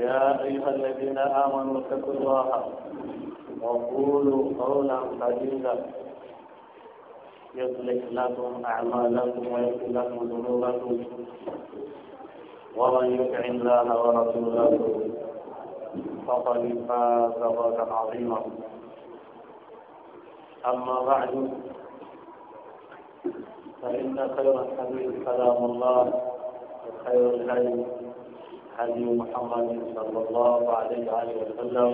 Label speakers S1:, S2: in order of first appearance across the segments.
S1: يا أيها الذين آمنوا اتقوا الله وقولوا قولا سديدا يصلح لكم أعمالكم ويغفر لكم ذنوبكم ومن يطع الله ورسوله فقد فاز فوزا عظيما أما بعد فإن خير الحديث كلام الله وخير الهدي هدي محمد صلى الله عليه وآله وسلم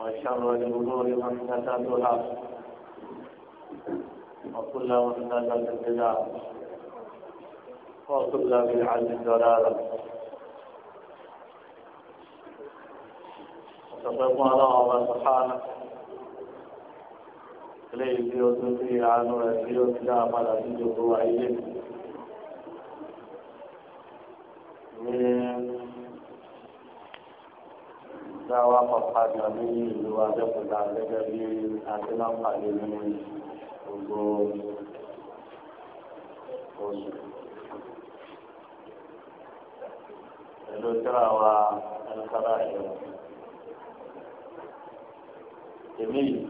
S1: وشر الأمور محدثاتها وكل محدثة بدعة وكل بدعة ضلالة وتقوم الله سبحانه إليه يوسف في عنه يوسف لا بد من ní ìdáwà pàpàdà ní ìlú Abẹ́òkúta gẹ́gẹ́ bí adélápàdé ní gbogbo oṣù. pẹ̀lú síra wa ẹnìkára ẹ̀rọ. èmi
S2: yìí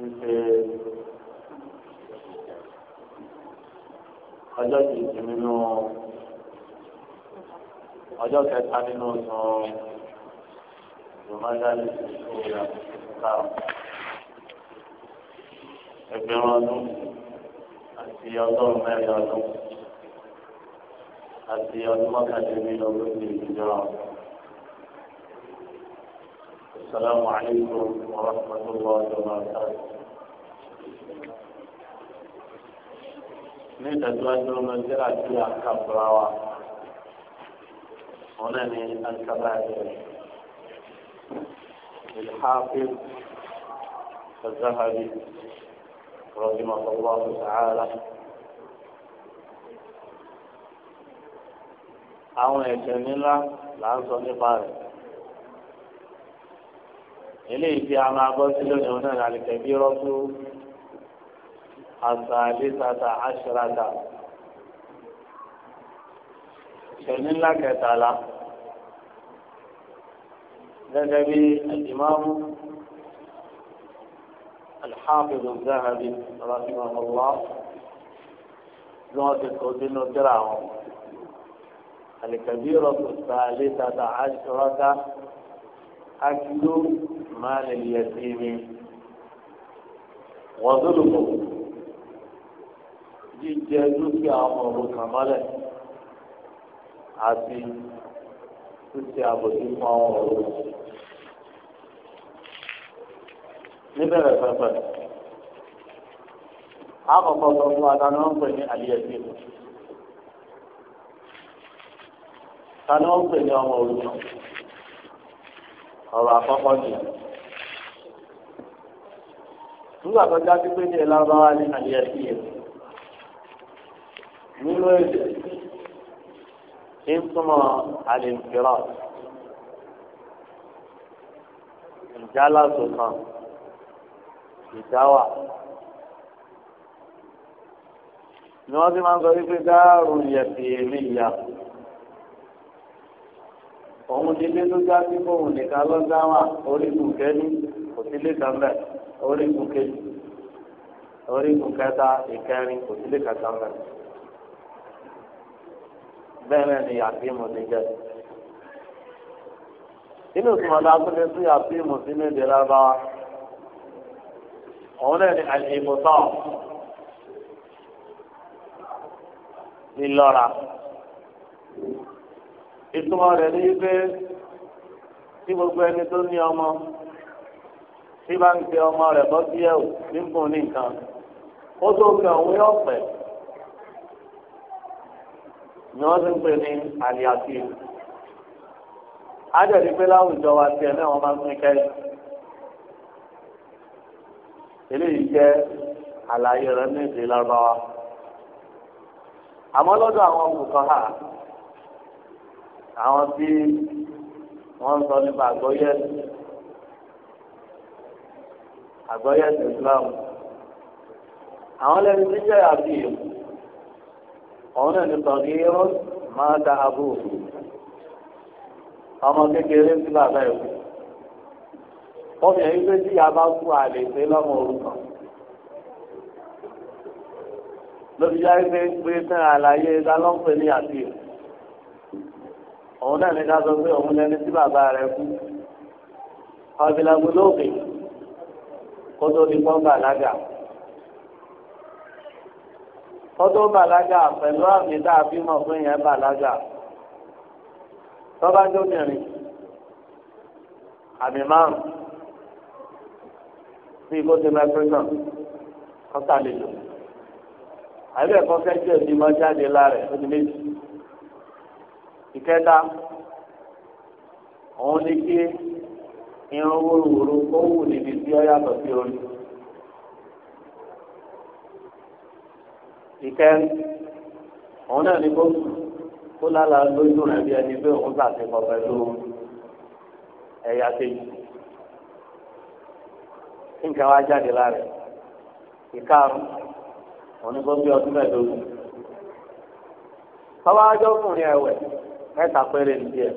S2: ń ṣe.
S1: ọjọ́ kejì nínú
S2: ọjọ́ kẹta nínú
S1: oṣù rọmọdálì ìṣòro ìṣòro ẹgbẹ̀rún ọdún àti ọgọ́rùn-ún mẹ́rin ọdún àti ọdún mọ́kàndínlélógún ní ìjọ. السلام عليكم ورحمة الله وبركاته ní ìtẹ̀síwájú ọmọ ìjẹ́ra tí a kà fúra wa wọn náà ní alikaba ẹ̀rọ الحافظ الذهبي رحمه الله تعالى àwọn ẹ̀ṣẹ̀ ńlá là ń sọ nípa rẹ̀ eléyìí tí a máa gbọ́ sí lónìí ọ̀nà ìrìnàlẹ̀ kẹ̀bí rọ́tú الثالثة عشرة شنين لك تعالى ذهب الإمام الحافظ الذهبي رحمه الله زوج الكوزين الدراهم الكبيرة الثالثة عشرة أكل مال اليتيم وظلمه jíjẹ dúkìá ọmọ òrukàn mọ́lẹ̀ àti ṣíṣe àbòsí fún ọmọ òrukàn. níbẹ̀rẹ̀ pẹ̀pẹ̀ àkọ́kọ́ sọ fún adáná ń pè ní àlìyẹ̀sí tani ó ń pè ní ọmọ òrukàn ọ̀rọ̀ àkọ́kọ́ nìyẹn nígbà tó já pé ní ẹ lárúbáwá ní àlìyẹ̀sí yẹn nínú èdè ìtumọ̀ àlìfìrọ̀ ìjálá tuntun ìdáwà ni wọ́n ti máa ń sọ wípé dáàrú yẹ̀fì èmi ìyá òun ti lé ló já sí fóun nìkan ló dá orígun kẹ́ni kò sí lè tán bẹ́ẹ̀ orígun kejì orígun kẹta ìkẹrin kò sí lè kẹta bẹ́ẹ̀ bẹ́ẹ̀ náà ni yàtìmù ti jẹ́. inú ìsúnmọ̀lá abúlé sí yàtìmù sí ní èdè lábáwá òun náà ni àlèmùtọ́ lílọ́ra ìtumọ̀ rẹ̀ ní pé tí gbogbo ẹni tó ní ọmọ tí bá ń pe ọmọ rẹ̀ bọ́ sí ẹ̀wù nígbò nìkan ó tó kẹ òun yọ̀ ni wọ́n ti ń pè ní àlìyàtì. Ádẹ̀rí pé láwùjọ wa tiẹ̀ náà wọ́n máa ń pín kẹ́yìn. Eléyìí jẹ́ àlàyé rẹ̀ ní ìdílé lárúbáwá. Àmọ́ lọ́dọ̀ àwọn olùkọ́ hà, àwọn tí wọ́n ń sọ nípa àgbọ́yé àgbọ́yé Islam, àwọn lẹ́nu tí jẹ́ àbí ìlú òun náà ní sọ̀rọ̀ yẹ́rọ máa da abúrò ọmọ kékeré sí bàbá ẹ̀ kú obìnrin pé tí a bá kú àlè pé lọ́mọ orúkọ lóbi jáde pé pé tán àlàyé lálọ́pẹ́ ní àti òun náà ní ká sọ pé òun lẹni sí bàbá rẹ̀ kú ọ̀bìlà gbólóògbé kó tó di pọ́ńbà lágàá kọ́tó bàlágà pẹ̀lú àmì tá a fi mọ̀ fún yẹn bàlágà tọ́ba jókèrè àmì márùn bí kò ti mẹ́tírínà kọ́tàlélò àbẹ̀ kọ́fẹ́ tí o ti mọ jáde lára ẹ̀ ó ti méjì ìkẹta òun ni kí irun wóróworó kó wù níbi tí ó yàtọ̀ sí orí. ìkẹrin òun náà ní kó kó lára lójú rẹ̀ bí ẹni pé òun ṣàtìkọ pẹ̀lú ẹ̀yà kejì nǹkan wá jáde lára ìkarùn òun ní kó bí ọdún mẹ́ẹ̀ẹ́dógún tọ́wọ́ ajọ́kùnrin ẹ̀wẹ̀ mẹ́ta péré ní díẹ̀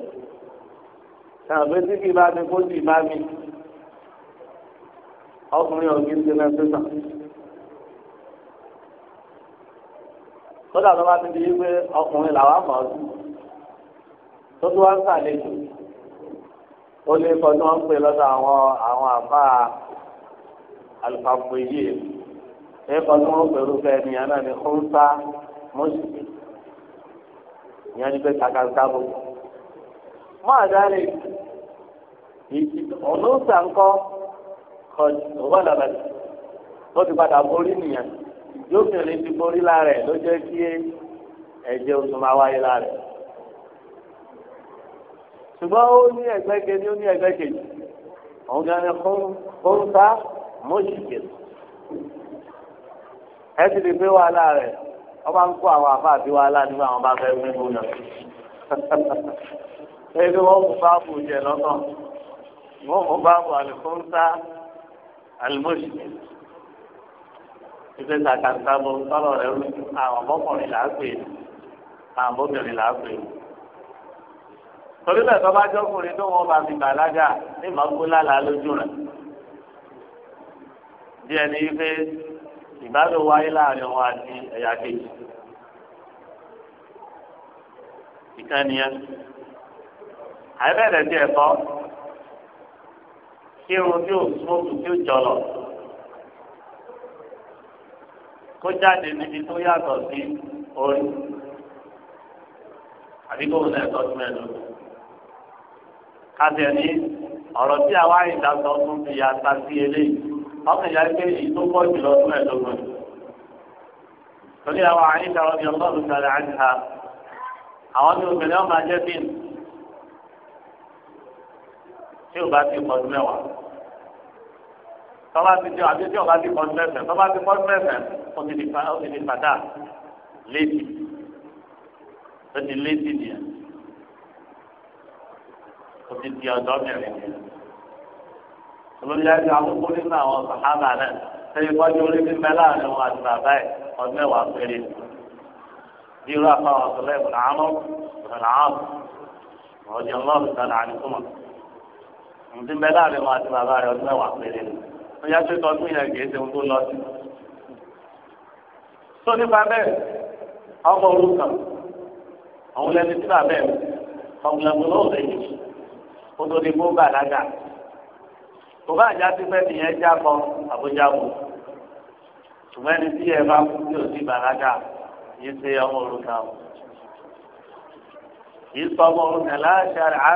S1: sọ̀rọ̀ pé tí kì í bá ti kó sì bá mi ọkùnrin ọ̀gbìn ti mẹ́sẹ̀ kódà tó bá ti di pé ọkùnrin làwọn àmọ́ ọdún tó tún wá ń sàlejò ó lè kọ́ tí wọ́n ń pè lọ́dọ̀ àwọn àwọn àfa alùpàpọ̀ yìí ẹ̀kọ́ tí wọ́n ń pè lọ́dọ̀ ènìyàn náà ní kọ́ńtà mọ́sùlùmí ìyẹn ni pé kàkàtàbò máa dáre ọ̀nà òsà ńkọ́ kọ́ ọ̀bọ̀dàbàdì ó ti padà borí nìyẹn lóbìnrin ti borí lára ẹ̀ ló jẹ́ kí ẹ̀jẹ̀ oṣù máa wáyé lára ẹ̀. ṣùgbọ́n ó ní ẹgbẹ́ kejì ó ní ẹgbẹ́ kejì òun gan ni kóńtà mọ́ṣíkè ẹ ti lè gbé wàhálà rẹ̀ wọ́n bá ń kó àwọn àfa àti wàhálà nígbà wọn bá fẹ́ wíwú náà. ebi wọn kò bá bù jẹ lọ́tọ̀ wọn kò bá bù àlùkò ń ìfẹ́ sàkàtàbọ̀ sọ̀rọ̀ rẹ̀ rú àwọn ọmọkùnrin là á pè àwọn ọmọbìnrin là á pè. torí bẹ́ẹ̀ tó bá jọ́kùnrin tó wọ́n bá fi bàlágà ní màgbólálà lójú rẹ̀. díẹ̀ ní ife ìbálò wáyé láàrin wọn àti ẹ̀yà kejì. ìkànnì yẹn àìbẹ̀rẹ̀ bí ẹ̀kọ́ kírun tí ò sóòtù tí ò jọlọ kó jáde níbi tó yàtọ̀ sí orí àbí kó wọn ẹ̀tọ́ tún ẹnu. kásìẹ ní ọ̀rọ̀ tí àwa ìdásọ tún fi yàtọ̀ sí eléyìí ọkàn yà pé èyí tó pọ̀ jùlọ tún ẹ̀tọ́ gbọ̀n. torí àwọn àyíká ọ̀bí ọlọ́run sọ̀rọ̀ àyíká àwọn ní obìnrin ọmọ ajẹ́ bíi tí ò bá ti pọ̀ jù mẹ́wàá tọ́ba ti jẹ́ àbí tí ọba ti kọ́ mẹ́fẹ̀ẹ́ tọ́ba ti kọ́ mẹ́fẹ̀ẹ́ ó di padà létí ó ti létí nìyẹn ó ti di ọ̀dọ́ mẹ́rin nìyẹn. olóyè àti àkókò nínú àwọn sàhábà náà sẹ́yìn kọ́jú orí fífẹ́ láàrin wọn àti bàbá ẹ̀ ọdún mẹ́wàá péré. bí irú àfáwọn ọ̀sọ̀lẹ̀ ìbùnà àmọ́ ìbùnà àmọ́ ọ̀dì ọlọ́run sọ̀rọ̀ àdìsúmọ̀ ǹdí mẹ́láàrin wọn àti bàbá rẹ̀ ọdún mẹ́wàá péré nìyẹn ọjà pé tọdún yẹn kì í ṣe ohun tó lọ sí. tó nípa bẹ́ẹ̀ ọmọ orúkọ àwọn lẹni tí bàbá ẹ̀ ọ̀gbìnàgbọ̀n lọ́wọ́ lẹ́yìn kó tó di bóbá àdága. bóbá àjá ti fẹ́ nìyẹn já kọ àbújá kù. ṣùgbọ́n ẹni tí ẹ bá kú tí ò sí bàdága yìí ṣe ọmọ orúkọ àwọn. yìí sọ ọmọ orúkọ láṣà rẹ̀ á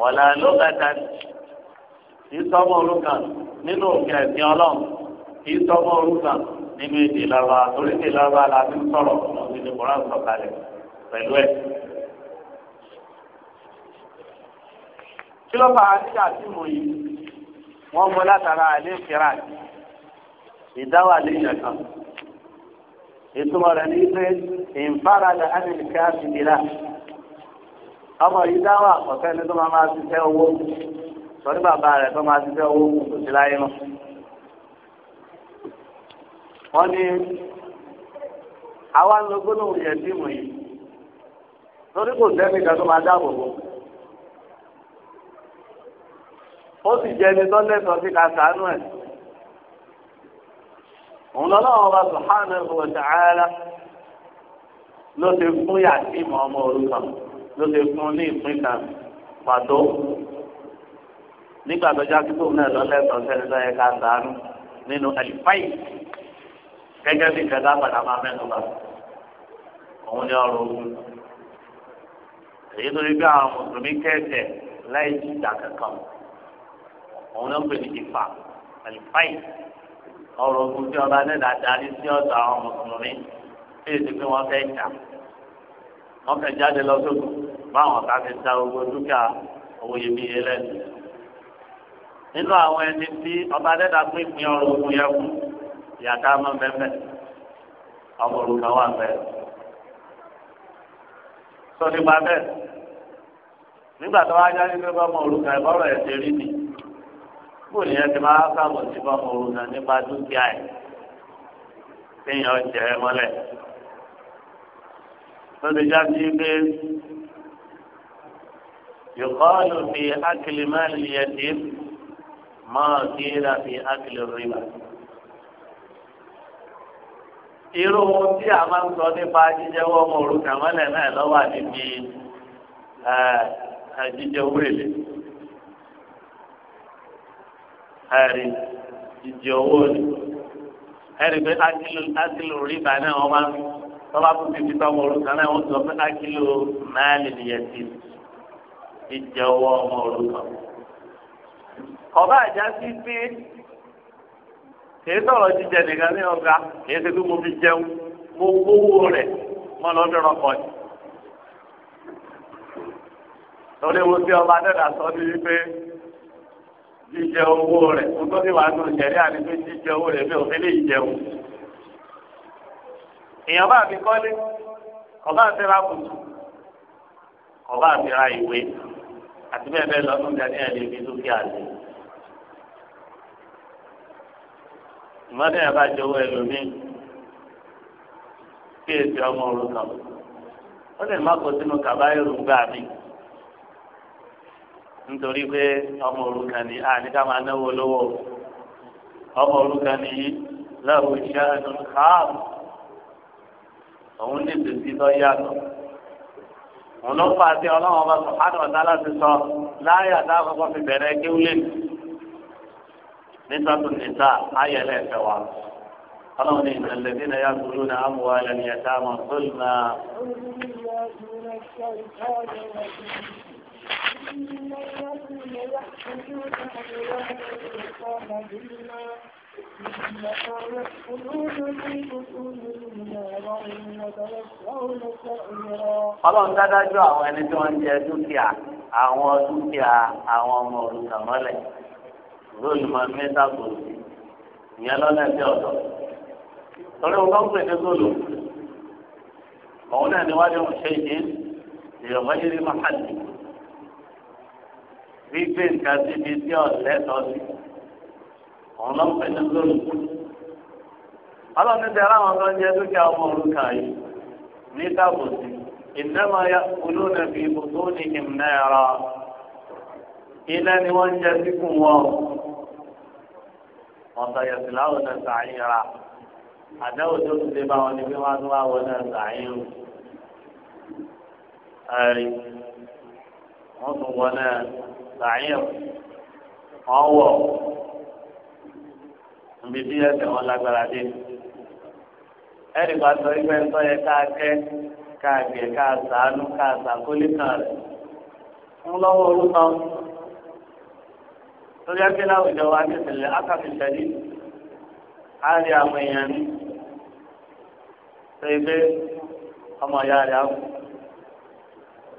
S1: wọ̀là lókàtà kì í sọmọ orúkà nínú òkè ẹ̀sìn ọlọ́run kì í sọmọ orúkà nínú èdè lọ́wọ́ oríṣi lọ́wọ́ aláàbí sọ̀rọ̀ ọ̀sìn ní koran sọ̀kalẹ̀ pẹ̀lú ẹ̀. kí ló fà á nígbà tí mo yìí wọ́n mú látara àlẹ́ ìfira ìdáwà lẹ́yìn kan ìtumọ̀ rẹ̀ ní pé ìfaradà ánìkà ti dira ọmọ yìí dáwà ọ̀fẹ́ máa máa ṣiṣẹ́ owó sọ́ni bàbá rẹ̀ tó máa ṣiṣẹ́ owó kù tó ti láyé mọ́. wọ́n ní àwa ń lo gbólóhùn yẹn tí mò ń yìí torí kò sẹ́ni kan tó máa dáàbò bò. ó sì jẹ́ ẹni tó lẹ́tọ̀ọ́ sí ká sàánú ẹ̀. òun lọ́nà ọba subhanahu wa ta'ala ló ti fún yàtí mọ́ ọmọ orúkọ ló ti fún ní ìpín kan pàtó nígbà tó já kíkó náà lọ́lẹ́ tó sẹ́ni tó yẹ ká sàánú nínú àlìfáì gẹ́gẹ́ bí kẹta padà máa mẹ́nu bá òun ni ọrọ̀ ogun èyí tó rí bí àwọn mùsùlùmí kẹ́ẹ̀kẹ́ láì sí ìjà kankan òun ló ń pè ní ìfà àlìfáì ọrọ̀ ogun tí ọba nẹ́ẹ̀dá darí sí ọ̀dọ̀ àwọn mùsùlùmí tí èsì pé wọ́n fẹ́ jà wọ́n fẹ́ jáde lọ sókè báwọn ọ̀tá ti da owó dúkìá owó iyebíye lẹ́nu nínú àwọn ẹni tí ọba dẹ́ta pé ìpín ọrọ̀ ogun yẹn kù ìyàtá mọ́ bẹ́ẹ̀ ọmọ òrùka wà bẹ́ẹ̀. sọ nípa bẹ́ẹ̀ nígbà tó wájú ní pé ọmọ òrùka ìbọ̀rọ̀ ẹ̀ ṣe rí ni kó ní ẹ ti máa sábò sí ọmọ òrùka nípa dúkìá ẹ̀
S2: téèyàn jẹ ẹ mọ́lẹ̀.
S1: lọ́dọ̀ já sí pé yòókọ́ ló fi ákìlì máa lè yẹ sí máa kéèrà fi ákìlì rìbá. irú ohun tí a máa ń sọ nípa jíjẹ́wọ́ ọmọ òrùka mọ́lẹ̀ náà lọ́wọ́ níbi jíjẹ owó èlé. ẹ̀rí jíjẹ owó ni ẹ̀rí pé ákìlì rìbá náà wọ́n máa ń tọ́ba tó ti fi tọ́mọ òrùka náà wọ́n sọ pé ákìlì máàlì nìyẹn ti jíjẹ owó ọmọ òrùka ọba àjà sí pé kìí sọ̀rọ̀ jíjẹ nìkan ní ọ̀gá kìí ṣe pé mo fi jẹun mo wówó rẹ̀ mọ́ lọ́dún ọkọ̀ ni. torí wo sí ọba dẹ́dà sọ ní wípé jíjẹ owó rẹ̀ mo tó ní wàá nù jẹ̀rí àti pé jíjẹ owó rẹ̀ mi ò fi lè jẹun. èèyàn bá mi kọ́lé ọba àti ra kùtù ọba àti ìwé àti bẹ́ẹ̀ bẹ́ẹ̀ lọ́dún jẹ́ ní ẹ̀ lè fi dúkìá lè. ìmọ̀lẹ́ yẹn bá jẹ owó ẹlòmíì kí èsì ọmọ òrukàn ó lè má kó sínú kàbá èròǹgbà mi nítorí pé ọmọ òrukàn ni àní ká máa náwó lówó ọmọ òrukàn ni yìí lọ́wọ́ iṣẹ́ ẹnu káàbù òun ní ìdòtí tó yàtọ̀ òun ló fà á sí ọlọ́wọ́n bá sọ̀hánù ọ̀tá láti sọ láyà tá a kọ́kọ́ fi bẹ̀rẹ̀ kéwúlé nù nítorí níta ayé lẹ́fẹ̀ẹ́ wa. قالوا إن الذين يأكلون أموالا اليتامى ظلما Ọlọ́run dádájọ́ àwọn ẹni tí wọ́n ń jẹ dúkìá àwọn dúkìá àwọn ọmọ òrukàn mọ́lẹ̀ lóyún máa mẹ́ta gbòòrò
S3: ìyẹn lọ́nà ẹgbẹ́
S1: ọ̀dọ́ torí wọn kọ́ pé ní gbòòrò òun náà ni wọ́n ní wọ́n ṣe yìí èèyàn wọ́n yé ní mahadi gbígbé nǹkan síbi tí ọ̀lẹ́ tọ́ sí òun lọ́ pé ní gbòòrò ọlọ́run ti ara tó ń jẹ dúkìá ọmọ òrùka yìí ní tábòsí ìnáwó ya olú nàbí ibùdó ní ìmúnáyàrá iná ni wọ́n ń jẹ síkùn wọn ọ̀sọ̀yẹ̀sì láwọn náà sàáyìn ra àdáwò tó ti dé bá wọn ni bí wọ́n á tún wá wọn náà sàáyìn o. ẹ̀rí wọ́n tún wọn náà sàáyìn wọ́n wọ̀ níbi bí ẹsẹ̀ wọn lágbára dé. ẹ̀rí bá sọ ẹgbẹ́ ńsọ̀yẹ káàkẹ́ káàgbẹ̀ káàsánú káàsákólé kan rẹ̀ ń lọ́wọ́ lórí ẹgbẹ́ láwùjọ wa ní ìpìlẹ̀ akáfíṣẹ́lì á àwọn èèyàn ní ṣe ọmọ ìyá rẹ̀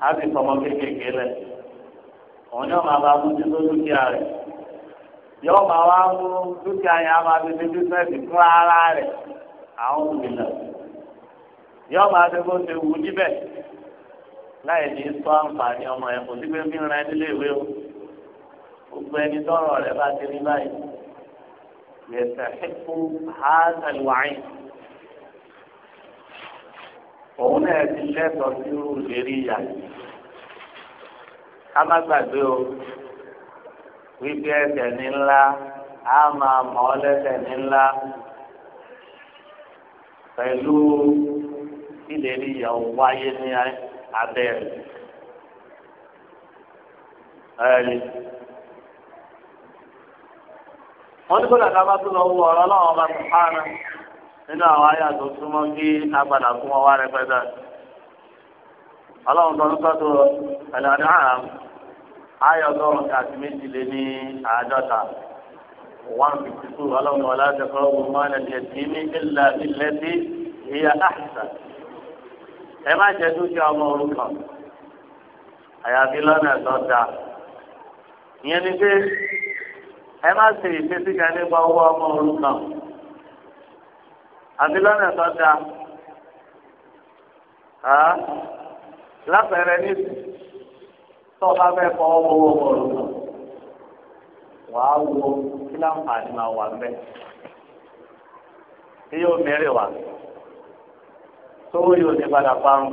S1: á sì fọmọ kéékèèké òun ní ọmọ àbá mú títún dúkìá rẹ̀ yóò máa wá mú dúkìá yẹn á máa fi ṣe bísíǹsì fún ara rẹ̀ àwọn gbogbo ẹni tọrọ rẹ bá ti rí báyìí yẹsẹ ẹkú hàásàlù wáyé òun náà ti lẹtọọ sí irú ìyá ká má gbàgbé o wípé ẹsẹ̀ ní ńlá á máa mọ̀ ọ́ lẹ́sẹ̀ ní ńlá pẹ̀lú ìlérí ìyàwó wáyé ní abẹ́rẹ́ wọ́n ní kódà kábà tó lọ wọ ọ̀rọ̀ ọlọ́wọ́ bá tó hánà nínú àwọn ayé àti òtúmọ̀ kí agbada fún ọwọ́ rẹ pẹ́tẹ́. ọlọ́run tọ́nu tọ́tù ẹ̀lẹ́ni àràm ayé ọgọ́rùn-ún àti méjì lé ní àádọ́ta one fifty two ọlọ́run ọ̀la ti kọ́ ọ́gbọ̀n mọ́ ẹ̀lẹ́ni ẹ̀tì ní ìlà ilẹ̀ tí ìyá àṣà. ẹ má jẹ dúkìá ọmọ òrukàn àyàfi lọ́nà ẹ̀tọ́ ẹ má ṣe ìṣesí kan nípa owó ọmọ orúkọ àti lọ́nà tó da lápẹẹrẹ ní tó bá fẹ́ fọ owó ọmọ orúkọ wàá wo kí láǹfààní máa wà mbẹ tí yóò mẹ́rẹ̀ wá tó yóò ní padà parun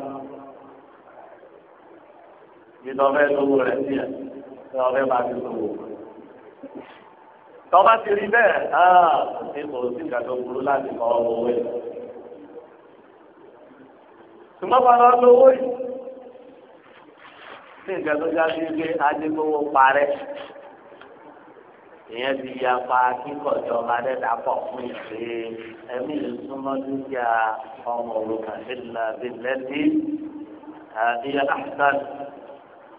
S1: ìdọ̀fẹ́ tó wù rẹ̀ sí ẹ̀ ìdọ̀fẹ́ bá ti tó wù tọ́ba ti rí bẹ́ẹ̀ ah, ṣé kò sí ìdájọ́ burú láti kọ́ ọmọ owó yìí. ṣùgbọ́n bàbá lọ owó yìí sí nǹkan tó já sí pé adégbówó parẹ́ ìyẹn ti ya pa kíkọ̀jọ́ adẹ́dá pọ̀ fún ìpè ẹ̀mí ìsúnmọ́ dúkìá ọmọ òrukàn nílẹ̀ bílẹ̀tì ìyá àṣìṣàn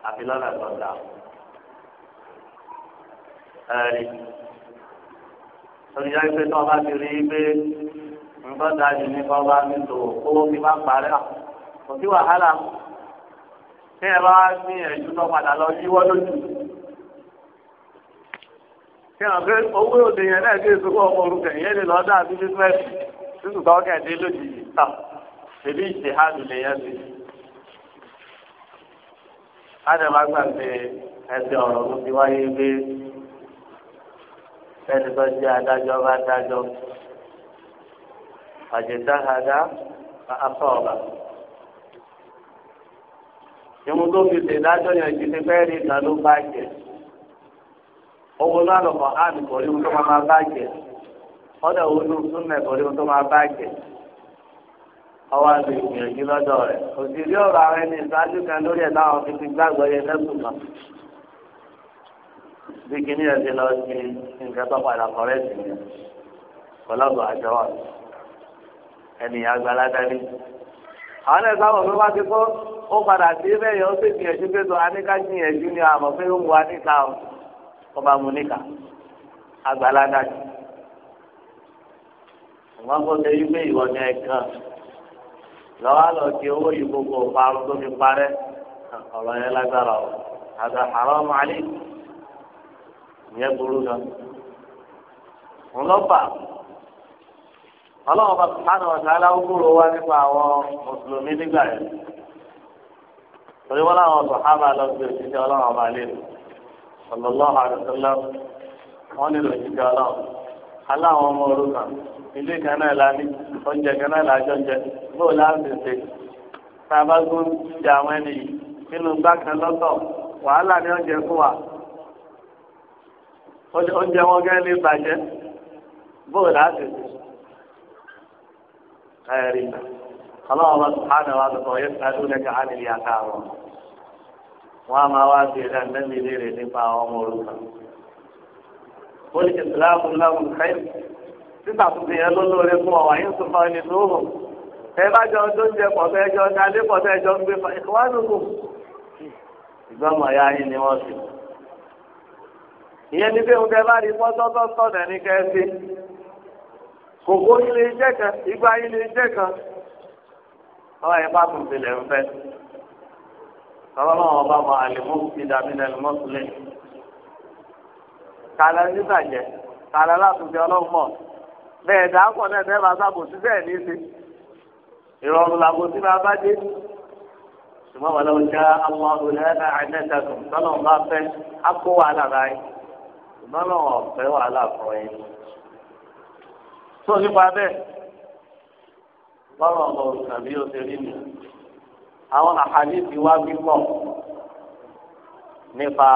S1: àfi lọ́nà torí yá pé tó bá ti rí i pé nǹkan dájú ní kọ́ bá mi tò owó mi bá parẹ́ à kò sí wàhálà tí ẹ bá ní ẹ̀jú tó padà lọ yíwọ́ lójú. kí ọ̀ pé owó òde yẹn náà kí èso kó ọmọ orúkọ yẹn lè lọ dá àbí bísíǹsì títù tó kẹ̀dé lójijì tà èmi ìṣèhádù lè yẹn sí. á dẹ̀ má gbàgbé ẹsẹ̀ ọ̀rọ̀ tó ti wáyé pé. sẹ́ni tó jẹ́ adájọ́ bá dájọ́ àjẹsáhàdá afọ ọba. ìmú tó fi ṣèdájọ́ yẹn jù ní bẹ́ẹ̀ ni ìtàn ló bá owó náà lọ́kọ̀ áàmì kò ohun tó máa bá jẹ. ọ̀dọ̀ ohun tó máa ọwọ́ àti ìgbìyànjú lọ́dọ̀ rẹ̀. ọ̀rọ̀ àwọn ẹni lórí ẹ̀ láwọn fi ti bí kíní ẹ̀ ti lọ sí nǹkan tó padà kọ́rẹ́tì ni kọlọ́gbọ̀ àjọ wà ẹnìyàn agbálada ni. àwọn ẹ̀ka àwọn ọ̀gbìn bá ti kọ́ ó padà sí bẹ́ẹ̀ yẹn ó sì gbìyànjú pé tó aníká gbìyànjú ni àmọ́ pé ó mu aníká o ó bá mu níkà agbálada ni. wọ́n kọ́ ṣe wípé ìwọ ni ẹ̀kan lọ́wọ́ lọ kí owó yìí gbogbo parun tó fi parẹ́ ọ̀rọ̀ yẹn lágbára o àgbà àrọ́ ọmọ ìyẹn burú gan ńlọ́pà ọlọ́run bá sùpánù ọ̀sán aláwùkúrò wá nípa àwọn mùsùlùmí nígbà yẹn torí wọn làwọn sọ̀hábà lọ sí òṣìṣẹ́ ọlọ́run ọba lẹ́nu sallallahu alaihi wasallam wọn nílò òṣìṣẹ́ ọlọ́run aláwọn ọmọ orúkọ ilé kan náà la ní oúnjẹ kan náà la jọ́jẹ bóò láti ṣe tá a bá gún ìjà àwọn ẹni yìí nínú gbá lọ́tọ̀ wàhálà ní oúnjẹ fún wa oúnjẹ wọn gẹ́ lè bàjẹ́ bóòlù láti ẹ̀rí ọlọ́run bá sùpáàdà wa tó sọ̀rọ̀ yẹn sáré lẹ́kẹ̀ á nílé àká wọn. wọ́n á máa wá sí ẹ̀dá nẹ́bí léèrè nípa àwọn ọmọ orúkọ. ó ní ìsìláàmù láwùn kẹ́yìn títà tó ti yẹn ló lóore fún ọ̀wà yín tó fa ẹni tó hù. ẹ bá jọ ọdún jẹ pọ̀tẹ́ ẹjọ́ dalé pọ̀tẹ́ ẹjọ́ ń gbé fa ìwádùn kù. ìgbọ́mọ̀ ya yín ni wọ́n sì ìyẹn ní pé oúnjẹ bá rí pọ́tọ́tọ́ sọ̀nà ní kẹ́sí kòkó ilé iṣẹ́ kan igba ilé iṣẹ́ kan ọba yẹn bá tún tilẹ̀ ń fẹ́ bàbá náà wọn bá mọ àlèmọ́ ìdàmínà ní mọ́sùlẹ̀ kàlà nígbàjẹ́ kàlà látúnṣe ọlọ́run mọ̀ bẹ́ẹ̀ dàákọ̀ náà bẹ́ẹ̀ bá sábò síbẹ̀ ní í ṣe ìrọ̀rùn làbò tí máa bá dé ṣùgbọ́n wọn lọ já àwọn olùhẹ́nà àìnẹ́tẹ̀kùn tọ́lọ́ bá fẹ́ á kó wàhálà báyìí ṣùgbọ́n lọ́wọ́ ọ̀fẹ́ wàhálà fún ẹ. tó nípa bẹ́ẹ̀ bọ́rọ̀ ọmọ òrùka bí ó ṣe rí mi àwọn àhàlì ti wá gbígbọ́ nípa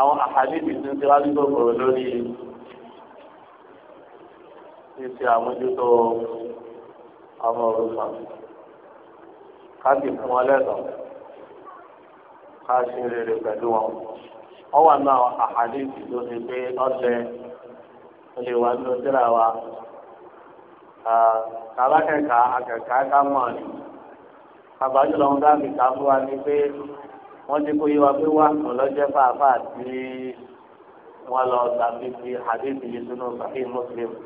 S1: àwọn àhàlì ti tún ti wá gbígbọ́ kòrò lórí ṣíṣe àmójútó ọmọ òrùka ká sì fún wọn lẹ́tọ̀ọ́ ká ṣe rere pẹ̀lú wọn ọwọ́ àná àhàdìsì ló ti pé ọ̀sẹ̀ ó lè wá ló síra wa kàbákẹ́kà àkẹ́kà ká mọ̀ ni àbájọ lọ́wọ́ dábì ká fún wa ni pé wọ́n ti kó yí wa pé wá kàn lọ́jẹ́ fàáfàá tí wọ́n lọ tàbí ti àdìsì yìí sínú sàkíyì mùsùlùmí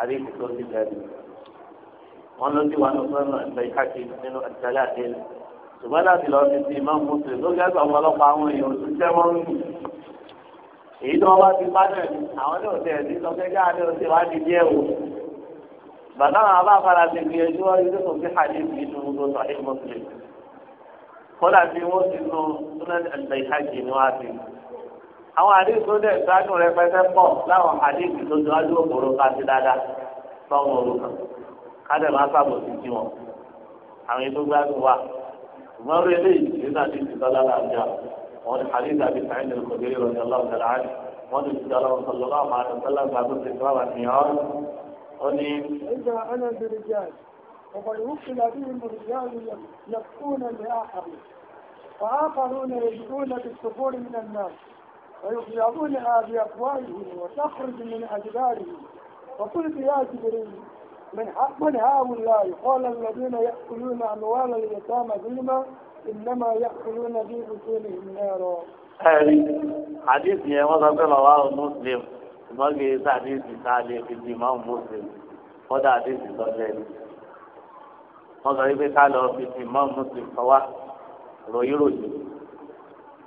S1: àdìsì tó ti bẹ̀rẹ̀ wọ́n ló ti wà ní sọ́nà ìgbẹ́ ìhàkì nínú ìtẹ́lẹ̀ àdéhùn ṣùgbọ́n láti lọ sí ti imam muslim ló gẹ́gẹ́ ọ̀pọ̀lọpọ̀ àwọn èèyàn tó jẹ́ wọ́n rú èyí tó wọ́n bá ti pàdé àwọn tó tẹ̀ sí sọ pé káàdé ó ti wá di díẹ̀ wò bàbá àwọn abá fara ti gbìyànjú wọn yóò tó fi hàdí sí inú gbogbo sahih muslim kọ́lá tí wọ́n ti nu sunan al-bayhaqi ni wọ́n á ti àwọn àdéhùn tó dẹ̀ sáájú rẹ pẹ́pẹ́ pọ̀ láwọn àdéhùn tó dọ́jú òkòrò ká sí dáadáa fáwọn òrukàn ká máa sábò sí jí wọn àwọn ètò gbádùn wa ṣùgbọ́n rí eléyìí nínú àti ìtìsọ́lá làjà wọn àrí ìdàbí sàyẹn lè kọjú ìrọ̀ ní ọlọ́run tẹ̀lé àárín wọn ti ti ọlọ́run sọ̀lọ́ láwọn máa tẹ̀sọ́ lágbà tó ti tọ́ àti ọ́n ó ní.
S3: ìjà ọ̀nà ìdèrèjà ọ̀pọ̀lọpọ̀ ìwúkìlá bí ìmọ̀lẹ́yà yẹ̀kún ẹ̀lẹ́ àkàrẹ̀ وآخرون يجدون في الصفور من الناس ويخلعونها بأفواههم وتخرج من أجبارهم وقل يا جبريل من من هؤلاء قال الذين يأكلون أموال اليتامى ظلما إنما يأكلون في بطونهم نارا
S1: حديث àdìsí yẹn wọ́n sọ pé bàbá àwọn muslim في kì í هذا tá a lè fi di ìmáàmù muslim wọ́n dá àdìsí lọ́lẹ̀ ni. wọ́n sọ wípé ká lọ fi ti ìmáàmù muslim kọ́ wá ròyìnròyìn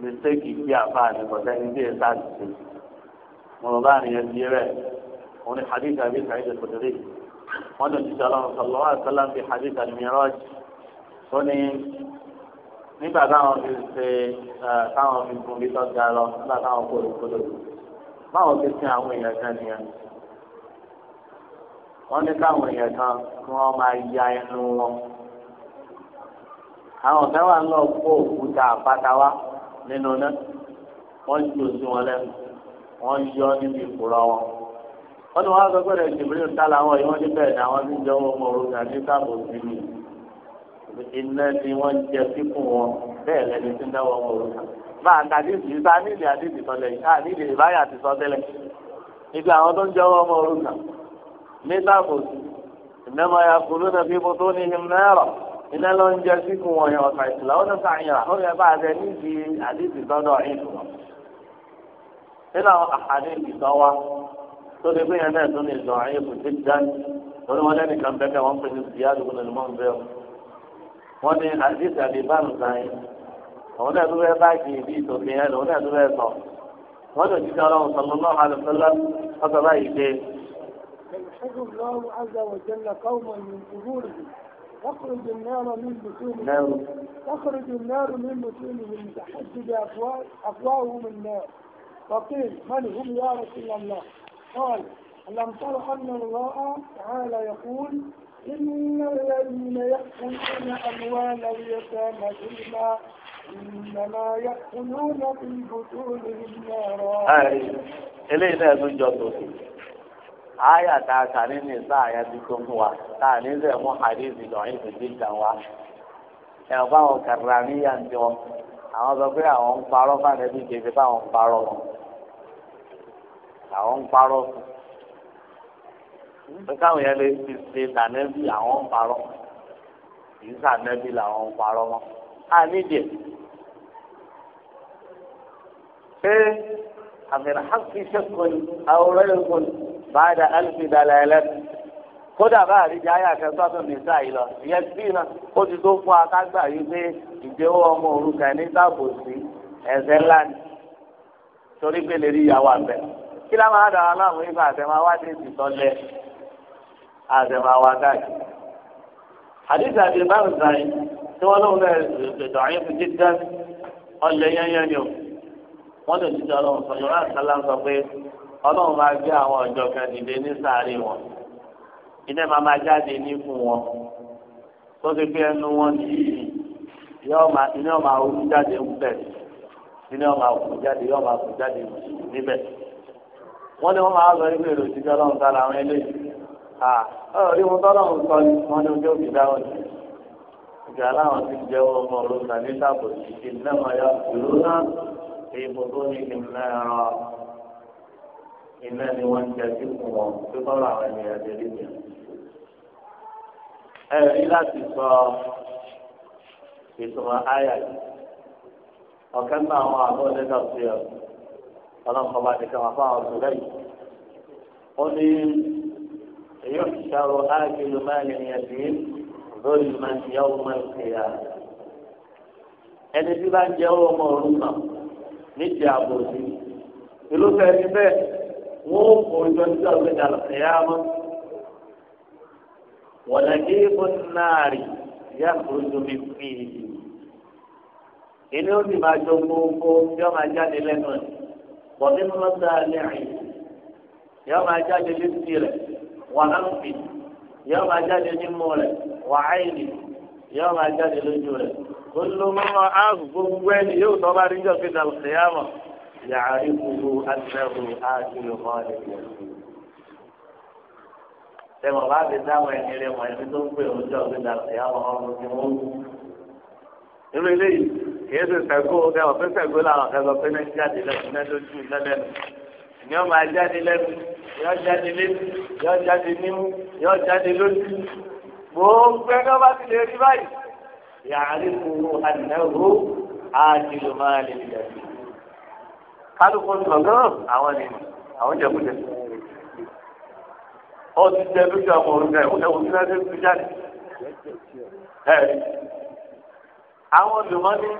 S1: mistake bí àfa àdìkọ̀tẹ́ ní bí ẹ̀sà àdìsí. mo rò bá àníyàn di rẹ̀ òun ni hadith àbí sàyẹ̀dẹ̀ kòtẹ́rẹ́ yìí wọ́n lè jíjọ ọlọ́run sọlọ wà sọlá ń fi hadith al-miraj tó ní nígbà táwọn fi ṣe táwọn fi gun bí tọ́jà lọ nígbà táwọn kó olùkóló báwọn ti sin àwọn èèyàn kan nìyẹn wọ́n ní káwọn èèyàn kan kí wọ́n máa ya ẹnu wọn àwọn kan wà lọ kó òkúta àpáta nínú náà wọ́n ju òsì wọn lẹ́nu wọ́n yọ níbi ìkúrọ̀ wọn wọ́n ní wọ́n sọ pé ìjìbìrì ń tala wọn ìwọ́n níbẹ̀ ni àwọn ti ń jẹ́ wọn mọ̀ọ́rọ́ ní àdínkàbò sí mi iná ni wọ́n jẹ síkùn wọn bẹ́ẹ̀ lẹni tí ń dá wọn mọ̀ọ́rọ́ máa ta àdínkì bá nílì àdínkì sọ lẹ́yìn ká nílì ìbáyà ti sọ tẹ́lẹ̀ nígbà àwọn tó ń jẹ́ wọn mọ̀ọ́rọ́ kà ní sáàbò sí ìnáwó ya kúrú náà fi mo tó ní him náírà iná ló ń jẹ síkùn wọn yẹn ọ̀sà tó lè gbéyàn náà tó lè lọ àyè kò tí dání lórí wọn lẹ́nu kan bẹ́ẹ̀ wọ́n pè ní ziyadu wọn lè mọ́ ń bẹ́ẹ̀ wọ́n ní aziz alibanu sáyé àwọn náà tó bẹ́ẹ̀ báàgì ìdí ìtòkè yẹn lòun náà tó bẹ́ẹ̀ sọ wọ́n lè jíjẹ́ ọlọ́run sọ̀rọ̀ náà alùpùpù ọ̀sọ̀ báyìí pé.
S3: تخرج النار من بطونهم تحدد أفواههم النار وقيل من هم يا رسول الله قال ألم تر أن الله تعالى يقول إن الذين يأكلون أموال اليتامى ظلما إنما يأكلون في بطونهم نارا.
S1: eléyìí náà ló ń jọ tòsí àyà tá a kà nínú ìsá àyà tí tó ń wa tá a ní sẹ mú hadithi lọrin fìdí ìjà wa ẹ ò bá wọn kàrà níyà ń jọ àwọn sọ pé àwọn ń parọ́ fáwọn ẹbí kejì báwọn ń parọ́ wọn làwọn ń parọ́ fún pé káwọn yẹn lè fi ṣe tànẹ́bí àwọn ń parọ́ kìí sànẹ́bí làwọn ń parọ́ mọ́ a nídìí ṣé àmìlà hàkì ṣẹ́kùn àwòrán ẹ̀kùn báyìí alùpùpù ìdàlẹ̀ ẹlẹ́nu kódà bá àríjà ayé àtẹ̀sọ́tò nìsa yìí lọ ìyẹn sí iná ó ti tó fún akágbà yìí pé ìgbéwọ́ ọmọ òrukàn ní sábòsí ẹ̀ṣẹ̀ ńlá ni torí pé lè rí ìyàwó àbẹ̀ kí lá máa dàrá láàmú ibà àtẹ̀máwá dé ti tọ́lẹ̀ àtẹ̀máwá káàkiri. àdìsí àti báwọn sáré tí wọ́n lóun náà ṣètò àyè fún jíjẹ́ ọlẹ̀ yẹ́nyẹ́ ni o. wọ́n lè jíjẹ́ ọlọ́run sọ yorùbá sálá sọ pé ọlọ́run máa gbé àwọn ọ̀jọ̀ kan dìde ní sáré wọn. iná máa máa jáde ní fún wọn. tó ti fi ẹnu wọn ní iná máa wú jáde ń bẹ̀ iná máa wú jáde yóò máa wú jáde níbẹ̀ wọ́n ní wọ́n máa lọ ilé èrò ìdíjọ́ ọlọ́run tá làwọn eléyìí ọ̀rí wọn tọ́lọ́run sọ ni wọ́n ní ojú òbí dáhùn ní. ìgbà láwọn ti jẹ́ ọmọ òrùka ní sábò ìdí náà yọ ìlú náà èèbò tó ní ìmọ̀ ẹ̀rọ iná ni wọ́n jẹ sí fún wọn tó tọ́lọ̀ àwọn ènìyàn jẹ níbi. ẹ rí láti sọ ìtumọ̀ àyà yìí ọ̀kẹ́ àwọn àbọ̀ nígbà tó yẹ ọlọ́nkọ́ bá ti kẹ́ wọn fáwọn ọ̀sùn lẹ́yìn. ó ní èyí òṣìṣàrò ágìlú máa lè yẹn sí lórí máa ń yẹ ọmọ ìkẹyà. ẹni tí bá ń jẹ ọmọ ọ̀run náà níjẹ àbòsí ìlúfẹ́ ẹni bẹ́ẹ̀ wọ́n ó kó ìjọ sí ọ̀gbẹ́dà lọ́sẹ̀yà mọ́. wọ̀lẹ́gí ìfúnnáàrí yá kúrò tóbi fìdí. ìní ó sì máa jọ gbogbo tí máa jáde lẹ́nu ẹ̀ wọ́n ní mọ́tà lẹ́yìn yóò máa jáde létí rẹ̀ wà á ń fi yóò máa jáde nímú rẹ̀ wà á ìlì yóò máa jáde lójú rẹ̀ olùmọ̀ àgbogbo ẹni yóò tọ́ bá níjọ́ fi dàlù kìyàmọ̀ yàrá ìkúrú àtẹ̀wò àkìlò mọ́lẹ̀ tẹmọ bá fi dáwọn ẹni rẹ mọ ẹni tó ń pè ọjọ́ fi dàlù kìyàmọ̀ ọ̀run ti mú irú eléyìí kìí ṣe sẹ́gbó ẹ ò fi sẹ́gbó làwọn kan sọ pé náà jáde lẹ́nu náà lójú lẹ́lẹ́nu ni ọmọ ajáde lẹ́nu yọ jáde létí yọ jáde nímú yọ jáde lójú gbogbo ẹgbẹ́ bá ti lè rí báyìí yàrá kò àdìrẹ́wò àdìrò máa lè yẹ kálukú gbọ̀ngàn àwọn ni àwọn jẹ̀kújẹ ó ti jẹ lójú àwọn òrùka ẹ̀wọ̀n ẹ̀wọ̀n tí wọ́n ti ń jáde àwọn olùmọ́ni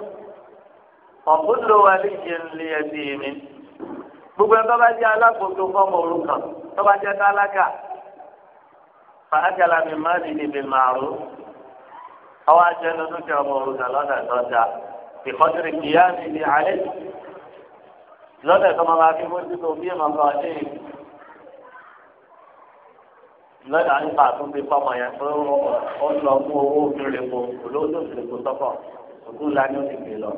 S1: ọ̀kúndò wa lè jẹ lè ẹbí mi gbogbo ẹ̀ tọ́ba jẹ́ alákòóso fọ́mọ òrukàn tọ́ba jẹ́ tálákà fàákàlà mi má lè níbi màrún àwọn ajẹnu tó jẹ ọmọ òrukàn lọ́dà tọ́jà ìkọ́sìrì kìíyá mi ní alẹ́ lọ́dà tó máa fi mójú tó bí ìmọ̀ bá ọdún yìí lọ́dà ń bá àtúndì fọ́mọ yẹn pé ó lọ fún owó òfin rẹ̀ kó olóòtú òfin sọ́kọ̀ òkú ńlá ni ó ti gbé lọ.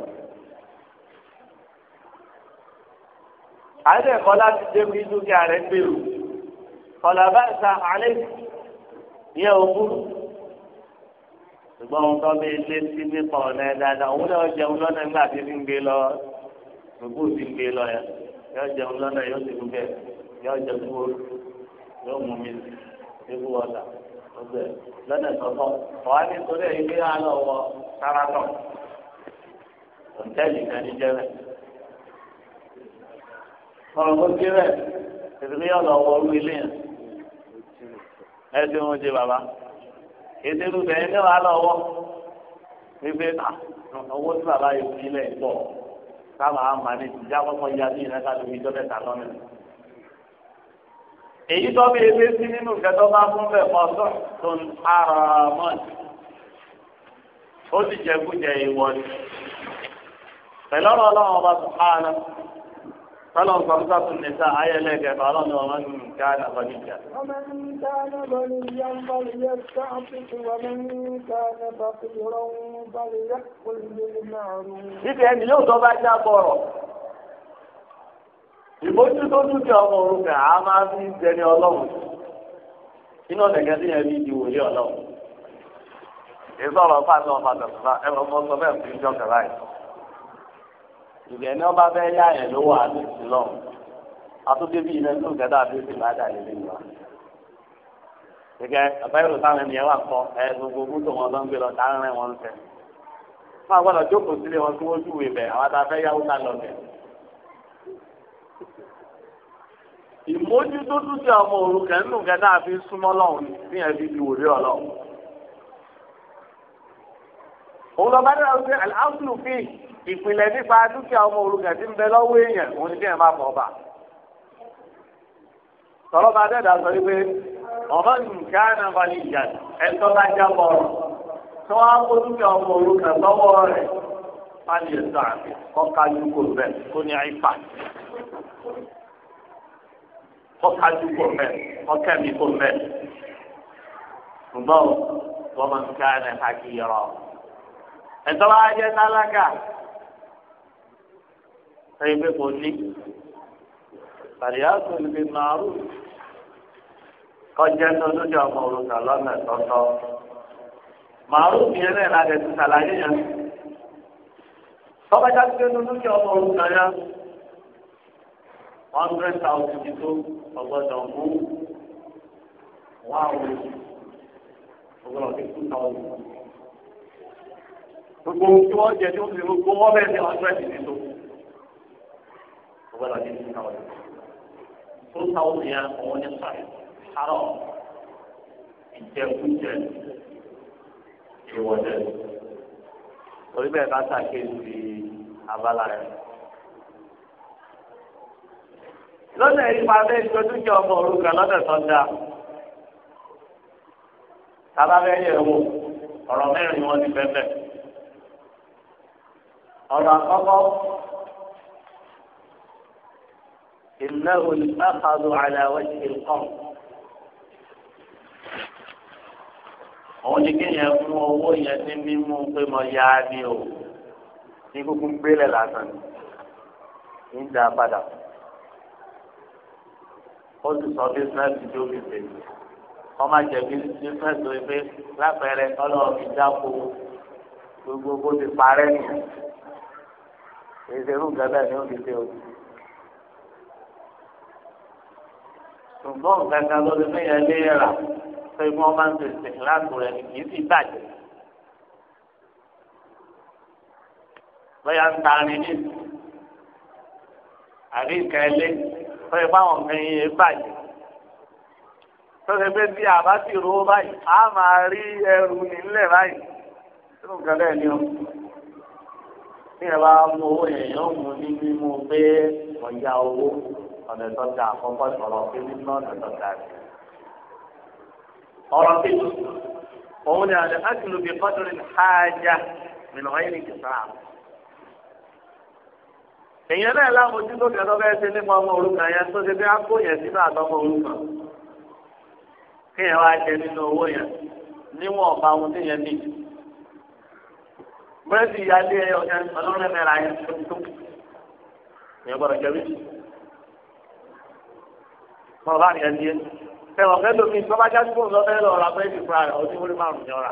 S1: àyẹ̀dẹ̀ kọ́lá ti débi dúkìá rẹ̀ gbèrú kọ́lá báyìí sa alẹ́ yẹ ogún ṣùgbọ́n ohun tó bí ilé sí nípa ọ̀nà ẹ̀ dáadáa òun náà jẹun lọ́nà nígbà tí ń gbé lọ gbogbo ti ń gbé lọ yẹn yóò jẹun lọ́nà yóò ti gbẹ yóò jẹ kúrò yóò mú mi ewu ọ̀dà ọgbẹ lọ́nà ìtọ́kọ́ ọ̀hán nítorí ẹ̀yìn bí wọ́n á sáratọ̀ òǹtẹ́ẹ̀lì kan ní jẹ́rẹ̀ẹ́ ọ̀rọ̀ kó jí rẹ̀ tètè yọ̀ lọ wọ orí ilé yẹn ẹ ti wọn jẹ bàbá ètò ìrúbẹ̀ yẹn náà lọ́wọ́ wípé owó tí bàbá yìí fi lẹ̀ pọ̀ káwọn àmàlẹ́ ìjà kọ́kọ́ ya ní ìrẹ́ká lórí ìjọ mẹ́ta lọ́nà. èyí tó bí ebe sí nínú kẹtọ́ bá fún bẹ̀ pọ̀sọ̀ tó ń ara mọ́ọ̀n ó sì jẹ kújẹ ìwọ ni pẹ̀lú ọ̀rọ̀ ọlọ́run ọba sùn قالوا فرقة النساء آية لك قالوا ومن كان غنيا ومن
S3: كان غنيا فليستعفف ومن كان فقيرا فليأكل بالمعروف. Ibi ẹni yóò tọ́ bá já
S1: bọ̀rọ̀. Ìmójútó dúkìá ọmọ òrukàn á máa fi ń jẹni ọlọ́run. Iná ọ̀dẹ̀gẹ́ sí ẹbí di wòlé ọlọ́run. Èso ọ̀rọ̀ fáṣọ fàtàkùnfà ẹ̀rọ mọ́ bẹ́ẹ̀ fi ń jọ́ kàrá ìgbẹ́ ní ọba fẹ́ yá yẹn lówó àti ìsìlọ́ àtúndé bíi iná tó gẹ́gẹ́ àti ìsìlọ́ àdáyé nínú wa. gẹ́gẹ́ àbáyọ̀rọ̀ táwọn ènìyàn wà kọ ẹ gbogbo mọ́tò wọn ló ń gbé lọ dáhùn wọn ń tẹ̀. fún àgbọ̀dọ̀ jókòó sílé wọn tí wọ́n júwèé bẹ̀ àwọn àtàfẹ́ yáwó ká lọ bẹ̀. ìmójútó tún ti ọmọ òrukàn nù gẹ́gẹ́ àfi súnmọ́ lọ́hùn ní ẹbí ti wòlé ọlọ́hùn òun lọ bá dára wípé aláwùsùlù fi ìpìlẹ̀ nípa dúkìá ọmọ òrukàn tí ń bẹ lọ́wọ́ èèyàn òun ni kéèyàn máa fọba. sọ̀rọ̀ bá dẹ́dà sọ wípé ọ̀bá nǹkan náà balẹ̀ ìjà ẹ̀tọ́ bá já bọ̀ ọ̀rọ̀ tí wọ́n kó dúkìá ọmọ òrukàn lọ́wọ́ rẹ̀ pálí ẹ̀sọ́ àti kọ́ka dúkò bẹ̀ kó ní àìpà. kọ́ka dúkò bẹ̀ kọ́kẹ́mi kò bẹ̀ ṣùgbọ́n wọ́n máa ń ká ẹ̀tọ́ wa jẹ́ tálákà ẹ̀yin pé kò ní àríyáàtò níbi màrú kọjá tó lójú ọmọ òrùka lọ́nà tọ́tọ́ màrú yẹn náà láti ẹ̀sìn sàlàyé yẹn tọ́bajá tó lójú ọmọ òrùka yẹn one hundred thousand tó ọgbọ́dọ̀ mú one hundred ọgbọ́dọ̀ fifty thousand gbogbo ohun tí wọ́n jẹ tí wọ́n ti gbogbo wọ́n bẹ̀rẹ̀ ní ọ̀dúrẹ́sì nínú. ọgbẹ́ lọ́dún ní káwọn yìí tó táwọn yẹn ọwọ́ ní sàrẹ̀ sárọ̀ ìjẹkújẹ ìwọ̀jẹ. torí bẹ́ẹ̀ bá ṣàkíyèsí abala rẹ̀. lọ́dọ̀ yìí máa bẹ́ẹ̀ tọ́jú jẹ́ ọmọ òrùka lọ́dọ̀ tó dáa. tábà bẹ́ẹ̀ yẹ̀ wò ọ̀rọ̀ mẹ́rin wọn ti bẹ́ẹ̀ bẹ́ẹ̀ ọ̀rọ̀ àkọ́kọ́ ìnáwó ìfàkàdù àlàwẹ̀ ìkàn. òun ni kéèyàn fún owó yẹn ní mímú pé mo yá a ní o ní kúkú gbélé lásán ní ń dá a padà ó sì sọ bísíǹsì tó fi fèé ọmọ àjẹbí ti fẹ́ sọ pé lápẹẹrẹ ọlọ́run fi dáko gbogbo bó ti parẹ́ nìyẹn èsè irú ni ó ti ṣe o. ṣùgbọ́n nǹkan kan ló lé rà pé wọ́n máa ń tètè láàbù rẹ̀ kì í sì bàjẹ́. bóyá ń ta ni ní àbí nǹkan ẹlé pé báwọn nǹkan yẹn bàjẹ́. tó bí àbá sì rówó báyìí a máa rí ẹrù nílẹ̀ báyìí. irú nǹkan bẹ́ẹ̀ ni o tí ẹ bá mú owó yẹn yóò mú ní mímú pé ọjà owó ọ̀nà ìtọ́jà àkọ́kọ́ sọ̀rọ̀ pé nínú ọ̀nà ìtọ́jà rẹ̀. ọ̀rọ̀ kejì òun ni àlẹ́ ákìlù bíi kọ́dúrín hájà mìíràn wáyé ní kìsà. èèyàn náà lámojú tó kẹ́ lọ́bẹ̀ẹ́ ṣe nípa ọmọ òrukàn yẹn tó ṣe bí akó yẹn sínú àtọmọ òrukàn kéèyàn wá jẹ nínú owó yẹn níwọ̀n ọ̀pá ohun téèyàn níbi búrẹ́dì ìyáálé ẹ ọ̀gá ọlọ́run mẹ́ra yẹn tó ìyẹn gbọ́dọ̀ jẹ́ méjì. Bọ́lá bá rìn ẹni yẹn. Ẹ̀wọ̀n fẹ́ lómi tó bá jáde fóònù lọ́fẹ́ lọ ra búrẹ́dì fúnra rẹ̀ ọdún orí márùn-ún ni ọ̀ra.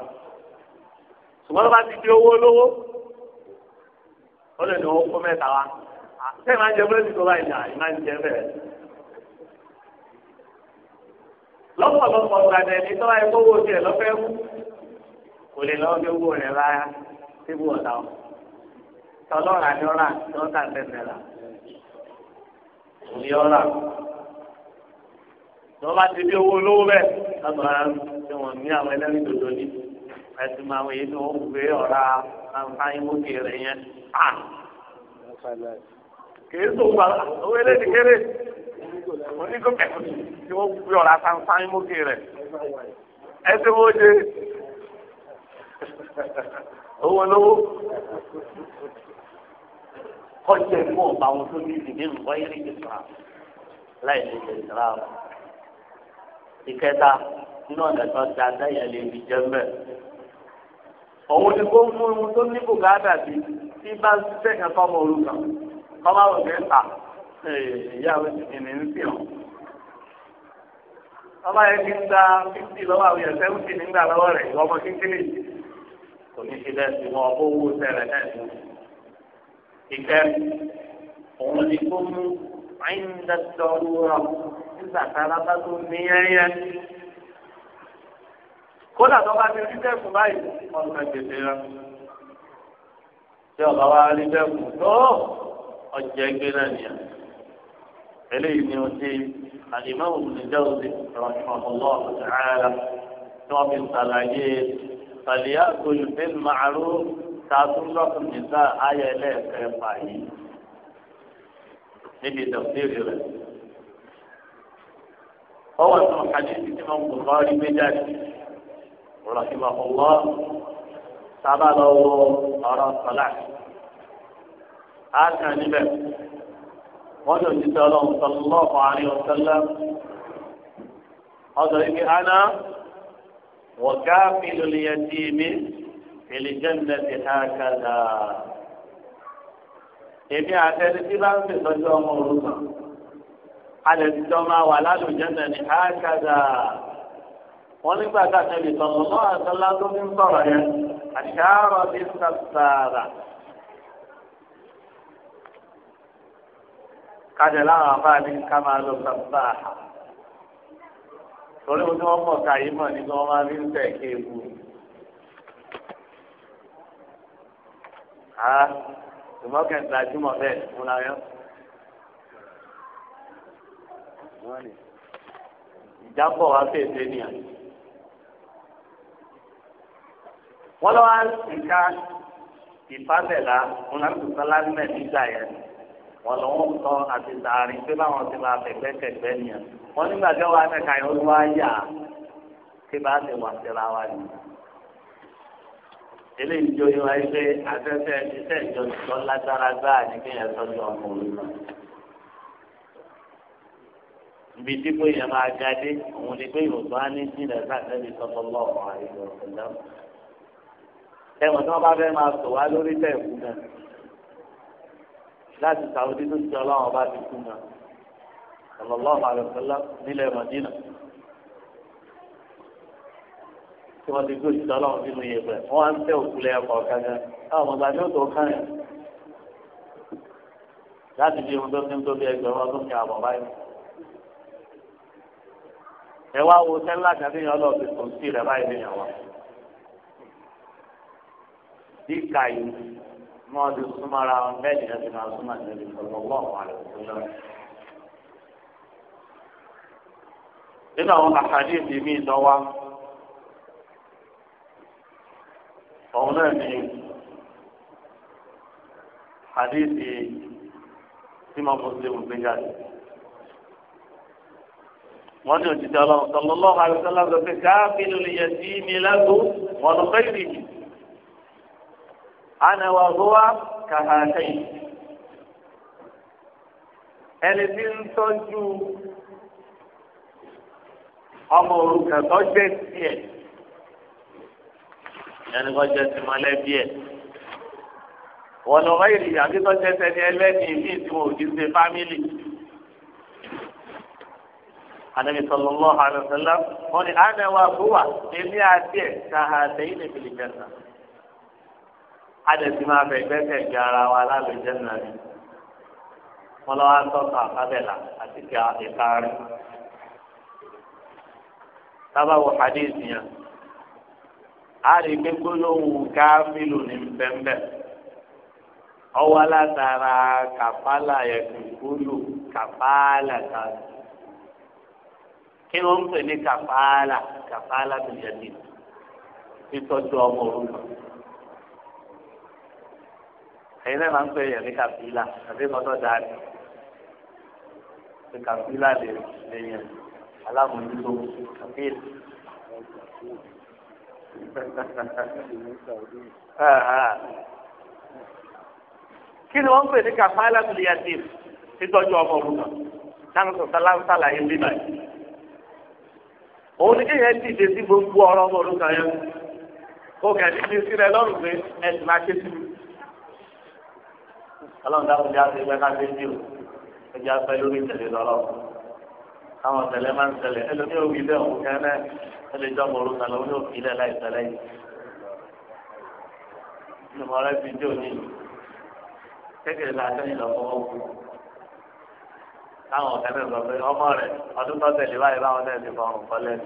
S1: Ṣùgbọ́n ló bá ti di owó lówó. Ó lè lo owó mẹ́ta wa. Ṣé ìmáà ń jẹ búrẹ́dì tó báyìí náà? Ìmáà jẹ bẹ́ẹ̀. Lọ́pọ̀lọpọ̀ gbàdẹ̀ ní tọ́wá ẹ̀kọ́ owó tiẹ̀ lọ́fẹ́ kú. Kò lè lọ́ síbú ọ̀tá o tọlọ́ra ni ọ̀ra tí wọ́n tà tẹ̀sẹ̀ la òní ọ̀ra tí wọ́n bá ti bí owó olówó bẹ́ẹ̀ lọ́tọ̀ ara tí wọ́n ní àwọn ẹlẹ́rìí dòdò ní ẹ̀sìn máa wọ̀nyí tí wọ́n gbé ọ̀ra àǹfààní mókè rẹ̀ yẹn à kìí sọ̀gbà owó eléyìí kéré onígbòkè tí wọ́n gbé ọ̀ra àǹfààní mókè rẹ̀ ẹ̀sìn wọ́n ṣe owó lówó kọjá ikú ọba àwọn tó ní ìdílé nǹkan yẹn ní ìsra láì ní ìsra ìkẹta nínú ọ̀nà tó da dáyà lè fi jẹ́ mbẹ́ òun ni kó mú ohun tó ní bùkátà sí tí bá ń ṣiṣẹ́ kan fọmọ olùkọ́ ọba òkè ń ta ìyá rẹ ti dìní ń sìn ọ́ ọba yẹn ti ń ta fífi lọ́wọ́ àwọn èèyàn sẹ́wọ́n nígbà lọ́wọ́ rẹ̀ ọmọ kékeré yìí kò ní fi bẹ́ẹ̀ sí wọn ọkọ owó sẹ́rẹ̀ náà ní. ìkẹ́ òun ni kó mú àyíǹdàdọ́rù rà nígbà tára bá tó ní ẹyẹ. kódà tó bá ti rí tẹ̀kùn báyìí wọ́n fẹ́ gbèsè rẹ̀. tí ọ̀gá wa rí tẹ̀kùn tó ọjà ẹgbẹ́ náà nìyà. eléyìí ni o ti àdìmọ́ òun ní jẹ́ òde rọ̀ṣọ̀ ọ̀lọ́ ọ̀sẹ̀ ààrẹ tí wọ́n fi ń sàlàyé fàlíyà olùfẹ́ màrú tààtúndọ̀kùn nìta ayẹlẹ kẹfà yìí níbi ìdọ̀tí rẹ̀. ọwọ́ tó hadithi tí wọ́n kò kọ́ rí gbé jáde rahimahullah sábà lọ wọ ọ̀rọ̀ sọlá. a kàn níbẹ̀ wọ́n lọ sí sọlọ́ọ̀ sọlọ́ọ̀ àárín ọ̀sán lọ́wọ́ ọ̀dọ̀ ibi hánà. وكافل اليتيم في الجنة هكذا إبي أتري تبان في سجوم الرضا على الجمعة ولا الجنة هكذا ولما تأتي صلى الله عليه وسلم من صلاة أشار بالسفارة قد لا أفعل كما لو سفاحة torí ohun tí wọ́n mọ̀ ká yìí mọ̀ ní kí wọ́n máa fi ń tẹ̀ kéèkù. àá ìmọ̀ kẹta jùmọ̀ bẹ́ẹ̀ mo la yọ. ìjábọ̀ wa fèsì ni à. wọ́n lọ́wọ́ nǹka ìfásẹ̀lá ńlá nígbà yẹn wọ́n lọ́wọ́ ń sọ àti sàárín pé báwọn ti máa fẹ̀gbẹ́kẹ̀gbẹ́ nìyẹn wọn nígbà tí wọn mẹ́ka yẹn olúwa yà kí bá ti wà síra wa ni eléyìí tó yẹ wáyé pé afẹ́fẹ́ iṣẹ́ ìjọsìn tó lágbára gbáà ní kéèyàn tọ́jú ọkùnrin náà ibi tí pé yẹn máa jáde òun ni pé yorùbá ní jìnnà sáfẹ́mi sọ́kọ́ lọ́wọ́ àìsàn ọ̀sẹ̀dá. ẹ̀wọ̀n tí wọ́n bá fẹ́ máa sọ wá lórí tẹ̀kú náà láti sàwọn títún tí ọlọ́run bá ti kú náà sallallahu alaihi wasallam nílẹ̀ Madina tí wọ́n ti gbé òṣìṣẹ́ ọlọ́run sínú iye pẹ̀ wọ́n á ń tẹ òkú lẹ́yìn ọkọ̀ kankan káwọn ọmọ gbàdúrà tó kàn yẹn láti fi ohun tó fi ń tóbi ẹgbẹ̀rún ọdún ní àbọ̀ báyìí. ẹ wá wo sẹ́ńlá kàdé yẹn ọlọ́ọ̀bì kò sí rẹ̀ báyìí ní ìyàwó. díkà yìí mọ́ ọdún súnmọ́ra mẹ́rin ẹ̀ ti máa súnmọ́ ìdílé ìfọ̀lọ́wọ́ àwọn àlẹ́ òṣèlú náà. nínú àwọn àkàdé ìbímí ìdánwà òun náà ni àdéhìí tí mo mùsùlùmí gbé jáde wọn ní òjijì Ọlọ́run sọlọlọ àlùsọlá sọ pé káfíìnì lè yẹ sí mi lágbo wọn lọ fẹẹ rìn àná wà lówà kàkà kẹyìn ẹni tí ń tọ́jú ọmọ òrukàn tó jẹ́ tiẹ̀ ẹni kọ́ jẹ́ ti mọ̀lẹ́bí ẹ̀ wọ́n lọ́wọ́ ìrìn àti tó jẹ́ sẹ́ni ẹlẹ́ni mí tí wọn ò ti ṣe fámìlì. Ànábì sallallahu alaihi wasallam wọ́n ní àná wa búwa èmi àti ẹ̀ ṣáà sẹ́yìn ní fìlìpẹ́sà. Adẹ̀sí máa fẹ̀ gbẹ́sẹ̀ gbé ara wa lálùjẹ́ nàní. Wọ́n lọ́wọ́ á tọ́ka àbẹ̀là àti ìka rẹ̀ tábà wọ hadith yẹn a lè gbé gbólóhùn káfílù ní bẹ́ńbẹ́ ọwọ́ látara kàfálà ẹ̀kún gbólò kàfálà kan kí wọ́n ń pè ní kàfálà kàfálà tó yẹ ní títọ́jú ọmọ orúkọ ẹ̀yin náà máa ń pè yẹn ní kàfílà àbí kọ́tọ́ dáadé kàfílà lè lè yẹn alámòjútó bíl. kí ni wọ́n ń pè ní kàfáìlà tó lè yà dé títọ́jú ọmọ òrukàn táwọn sọ sálámù sàlàyé bí báyìí. òun ni kéèyàn dìde sí gbogbo ọ̀rọ̀ ọmọ òrukàn yẹn kó kẹ́ẹ̀dí ti sílẹ̀ lọ́rùn pé ẹ̀sìn máa ké sí mi. ọlọ́run dáhùn jáde ẹgbẹ́ ká dé sí o ẹgbẹ́ afẹ́ lórí ìtẹ̀lé lọ́lọ́run káwọn tẹ̀lé máa ń tẹ̀lé ẹlòmí ò wí bẹ́ẹ̀ òun kẹ́lẹ́ ẹlẹ́ jọ mọ̀ọ́rù kan lọ́wọ́ yóò fi lẹ̀ láì tẹ̀lé yìí. ìmọ̀ rẹ ti dé òní kékeré látẹ́yìn lọ́kọ́ òkú. káwọn ọ̀kẹ́ náà sọ pé ọmọ rẹ ọdún tó tẹ̀lé báyìí báwọn náà ti fọrùn kọ́lẹ̀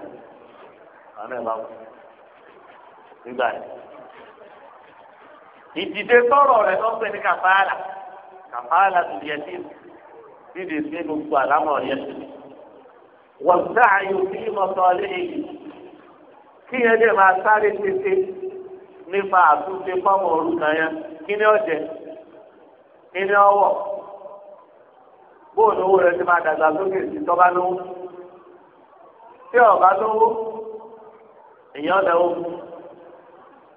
S1: àwọn náà bá kú. nígbà yìí ìdìde tọrọ rẹ lọ pé ní kàfáàlà kàfáàlà tó yẹ wọ́n sáàyò bí mọ̀tọ́lé yìí kí yẹn dẹ̀ máa sáré tètè nípa àtúnṣe fọ́mọ̀ orúkọ yẹn kí ni ọ̀jẹ̀ kí ni ọwọ́ bóòlù owó rẹ ti máa dàgbà lókè sí tọ́ba lówó tí ọ̀gá lówó èèyàn dẹ̀wò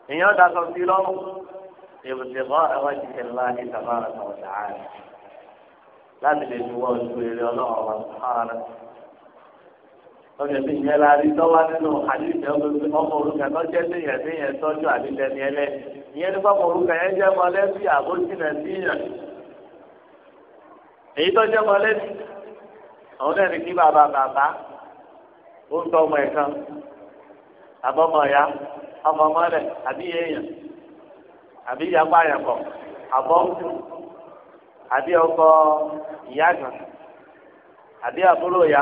S1: èèyàn dàtọ̀ sí lọ́rùn ìbùsùnmọ́ ẹ̀wọ́n ti ṣe ńlá ní tàbára tàwọn ṣàárẹ̀ láti lè fi wọ́n ju eré ọlọ́run wa sàárẹ̀. lọ́jọ́ bí ìyẹn la rí lọ́wọ́ nínú àdìsẹ́ ọmọ orúkọ tó jẹ́ sí yẹn sí ìyẹn orúkọ àbójúnà sí èyí tó náà ní kí bàbá bàbá ó ń ọmọ kan ya ọmọ ọmọ àbí àbí ọkọ ìyá kan àbí ya.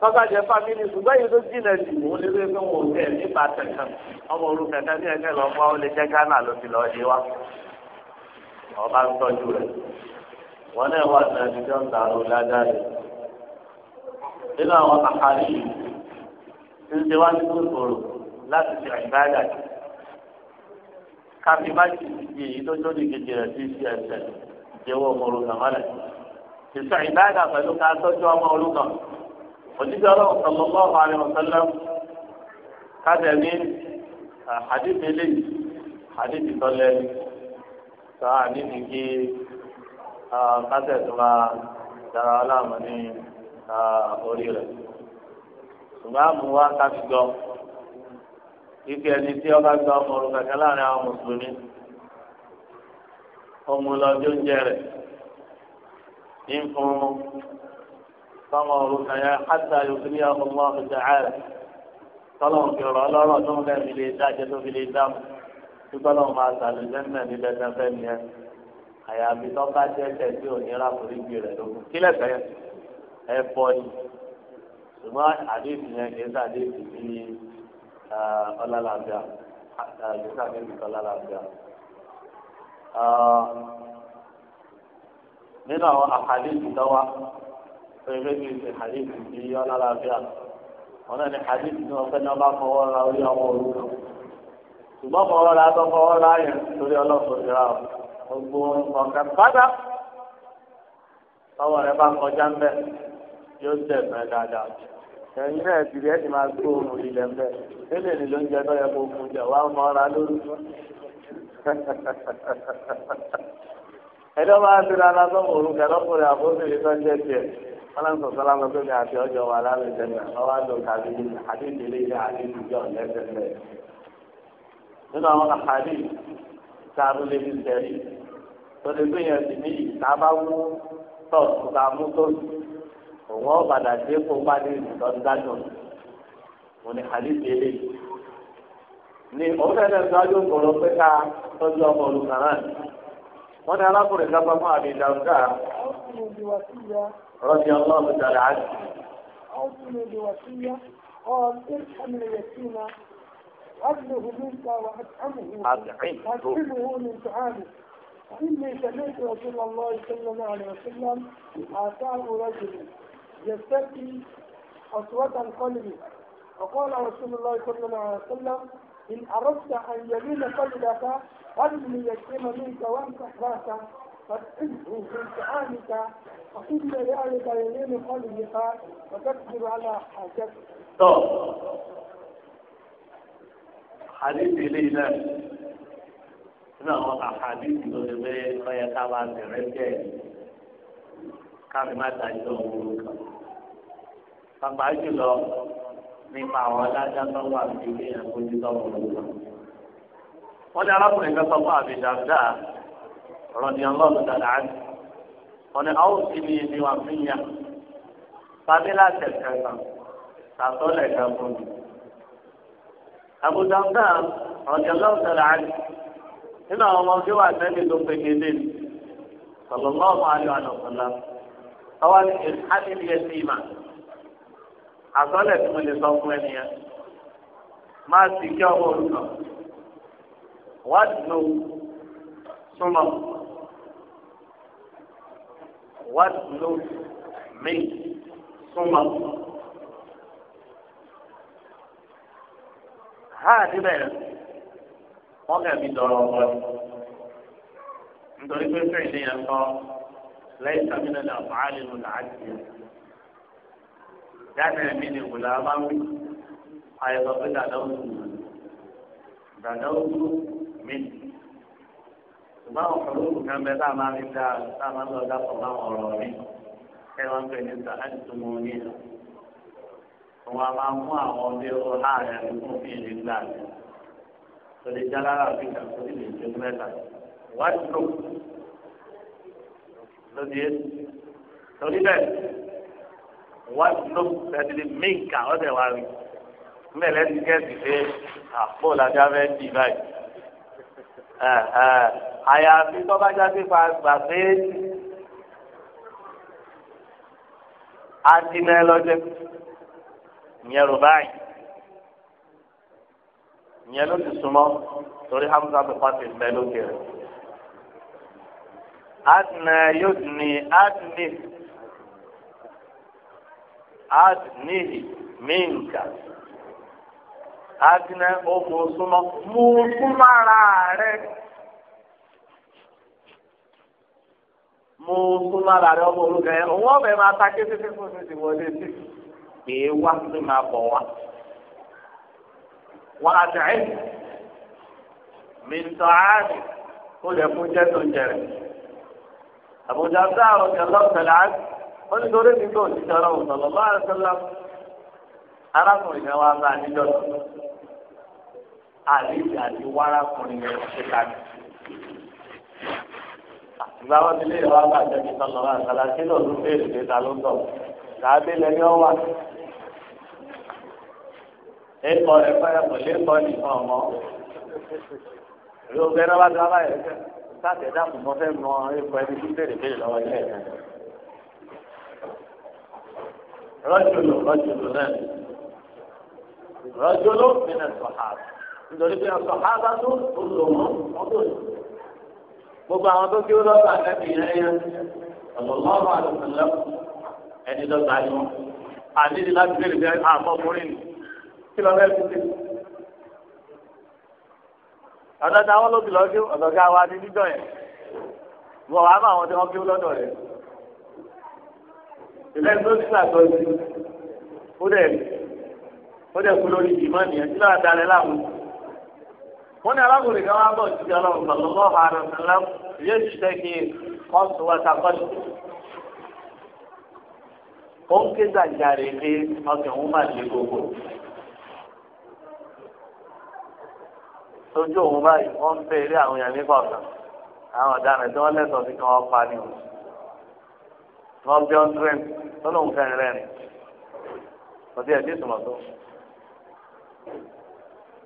S1: tọ́ka jẹ fámìlì ṣùgbọ́n yìí tó jìnà jù wọ́n lé wé pé wọ́n tẹ̀ nípa tẹ̀kan ọmọ orúkẹ kan ní ẹgbẹ́ lọ pa ó jẹ́ Ghana ló fi lọ́ọ́ ṣe wá ọba ń tọ́jú rẹ̀ wọ́n náà wà ní àdìjọ́ ń ta àrùn ládàá nínú àwọn àkàrí tí ń ṣe wá ní kòtòrò láti ṣe àgbáyà káfí má ti di èyí tó jó ní kejì sí sí ẹsẹ̀ ìjẹ́wọ́ ọmọ orúkọ mọ́lẹ̀ pẹ̀lú ká tọ́jú ọmọ orúkọ òjíṣẹ́ ọlọ́run sallallahu alaihi wasallam kájẹ ní hadith eléyìí hadith tọ́lẹ̀ sọ hadith kí kájẹ tó máa dára ọlọ́run ní orí rẹ̀ ṣùgbọ́n àmúwá káfí gbọ́ ike ẹni tí ọba gba ọmọ ọrùn kàkẹ́ láàrin àwọn mùsùlùmí ọmọ lọ́jọ́ ń jẹ fún fáwọn orúkọ yẹn hàtà yòókùnrin àwọn ọmọ ọ̀gá ààrẹ tọ́lọ́hún fi rọ̀ ọlọ́rọ̀ tó ń bẹ́ẹ̀ fi lè dájẹ́ tó fi lè dáàmú tí tọ́lọ́hún máa sàlẹ̀ lẹ́nà ní dandan fẹ́ mi yẹn àyàfi tó bá jẹ́ ẹsẹ̀ tí ò ní rákòrí gbé rẹ̀ lókun kí lẹ́sẹ̀ yẹn ẹ fọ́ ni ṣùgbọ́n àdéhùn yẹn kì í sàdéhùn sí ọlọ́làbíà kì í sàdéhùn sí ọlọ́làbíà nínú àwọn àkàdé ìtọ́wá pẹ̀lú ní ìsìn hadith ti ọ̀nà àlàáfíà wọn náà ní hadith ní ọ̀fẹ́ náà bá fọwọ́ ra orí ọmọ òrukàn ṣùgbọ́n fọwọ́ ra tó fọwọ́ ra yẹn torí ọlọ́sọ̀rọ̀ ra gbogbo ọ̀kẹ́ pátá tọwọ́ rẹ bá kọjá ń bẹ̀ yóò tẹ̀ fẹ́ dáadáa ẹ̀yin náà ti rí ẹ̀sìn máa gbó ohun ilẹ̀ ń bẹ̀ nílẹ̀ ní ló ń jẹ lọ́yẹ kó fún jẹ wàá mọ ara lórí ẹ̀dọ́ máa ń tira lásán òrùka lọ́kùnrin àbóṣèlú tó ń jẹ tiẹ̀ fọláńsọ sọlá lọ pé mi àti ọjọ́ wà lálẹ́ ìjẹun ọwọ́ àdó tàbí àdéhùn ilé ilé àdéhùn ìjọ lẹsẹsẹ nínú àwọn àkàdé sáàrù lébi sẹrí tọ́lẹ̀ pé yẹn sì ní ìtaba wú tọ̀ tuta mú tó òun ọ̀padà dé kó pàdé ìtọ́jú mo ní àdéhùn ilé ni òun fẹ́ẹ́ lẹ́nu tó ajó kòrò pé ká tọ́jú ọmọ olùkàrán wọ́n ní alákùnrin kápá fún àbí ìdàrúdà. رضي الله تعالى عنه
S3: أوصني بوصية قال ارحم اليتيم أبله منك وأطعمه أطعمه من طعامك فإني سمعت رسول الله صلى الله عليه وسلم آتاه رجل يستبكي أصوة قلبي وقال رسول الله صلى الله عليه وسلم إن أردت أن يلين قلبك فابن يتيم منك وامسح راسك وانتعامك وكل ذلك يلين قلبك وتكبر على حاجتك.
S1: حديث إلينا nínú àwọn àhàdìsì ló ti gbé ọyẹ ká bá tẹ̀rẹ́ tẹ̀ káfí má dájọ́ òwúrò kan. Pàpà jùlọ nípa àwọn adájọ́ tó wà ní ilé ẹ̀kọ́ ní tọ́wọ́ kan.
S3: Wọ́n ní arákùnrin kan
S1: sọ fún àbídàdà rọ̀dì ọlọ́run dàda ẹ̀ ọ̀nà àwọn òsì mi ni wà fún yà fàbílà tẹ̀sán kan tàtọ́lẹ̀ kan fún mi. àbùdá náà rọ̀dì ọlọ́run dàda ẹ̀ nínú àwọn ọmọ tí wà sẹ́ni tó pegedé ni sọlọ́lọ́ọ̀mù ayọ̀ àdọ̀sọ̀lá ọwọ́ ni ìhánilì ẹsẹ̀ ìmà àtọ́lẹ̀ tí mo lè sọ fún ẹni yẹn máa sì kí ọmọ òrukàn wá dùn ó súnmọ́ wàdúró mi súnmọ́. ha níbẹ̀ wọ́n kẹ́ mi dọ̀rọ̀ ọ̀rọ̀ ni nítorí pé fẹ́ẹ̀ ní yẹn kọ́ lẹ́yìn sàmínà náà fàálì ló là á ti yẹ. dáná ẹ̀mí ni wùlà máa ń wí àyẹ̀wò pé dàdá òtún dàdá òtún mi ṣùgbọ́n àwọn kan lóògùn kan bẹ tá a máa fi dá tá a máa lọ dápọ̀ láwọn ọ̀rọ̀ mi ẹ wọ́n pè ní sàlẹ́ǹtì tó mọ ní ìlú. Àwọn a máa mú àwọn ọdẹ ọlá rẹ̀ fún fi ìlú gbà mí. Sọdẹ jálára fi kà sórí lè jó mẹ́ta. Wájú ló lóde torí bẹ́ẹ̀ wájú ló tẹ̀lé mí kà ọ́ tẹ̀ wá rí. Mẹ́lẹ́ ti kẹ́sì pé àpò làdá fẹ́ dì báyìí àyàfi tó bá jáde pa gbà pé adìmẹ lọ́jọ́ ìyẹn rò báyìí ìyẹn ló ti súnmọ́ torí hamza bí pàṣẹ bẹ lókè rẹ adìmẹ yóò dùn ní adìmẹ adìmẹ mìínkà. adinẹ ọmọ súnmọ́ mú rẹ mú mara rẹ ọmọ olùkọ́ yẹn òun ọbẹ̀ ma ta kékeré fún mi ti wọlé sí pé wá sí máa wá wà á mi ààrẹ tó jẹrẹ àbújá mi tó arákùnrin náà àlejò àti wàrà kùnrin yẹn ṣe kàní. ìgbà wọn ti lé ìwà àgbàjọ ní sọlọ́wọ́ àgbàlá sí lọ́dún bẹ́ẹ̀ lè ta ló ń tọ̀. kàábé lẹ́ni ọ wà. ẹ̀kọ́ ẹ̀kọ́ ẹ̀kọ́ lẹ́kọ́ nìkan ọmọ. ìlú ọgbẹ́ náà bá ti wá báyìí rẹ̀ káàkiri dákun mọ́ fẹ́ mọ ẹ̀kọ́ ẹni tí bẹ̀rẹ̀ bẹ̀rẹ̀ lọ́wọ́ ilé ẹ̀ رجل رجل رجل من الصحابه nítorí pé ọ̀sọ̀ ábá tó oṣù mọ́ ọdún gbogbo àwọn tó kí ó lọ́ọ́ bàtà kì í lẹ́yìn ọ̀sọ̀lọ́wọ́ àdùnkànlọ́ ẹni lọ́gbà ni wọn. àdídì láti bèrè bí ah, àfọkùnrin kí lọ́ọ́ bẹ́ẹ̀ títí. ọ̀dọ́ ta wọ́n ló ti lọ́ọ́ kí ọ̀dọ̀gá wa ní níjọ́ yẹn wọ́n wàá bá àwọn tí wọ́n kí ó lọ́dọ̀ rẹ̀. ìlẹ́yìn tó ó dẹ̀ kú lórí ìmọ̀ nìyẹn tí lọ́ọ́ wọ́n ní arákùnrin kan wá bọ̀ sí ọlọ́run lọ́lọ́ ààrẹ ńlá yóò ṣiṣẹ́ kí kọ́ọ̀tù wọ́ta kọ́ọ̀tù. ó ń ké gbàjarè pé ọkàn òun máa lé gbogbo. sójú òun báyìí wọ́n ń béèrè àwọn èèyàn nípa ọ̀sán àwọn ọ̀daràn tí wọ́n lẹ́sọ̀ọ́ sí kan wọ́n pa ni o. wọ́n bí ọ́n tẹ́rẹ̀ tó lóun fẹ́ràn rẹ̀ ni. ọ̀dẹ̀ ẹ̀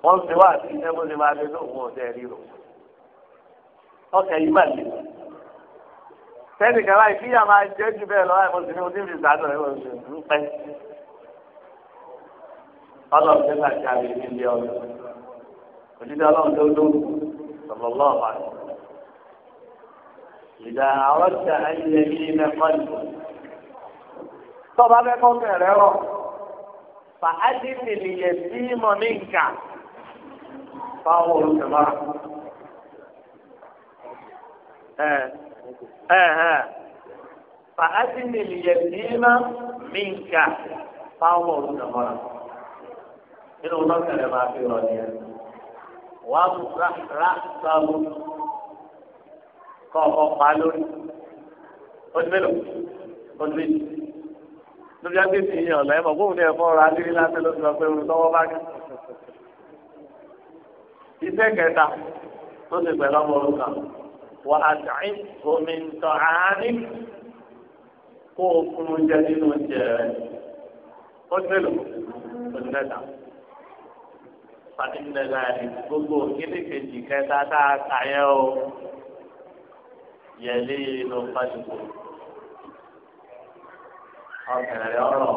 S1: wọ́n fi wá sí iṣẹ́ bó ṣe máa lé lóògùn ọ̀sẹ̀ ríro ọkẹ́ yìí mà lè sẹ́nìkan láì fíyà máa jẹ́ jù bẹ́ẹ̀ lọ́wọ́ àìmọ̀ sí ní ojú ìrìn ìdáná rẹ̀ wọ́n ń pẹ́ ọlọ́run tẹ́lá ti àlè ní ilé ọ̀rọ̀ òdìdí ọlọ́run tó lóògùn sọ̀rọ̀ lọ́ọ̀bà ìdá àwọn ayé yìí mẹ́kọ́ ìlú tọ́ba mẹ́kọ́ fẹ̀rẹ̀ rọ̀ fàájì nìyẹn sí mọ̀ ní nǹkan. fáwọn jama ẹ ẹ ẹ fa adini liyẹtima minka n'ime jama inú wọn kẹlẹ máa fi rọ ni ẹ wà á rà sáwọ kọ ọkọ pa lórí ọdún mélòó ọdún méjì lórí agbèsè yìí iṣẹ́ kẹta tó ti pẹ̀lú ọmọ olùkà wà á tàí omi ntọ́ àárín kó o fún un jẹ nínú oúnjẹ rẹ ó tẹ̀lé oṣù mẹ́ta pàtẹ́kìlẹ́gbà rẹ gbogbo kíní kejì kẹta tá a kà yẹ o yẹlé ló pàṣípò ọkàn ọ̀rọ̀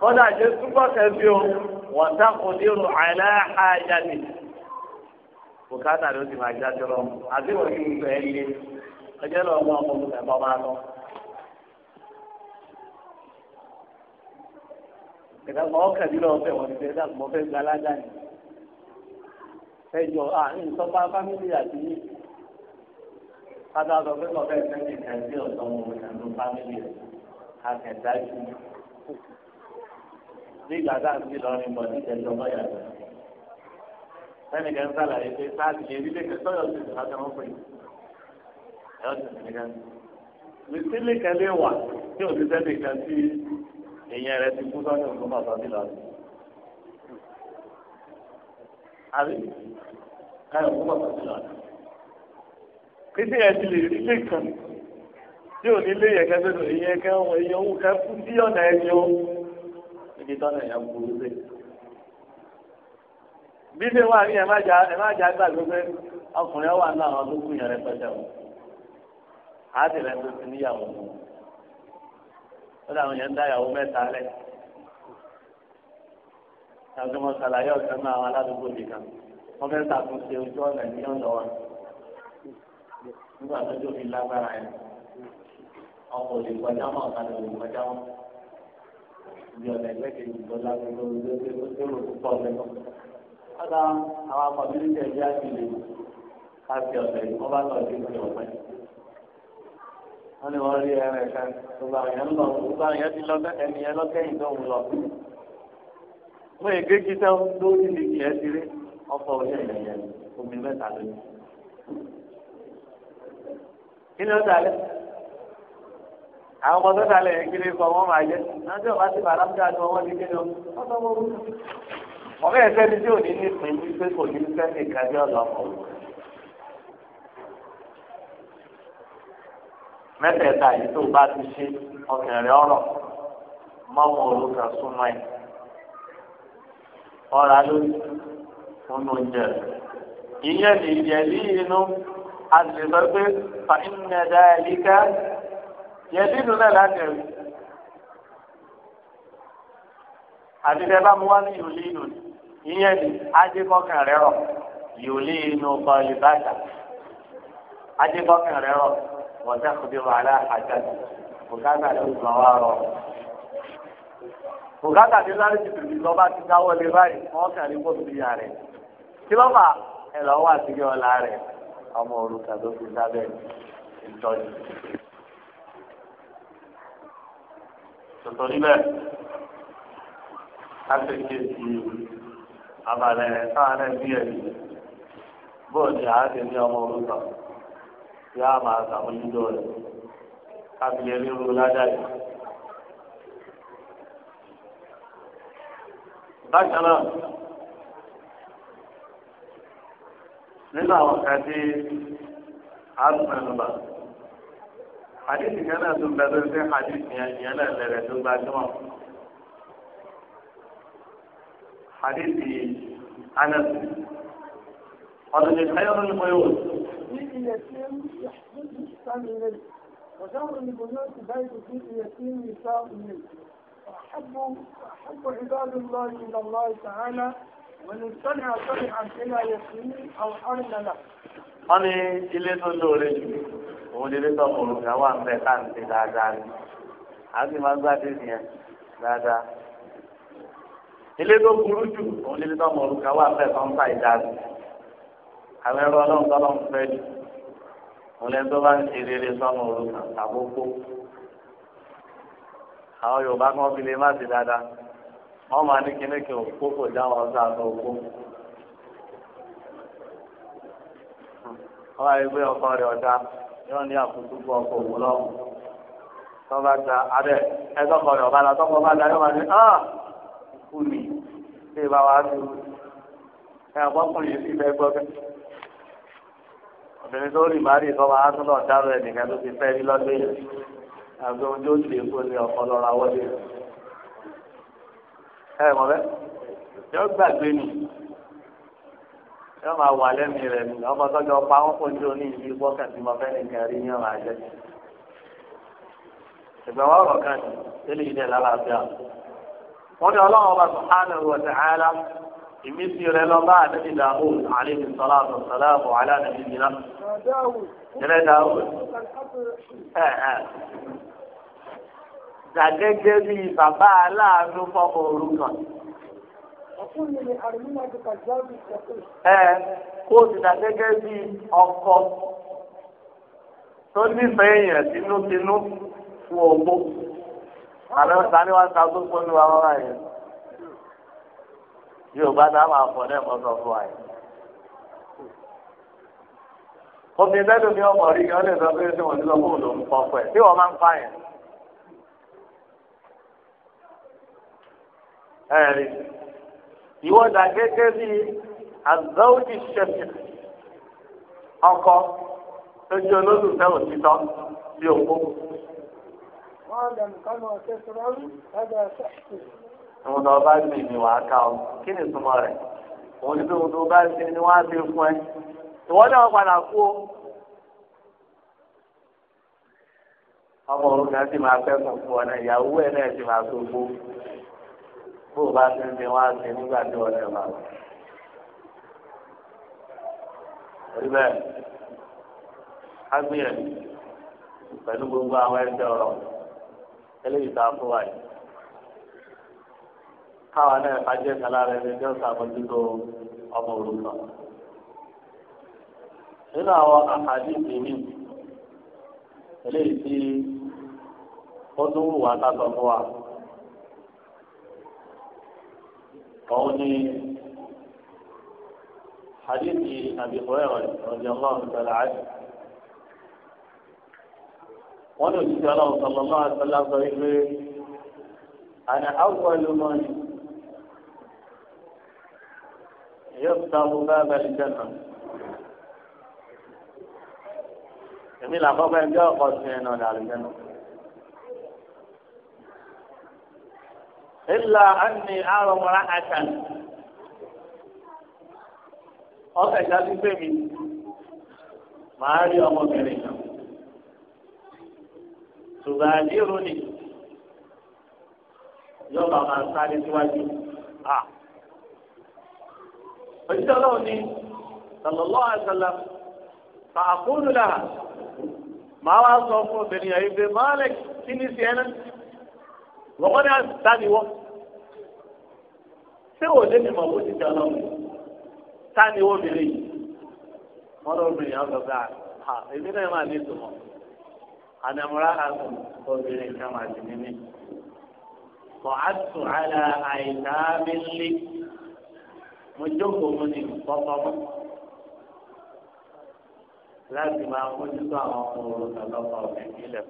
S1: kódà jẹ túbọ̀ kẹfí o wọ́tàkùnrin àìlá àjàdì bùkátà ló ti máa jáde lọ àti wọ́n yìí ń bẹ́ẹ̀ lé ọjọ́ lọ mọ ọmọ mi ẹ̀fọ́ máa lọ. ìdàgbọ́ ọ̀kàdínlọ́wọ́ fẹ́ wọ́n ti fẹ́ dàgbọ́ fẹ́ gbalájà ni ẹjọ a nsọpa fámìlì àti yìí kátàkọ pé kọfẹ sẹni kẹsí ọ̀dọ̀ mọ òun ẹnu fámìlì rẹ akẹta bí gbàgbà sí lọrin bọ̀ ní ìtẹ̀jọ́ báyà jẹ́. sẹ́ni kan sàlàyé pé sáàtì lè rí lẹ́kẹ̀ẹ́ sọ́yọ́ sí ìtura tẹ́ wọ́n pè é. ẹ̀yọ́ sì sí kan. mísílì kan lè wà tí òsì sẹ́ni kan tí èèyàn rẹ̀ ti kú sọ́yọ́ fún bàbá mi lọ́rin. àbí káyọ̀ fún bàbá mi lọ́rin. kí sì yẹn ti lè rí lẹ́kàn tí ò ní yẹn kẹ́sẹ̀ lò ìyẹn kẹ́ ibi tọ́nà yẹn burú dé. bí ṣe wà ní ẹ má jà ẹ má jà gbàgbé pé ọkùnrin wà ní àwọn tó kù yẹn rẹpẹtẹ o tó ti níyàwó o ó yẹn ń mẹ́ta mo ṣàlàyé ọ̀sẹ̀ náà àwọn aládùúgbò wọ́n fẹ́ ṣàtúnṣe ojú ọ̀nà wa ibi ọ̀nà ẹgbẹ́ kejì tó lágbègbè olóògbé tó tóró púpọ̀ lẹ́kọ̀ọ́. ọ̀dà àwọn akọ̀bílẹ̀ jẹ̀ bí àgbèlè káfí ọ̀bẹ wọ́n bá lọ sí ìpè ọ̀pẹ. wọ́n ní wọ́n rí ẹran ẹ̀ka gbogbo àwọn yẹn lọ gbogbo àwọn yẹn ti lọ ẹni yẹn lọ́kẹ́yìn tó ń lọ. mo ègé jíjẹ́ lórí ìdíjì ẹ̀ ti rí ọkọ̀ òye ẹ̀yẹ omi mẹ́ta lónìí. kí ni ó dà lẹ́sẹ̀? àwọn ọmọ tó dalẹ̀ ìgbélé kọ wọ́n máa jẹ́ láti ọ̀bá ti bàrà bí àti ọmọ nígbè lọ ọmọ ẹ̀sẹ̀ ni tí ò ní ní pín ní pé kò ní sẹ́ni kájọ́ ọ̀dọ́ mẹ́tẹ̀ẹ̀ta yìí tó bá ti ṣe ọkàn rẹ̀ ọ̀rọ̀ mọ́mọ́ olùkà súnmọ́ ẹ̀ ọ̀rá lórí fún oúnjẹ rẹ̀ ìyẹn nìyẹn ní inú a lè sọ pé fa ìnnẹ̀dá ẹ̀líkà yẹdínú náà láti ẹ̀rí àdìdẹ bá mu wá ní yòlí inú ìyẹn ni ajẹkọkàn rẹ rọ yòlí inú bọlì bàtà ajẹkọkàn rẹ rọ wọtá kùdí wàhálà àjà bùkátà ló gbà wá rọ bùkátà tí lárí ti tìbí lọ bá ti dáwọ́ lé báyìí wọn kàn ní kóòtù ìyá rẹ tí lọ́ fà ẹ lọ́wọ́ àtijọ́ ọ̀la rẹ ọmọ òrùka tó fi sábẹ́ ìtọ́jú. tòtò níbẹ̀ láti ké sí abalẹ̀ sáárẹ̀ bí ẹ̀mí ọmọ orúkọ ya máa sàmójútó rẹ̀ kábíyẹ ríru ládàá bákan náà nínú àwọn kan tí a àdìsí kan náà tó gbẹ lórí pé àdìsí yẹn náà lẹ̀rẹ̀ tó gbajúmọ̀. àdìsí anas ọ̀dọ̀ ní káyọ̀ ní mo yóò.
S3: وجمع البيوت بيت فيه يتيم نساء منه أحب أحب عباد الله إلى الله تعالى ومن سمع سمعا إلى يتيم أو حرم له
S1: wọ́n ní ilé tó lóore jù òun lè tọ́ òrùka wà ń bẹ káàntì dáadáa ni a sì máa ń gbádé nìyẹn dáadáa. ilé tó burú jù òun lè tọ́ òrùka wà ń bẹ kọ́ńtà ìdáàbò àwọn ẹrọ ọlọ́run tọ́lọ́ ń fẹ́ jù òun lè tó bá ń ṣe rere sọ́nà òrùka àkókò. àwọn Yorùbá kan fi lè má ti dáadáa wọ́n máa ní kíní òkú kò já wọn sáà tó kó. ọba rẹ gbé ọkọ rẹ ọ̀dà yóò ní àkókò fún ọkọ òun lọ tọ́ba ta abẹ ẹtọ́kọ rẹ ọba la tọ́kọ bá da yóò máa ah kú mi ṣé ìbá wa tó ẹ ọkọkùnrin yìí sì fẹ́ gbọ́ bẹ́ẹ̀ obìnrin tó rìn máa rí á tún lọ dárò ẹnìkan tó ti fẹ́ rí lọ́dún yìí àgbẹ̀ ohun tó lè kó ní ọkọ lọ́ra wọlé ẹ mọ̀ bẹ́ẹ̀ yọ gbàgbé nìyí. yóò máa wà lẹ́nu rẹ̀ nù ọmọ pa wọ́n kó jọ ní ìlú wákàtí mo fẹ́ nìkan rí ní ọ̀rọ̀ ajẹ́. ìgbà wọn rọ̀ kan tẹ́lẹ̀ yìí dẹ̀ lálàáfíà. wọ́n ní ọlọ́run ọba subhanahu wa ta'ala ìmísí lọ bá àdébí sọlá àbọ̀ gàgẹ́gẹ́ ẹ kó o ti dà gẹ́gẹ́ bí ọkọ tó nífẹ̀ẹ́ èèyàn tinútinú fún ogbó àlọ́ sani wá sa gbogbo ní wa wá yẹn yóò bá dá máa fọ náà mọ́ sọ fún wa yẹn. obìnrin bẹ́ẹ̀ ló ní ọmọ rí yẹn ó lè sọ pé ṣé wọ́n ti lọ fóònù òun kọ́ pẹ̀ tí wọ́n máa ń pa yẹn. ẹ̀rí ìwọ dà gẹ́gẹ́ bí azawuji ṣẹ̀fẹ̀ ọkọ tó jẹ́ olólùfẹ́ òtítọ́ bí òkú. Àwọn ọ̀dọ́ bá gbé mi wàá ká o, kí ni ìtumọ̀ rẹ̀? Òun ni bí òun tó bá ṣe ni wọ́n á fi fún ẹ. Ìwọ náà padà kú o. Ọmọ òun kan sì máa fẹ́ fún ọ náà, ìyàwó ẹ̀ náà sì máa tó gbó. bó o bá ti ń bí wọn á ṣe nígbà tí wọn gbogbo àwọn ẹgbẹ́ ọ̀rọ̀ eléyìí tá a fún wa yìí. káwa náà fàájẹ́ kálá rẹ̀ ní ẹjọ́ sàmójútó ọmọ òrùka. nínú àwọn àkàdé ìpínlẹ̀ eléyìí tí ó tún wù wá òun ni hadithi àbí ìfọwọ́rọ̀ ọ̀dì ọlọ́run tẹ̀lé àjò. wọ́n ní òṣìṣẹ́ ọlọ́run sọ̀rọ̀ náà sọ́lá sọ wípé àná àwùjọ ìlú mọ́ ni yóò ta ọkùnrin bá bá ìjẹ náà. èmi làkọ́kọ́ ẹgbẹ́ ọkọ̀ sí ẹ̀ náà dàrú إلا أني àrọmọra àtà ọkọ ẹja ti pè mí màá rí ọmọbìnrin kan ṣùgbọ́n àdírò ni yọba máa ń sáré síwájú à òṣìṣẹ́ ọlọ́run ni sallallahu alaihi wasallam fàákùnrin náà màá wá sọ fún obìnrin yẹn pé máa lè kí ni sí ẹ wọ́n ní àtàní wọ́n ṣé wò lé mi mọ̀ wọ́n ti jẹ́ ọlọ́run táni wọ́n mi rí wọ́n lọ́ọ́ bìnrin àwọn ọ̀gá ha èmi náà máa ní ìtumọ̀ àdàmúrà àtùn obìnrin kan máa ti ní mí. kọ̀ àtù àlà àìsàmìlì mo jókòó mo ní kọ́kọ́ mọ́ láti máa mójútó àwọn ọmọ òrùka lọ́kọ̀ọ́ mi nílẹ̀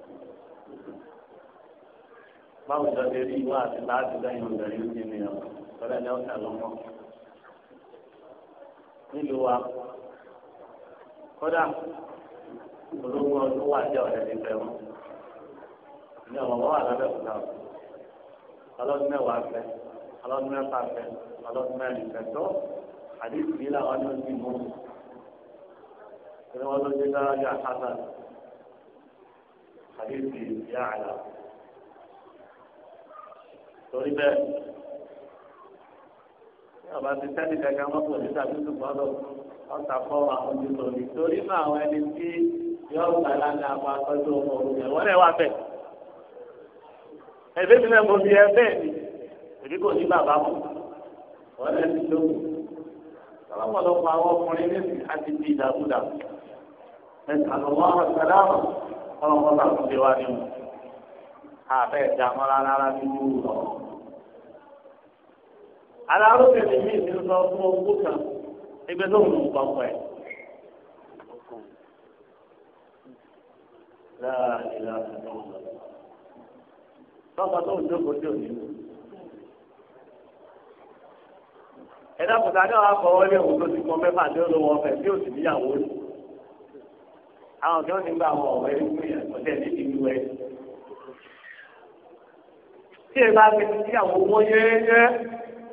S1: báwo lọ lè rí ìwà àti láti lẹ́yìn obìnrin ní ènìyàn lọ́dọ̀ ní ọ̀sẹ̀ lọ́mọ. nílùú wa kódà ológun ọdún wà jẹ́ ọ̀rẹ́ nífẹ̀ẹ́ wọn ní ọmọ wọn wà lábẹ́ òkúta ọlọ́dún mẹ́wàá fẹ́ ọlọ́dún mẹ́fà fẹ́ ọlọ́dún mẹ́rin fẹ́ tó àdéhùn yìí làwọn ọdún ti mú ìrìn dára yá àkàtà àdéhùn yìí yá torí bẹ́ẹ̀ ní ọba ti sẹ́ni kankan mọ́tò ní tàbí ṣùgbọ́n lọ ọ̀tà fọ́ àwọn ojúlọ ní torí mọ́ àwọn ẹni tí yóò gbà lánàá àwọn akọ́jú ọmọ òun ẹ̀ wọ́n rẹ̀ wá bẹ̀. ẹ̀bí mi náà mo fi ẹ bẹ́ẹ̀ ni èmi kò ní bàbá mọ́ wọ́n rẹ̀ ti lóko. ọlọ́pọ̀lọpọ̀ àwọn ọkùnrin ní àti ti ìdàkúdà ẹ̀ka lọ́wọ́ àwọn sàdámà alárúbìnrin mi ti sọ fún ogún kan ẹgbẹ́ tó ń mú ọkọ ẹ̀. lọ́kọ̀ tó ń jókòó tí ò ní lò. ẹ̀dá kùtà náà wà kọ́ wọlé òun tó ti kọ́ mẹ́fà tí ó lọ wọ ọ̀fẹ́ tí ó sì níyàwó rẹ̀. àwọn kí wọ́n ti gba àwọn ọ̀rẹ́ ìlú yẹn kọ́tẹ́ ní ìlú ẹ̀. tí ẹ bá ti níyàwó wọ́n yẹ́yẹ́.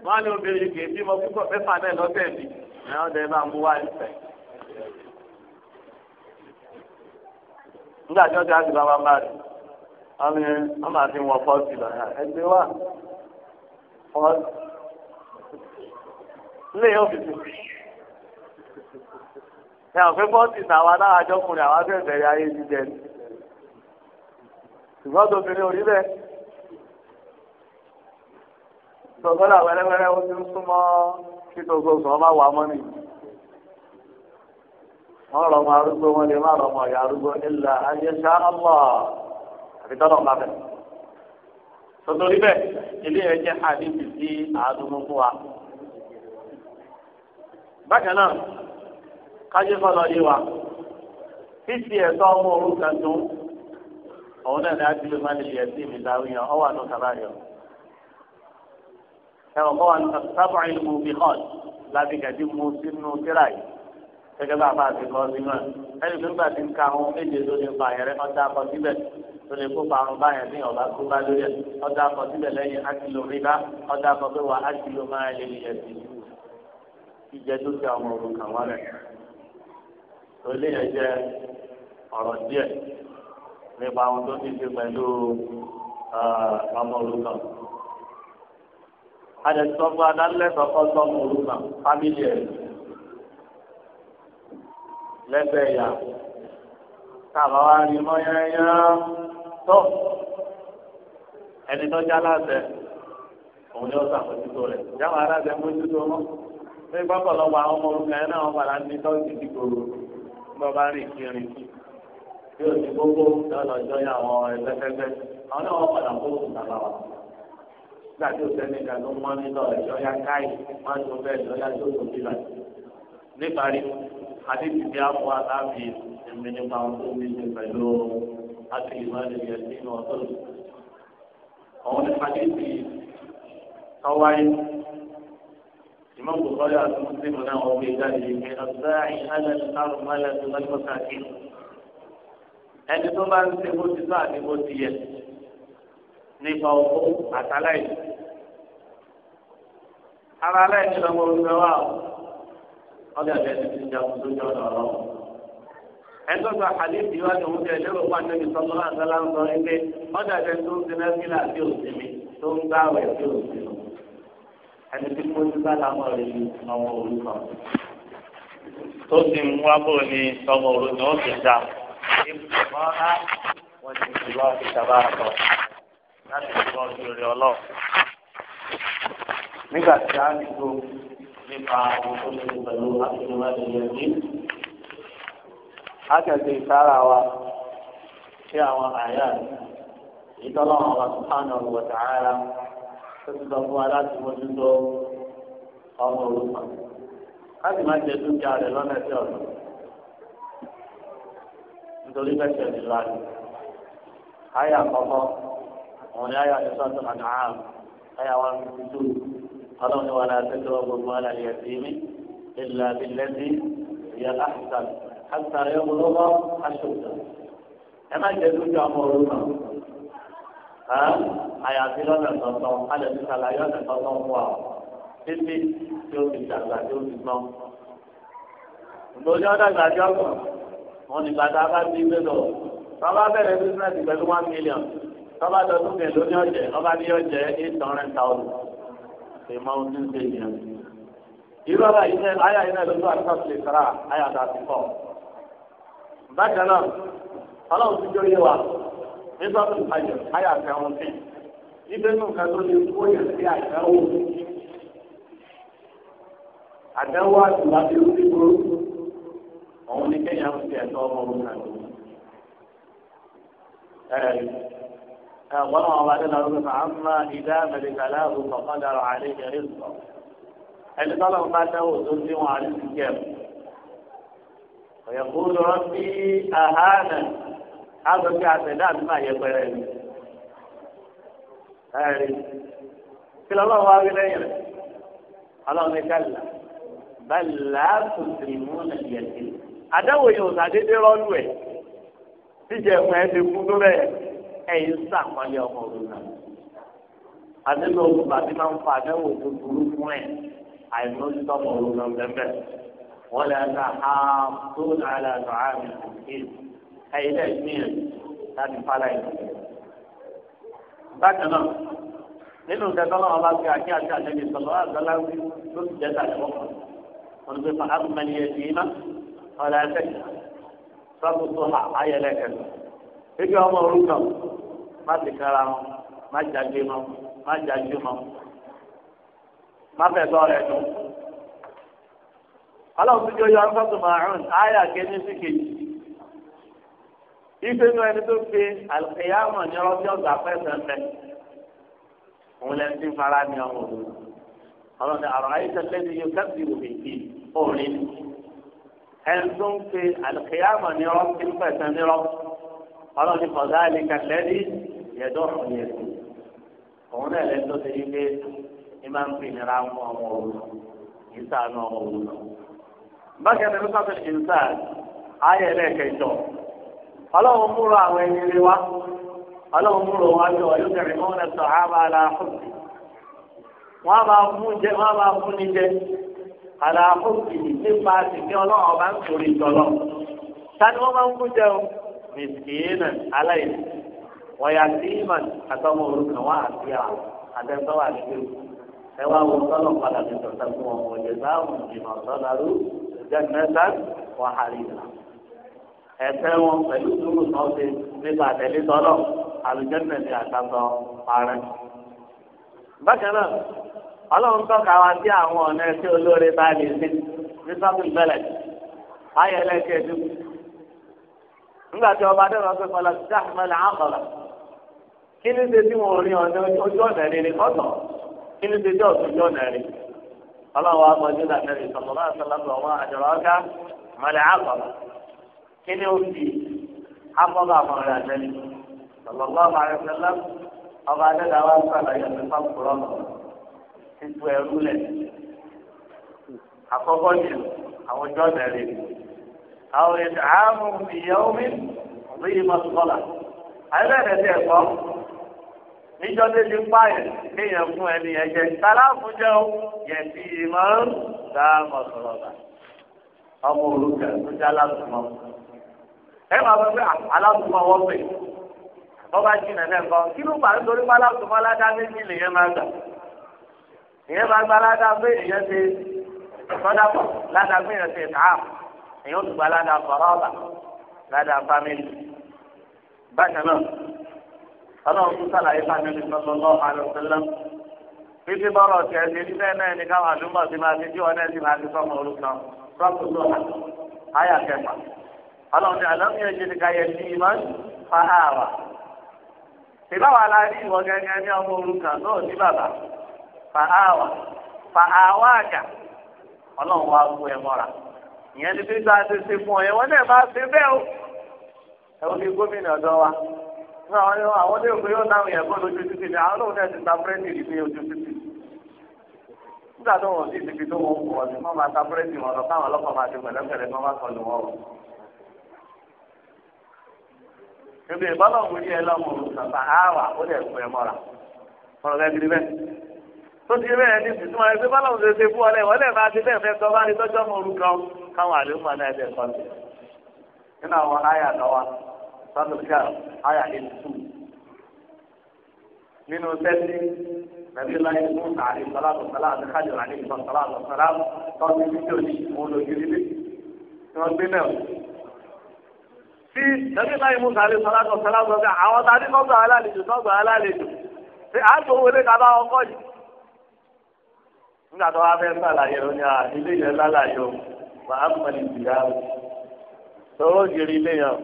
S1: wọn á ní obìnrin kì í bímọ púpọ̀ mẹ́fà náà lọ́sẹ̀ mi ẹ̀ ọ́n dẹ̀ máa mú wá ìfẹ́. nígbà tí wọ́n ti rí wọ́n máa fi ẹgbẹ́ wa ẹ ò fẹ́ náà àjọkùnrin àwọn sọ̀kọ́lá wẹ́rẹ́wẹ́rẹ́ ó ti ń súnmọ́ kí gbogbo sọ̀rọ̀ má wà mọ́ ni. wọ́n rọ ọmọ arúgbó wọn lè má rọ ọmọ ọ̀yà arúgbó ilà ayéṣá ọlọ́ àti tọ́lọ̀ ńlá bẹ̀. sọ̀tòrí bẹ́ẹ̀ ilé yẹn jẹ́ àdébì sí àádọ́mú fún wa. bákan náà kájí fọlọ yé wa fífi ẹ̀tọ́ ọmọ orúkọ tún òun náà ní adìyẹ má lè yẹ sí ìmìlá ẹ̀rọ kọ́ wa ní sábà ìlú bí hàn láti gàdí mu sínú tíra yìí gẹ́gẹ́ bá a bá ti kọ́ sínú ẹ̀ ẹ̀yìn tó ń gbà ti ń ka àwọn méje tó lè fa ẹ̀rẹ́ ọjà kọ síbẹ̀ tó lè kópa àrùn báyẹn ní ọ̀bá tó bá lórí ọjà kọ síbẹ̀ lẹ́yìn àkìlò ọjà kọ pé wà àkìlò máa lè lè yẹ sí ìjẹ́ tó ti àwọn ọ̀rùn kàn wọ́n rẹ̀ tó lè jẹ́ ọ̀rọ̀ díẹ̀ nípa àwọn tó ti ṣe pẹ̀lú ọmọ olùkọ́ adẹ̀sọ́gbọ́ adálẹ́sọ̀ kọ́ sọ́mu olùkà fámìlì ẹ̀ lẹ́sẹ̀ yà káàbá wa rí mọ́ yányá tó ẹni tó já láṣẹ òun ni ó sàkójútó rẹ̀ jáwọ́ aláṣẹ mójútó mọ́ pé gbọ́pọ̀lọpọ̀ àwọn ọmọ olùkà yẹn náà wọ́n padà ní tọ́jú ti gbòòrò bí wọ́n bá rìn kiri bí òsì gbogbo lọ́lọ́jọ́ yà wọ́n ẹgbẹ́fẹ́fẹ́ àwọn náà wọ́n padà kó òkúta bá wa nígbà tí òsèlè kan ló mọ́ nílò ìyọ́yá káyì má tó bẹ́ẹ̀ lọ́yà tó tó bí la. níparí àdébí bí àwọn aláàbí ẹ̀mí nípa ohun tó ní ṣe pẹ̀lú àti ìmọ̀lẹ̀ yẹn nínú ọ̀tọ̀. àwọn nípa níbi tọ́wáyé ìmọ̀ kòkó yà tó ń sèmù náà wọ́n gbé jáde yìí pé ọ̀sẹ̀ ìhálẹ̀ ìtàrùn mọ́lẹ̀ tó lọ́jọ́ káàkiri. ẹni tó bá ń ṣe bó ti bá àdébó ti yẹ nípa owó àtàláyé. ara aláìní lọ́wọ́ olùfẹ́ wa o ọjà bẹ́ẹ̀ ti ti ndị tó jọ ọ̀dọ̀ ọ̀rọ̀ ẹgbẹ́ gba àdéhùn ìwádìí òun tẹ̀ lérò fún àtẹ̀bí sọ́kọ́ àtàlà ń sọ ẹgbẹ́ ọjà bẹ́ẹ̀ tó ń sí tó ń sí ni ó ti ti fi láti fi nígbà tí a ń lo nípa òṣèlú pẹ̀lú àtìmọ́lẹ̀ yẹ̀dí. a kẹ̀sì sára wa ṣé àwọn àyà ìtọ́lọ́ àwọn sùpánà wọ̀tà ara tó ti sọ fún wa láti mójútó ọmọ orúkọ. láti má jẹ dúkìá rẹ̀ lọ́nà tí ọ̀nà nítorí bẹ́ẹ̀ ṣe ìlú àyà àkọ́kọ́ òun ni àyà ìṣọ́tò àyà wa ń fi dúró. ọlọ́run ni wà láti tẹ́tọ́ gbogbo àlàyé ẹ̀sìn mi ìlà abilẹ́sì ìyá àṣàl àṣàl yóò mú lọ́wọ́ aṣọ́ta ẹ má jẹ́ lójú àwọn orúkọ àyàfi lọ́nà tọ̀tọ̀ alẹ́ ti sàlàyé ọ̀nà tọ̀tọ̀ fún wa títí tí ó fi dàgbà tí ó fi gbọ́n. ìgbòjọ́ dàgbà jọ́ kàn wọn ní bàtà bá ti gbé lọ tọ́ba bẹ̀rẹ̀ bísíǹnẹ̀sì pẹ̀lú one million tọ́ba dọ̀tún kẹ̀ lóní ọ̀jẹ̀ ọba ní ọ̀jẹ̀ eight hundred thousand. ṣe máa ń dín sí ìyẹn. irú ọ̀la yìí náà ayé àyè náà lè kára ayé àti àtìkọ́. bákan náà ọlọ́run ti jóye wa nígbà tó ń bàjẹ́ àti àwọn sí. ibẹ̀ nù tó lè kó yẹn sí àdáwò. àdáwò àtùwà bí ó ti burú. òun ni kéèyàn fi ẹ̀tọ́ ọmọ òun náà. wọn wọn wà nínú ọdún fàámà ìdá mẹlẹkàlá òkò kọdàrọ àlẹ ìjẹrẹ sọ ẹni tọ́lọ̀ ń bá dáwọ́ tó ń dín wọn àlẹ ti jẹ ọ̀yẹ̀kú lọ́rọ́ bí àhánà àgbẹ̀bí àtẹ̀dá àti máa yẹpẹrẹ ni ẹ̀rí kí lọ́lọ́ wá wí lẹ́yìn rẹ̀ ọlọ́run ní kálá bẹ́ẹ̀ láàtò tìrìmù nàìjíríà àdáwò yìí ò sàdédé rọ́ọ̀lù ẹ̀ tíjẹ̀ ẹ̀fọn ẹ̀ ti kú tó bẹ́ẹ̀ ẹ̀yin sàkọlẹ ọmọ òrùka àdébò òkùnkà tí máa ń fa àdéhùn òkú burú fún ẹ àìmọ́tò ọmọ òrùka bẹ́ẹ̀ wọ́n lè ta ha tó nàlẹ́ àtọ̀ àmì ìlú ẹ̀yin lè ní ẹ̀ láti fara ẹ̀. bákan náà nínú ìdẹ́tọ́lá wọn bá fi àti àti àtẹ̀lé sọ̀rọ̀ àgbàlá wí ló ti jẹ́ta ẹ̀kọ́ wọn gbé fa àgùnmẹ́ni ẹ̀ sí iná ọ̀là ẹ̀fẹ́ sọ́kùtù ayẹlẹ́ kẹsàn ebi ọmọ orúkọ má ti kára wọn má jáde wọn má jáde wọn má fẹsọ rẹ dùn. aláwọ̀ tó jọ yọ akọ́tù màrún àyà kẹ́ni sí kejì. ife nu ẹni tó fi àlùkìyàmọ̀ ní ọlọ́dún ọ̀gá fẹsẹ̀ mẹ́. òun lẹ́nu tí ń fara ní ọmọ òun. ọlọ́dún àrò àyíṣẹ́ lẹ́nu yóò kẹ́sì òbí kì í òun ní. ẹni tó ń fi àlùkìyàmọ̀ ní ọlọ́dún fẹsẹ̀ ní ọlọ́run ti kọ̀ sáà lè kàlẹ́ rí yẹ̀dọ́ ọ̀hún yẹn kù òun náà lẹ́nu tó ti rí pé ní máa ń pè ní ra mú ọmọ òun ìsà nù ọmọ òun lọ. bákan náà nípa tó ṣe ń sà ayé ẹlẹ́ẹ̀kẹjọ ọlọ́run múra àwọn ẹni rí wa ọlọ́run múra wọn jọ yóò mọ́ ọ́nà sọ àbá ala wọ́n á máa fún jẹ wọ́n á máa fún ní jẹ ala fúnni nípa àtìkí ọlọ́run ọba ń torí ìtọ́lọ́ mìsìkìnnà aláìní wọ̀nyà tìmọ̀ àtọ́mọ̀ orúkọ wọn àti àwọn àtẹ̀tọ́ wà nígbè ẹ wá wọn sọ́nà padà ní sọ̀tà fún wọn wọ́n yẹ sáwọn ìmọ̀ sọ́nà rú jẹ́nẹ́sà wà hàlìyà ẹ̀fẹ́ wọn pẹ̀lú túbù náà ṣe nípa àtẹ̀lé tọ́lọ̀ àlùjẹ́nẹ̀ ní àtàtọ̀ parẹ́. bákan náà ọlọ́run tọ́ka wa sí àwọn ọ̀nà ẹ̀sìn olóore bá lè ṣe ní sọ́kùn bẹ́lẹ̀ ayẹlẹ́ kẹ́ẹ̀dúkú. nígbà tí ọba dẹ́rọ pé kọ́lá ti dá àmàlà kí ni ṣe tí wọn rí ọ̀nà ojú ọ̀nà rere kọ́tọ̀ kí ni ṣe tí ọ̀sùn ojú ọ̀nà rere ọlọ́wọ́ agbọ́njú làtẹ́rì sọ̀tọ̀lá àjọrọ̀ kí ni ó fi sọ̀tọ̀lá أو ìdààmú في يوم rí الصلاة sọ́là. àìbẹ̀rẹ̀ sí ẹ̀kọ́ níjọ́ tó ti pààyàn kéèyàn fún ẹni ẹ̀jẹ̀ sáláàfúnjẹ́ o yẹn ti ìmọ̀ ń dáàmọ̀ sọ̀rọ̀ bá ọmọ olùkẹ́ tó jẹ́ aláàtúmọ̀. ẹ máa fẹ́ pé aláàtúmọ̀ wọ́n pè bọ́bá jìnnà náà kọ́ kí ló pàdé torí pé aláàtúmọ̀ aládá méjì lèyẹn máa gbà ìyẹn máa gba aládá pé ìyẹn ti sọ́dá pọ̀ ládàá pé ìyẹn ti tààmù èyí ó gba ládàá fọlọ́ọ̀bà ládàá fámìlì bákan náà ọlọ́run tún sàlàyé fámìlì sọ́tún lọ́wọ́ àlùfẹ́lẹ́ fífi bọ́rọ̀ tí ẹ ti rí bẹ́ẹ̀ náà ní káwọn àdúgbò ti máa ti jí wọn náà ti máa ti sọ́mọ orúkọ sọ́tún lọ́wọ́ àyà kẹfà ọlọ́run ní àlọ́ mi ò jẹ́ nìkan yẹ ti ìmọ̀ fáhàrà ìbáwa la rí ìwọ gẹ́gẹ́ ní ọmọ orúkọ náà ní bàbá fàhàwà fàhàwà àjà ọlọ́run wá gbó ẹ mọ́ra ìyẹn ní bí bá a ti ṣe fún ọ yẹn wọ́n náà máa ṣe bẹ́ẹ̀ o ẹ̀wọ́n ní gómìnà ọ̀dọ́ wa fún àwọn ẹ̀wọ̀n àwọn ní òkú yóò láwọn yẹn kó lójú títì ní àwọn olóhùn náà ti ta búrẹ́dì rí ní ojú títì nígbà tó wọn sì ti fi tó wọn kọ ọdún wọn máa ta búrẹ́dì wọn lọ káwọn ọlọ́pàá máa ti pẹ̀lẹ́pẹ̀lẹ́ kí wọ́n má kọlu wọn o. ebi ìbálò tó ti bẹ́ẹ̀ ní sísun ẹ bí bálò ṣe fún ọ lẹ́wọ̀n lẹ́ẹ̀ máa ti bẹ́ẹ̀ fẹ́ sọ bá ní tọ́jọ́ mọ́ orúkọ káwọn àlùmọ́ náà ẹ̀dẹ̀ sọ sí nínú àwọn àyà lọ́wọ́ sọ́dọ̀kẹ́ àyà ètù nínú sẹ́sí nàbí láyé fún àrí sọ́láàtọ̀ sọ́láàtọ̀ kájọ àrí sọ́láàtọ̀ sọ́láàtọ̀ tọ́sí fídíò ní olóògiri lé tí wọ́n gbé náà tí nàbí láyé fún àrí sọ́láàtọ̀ sọ́láàtọ̀ sọ́láàtọ̀ àwọn alálejò alálejò tí a tó wọlé kaba ọkọ yìí nígbà tó fẹ́ sàlàyé ní à ilé yẹn lálàyé wàá pẹ̀lú ìdíyàwó tóró jìrì léyàn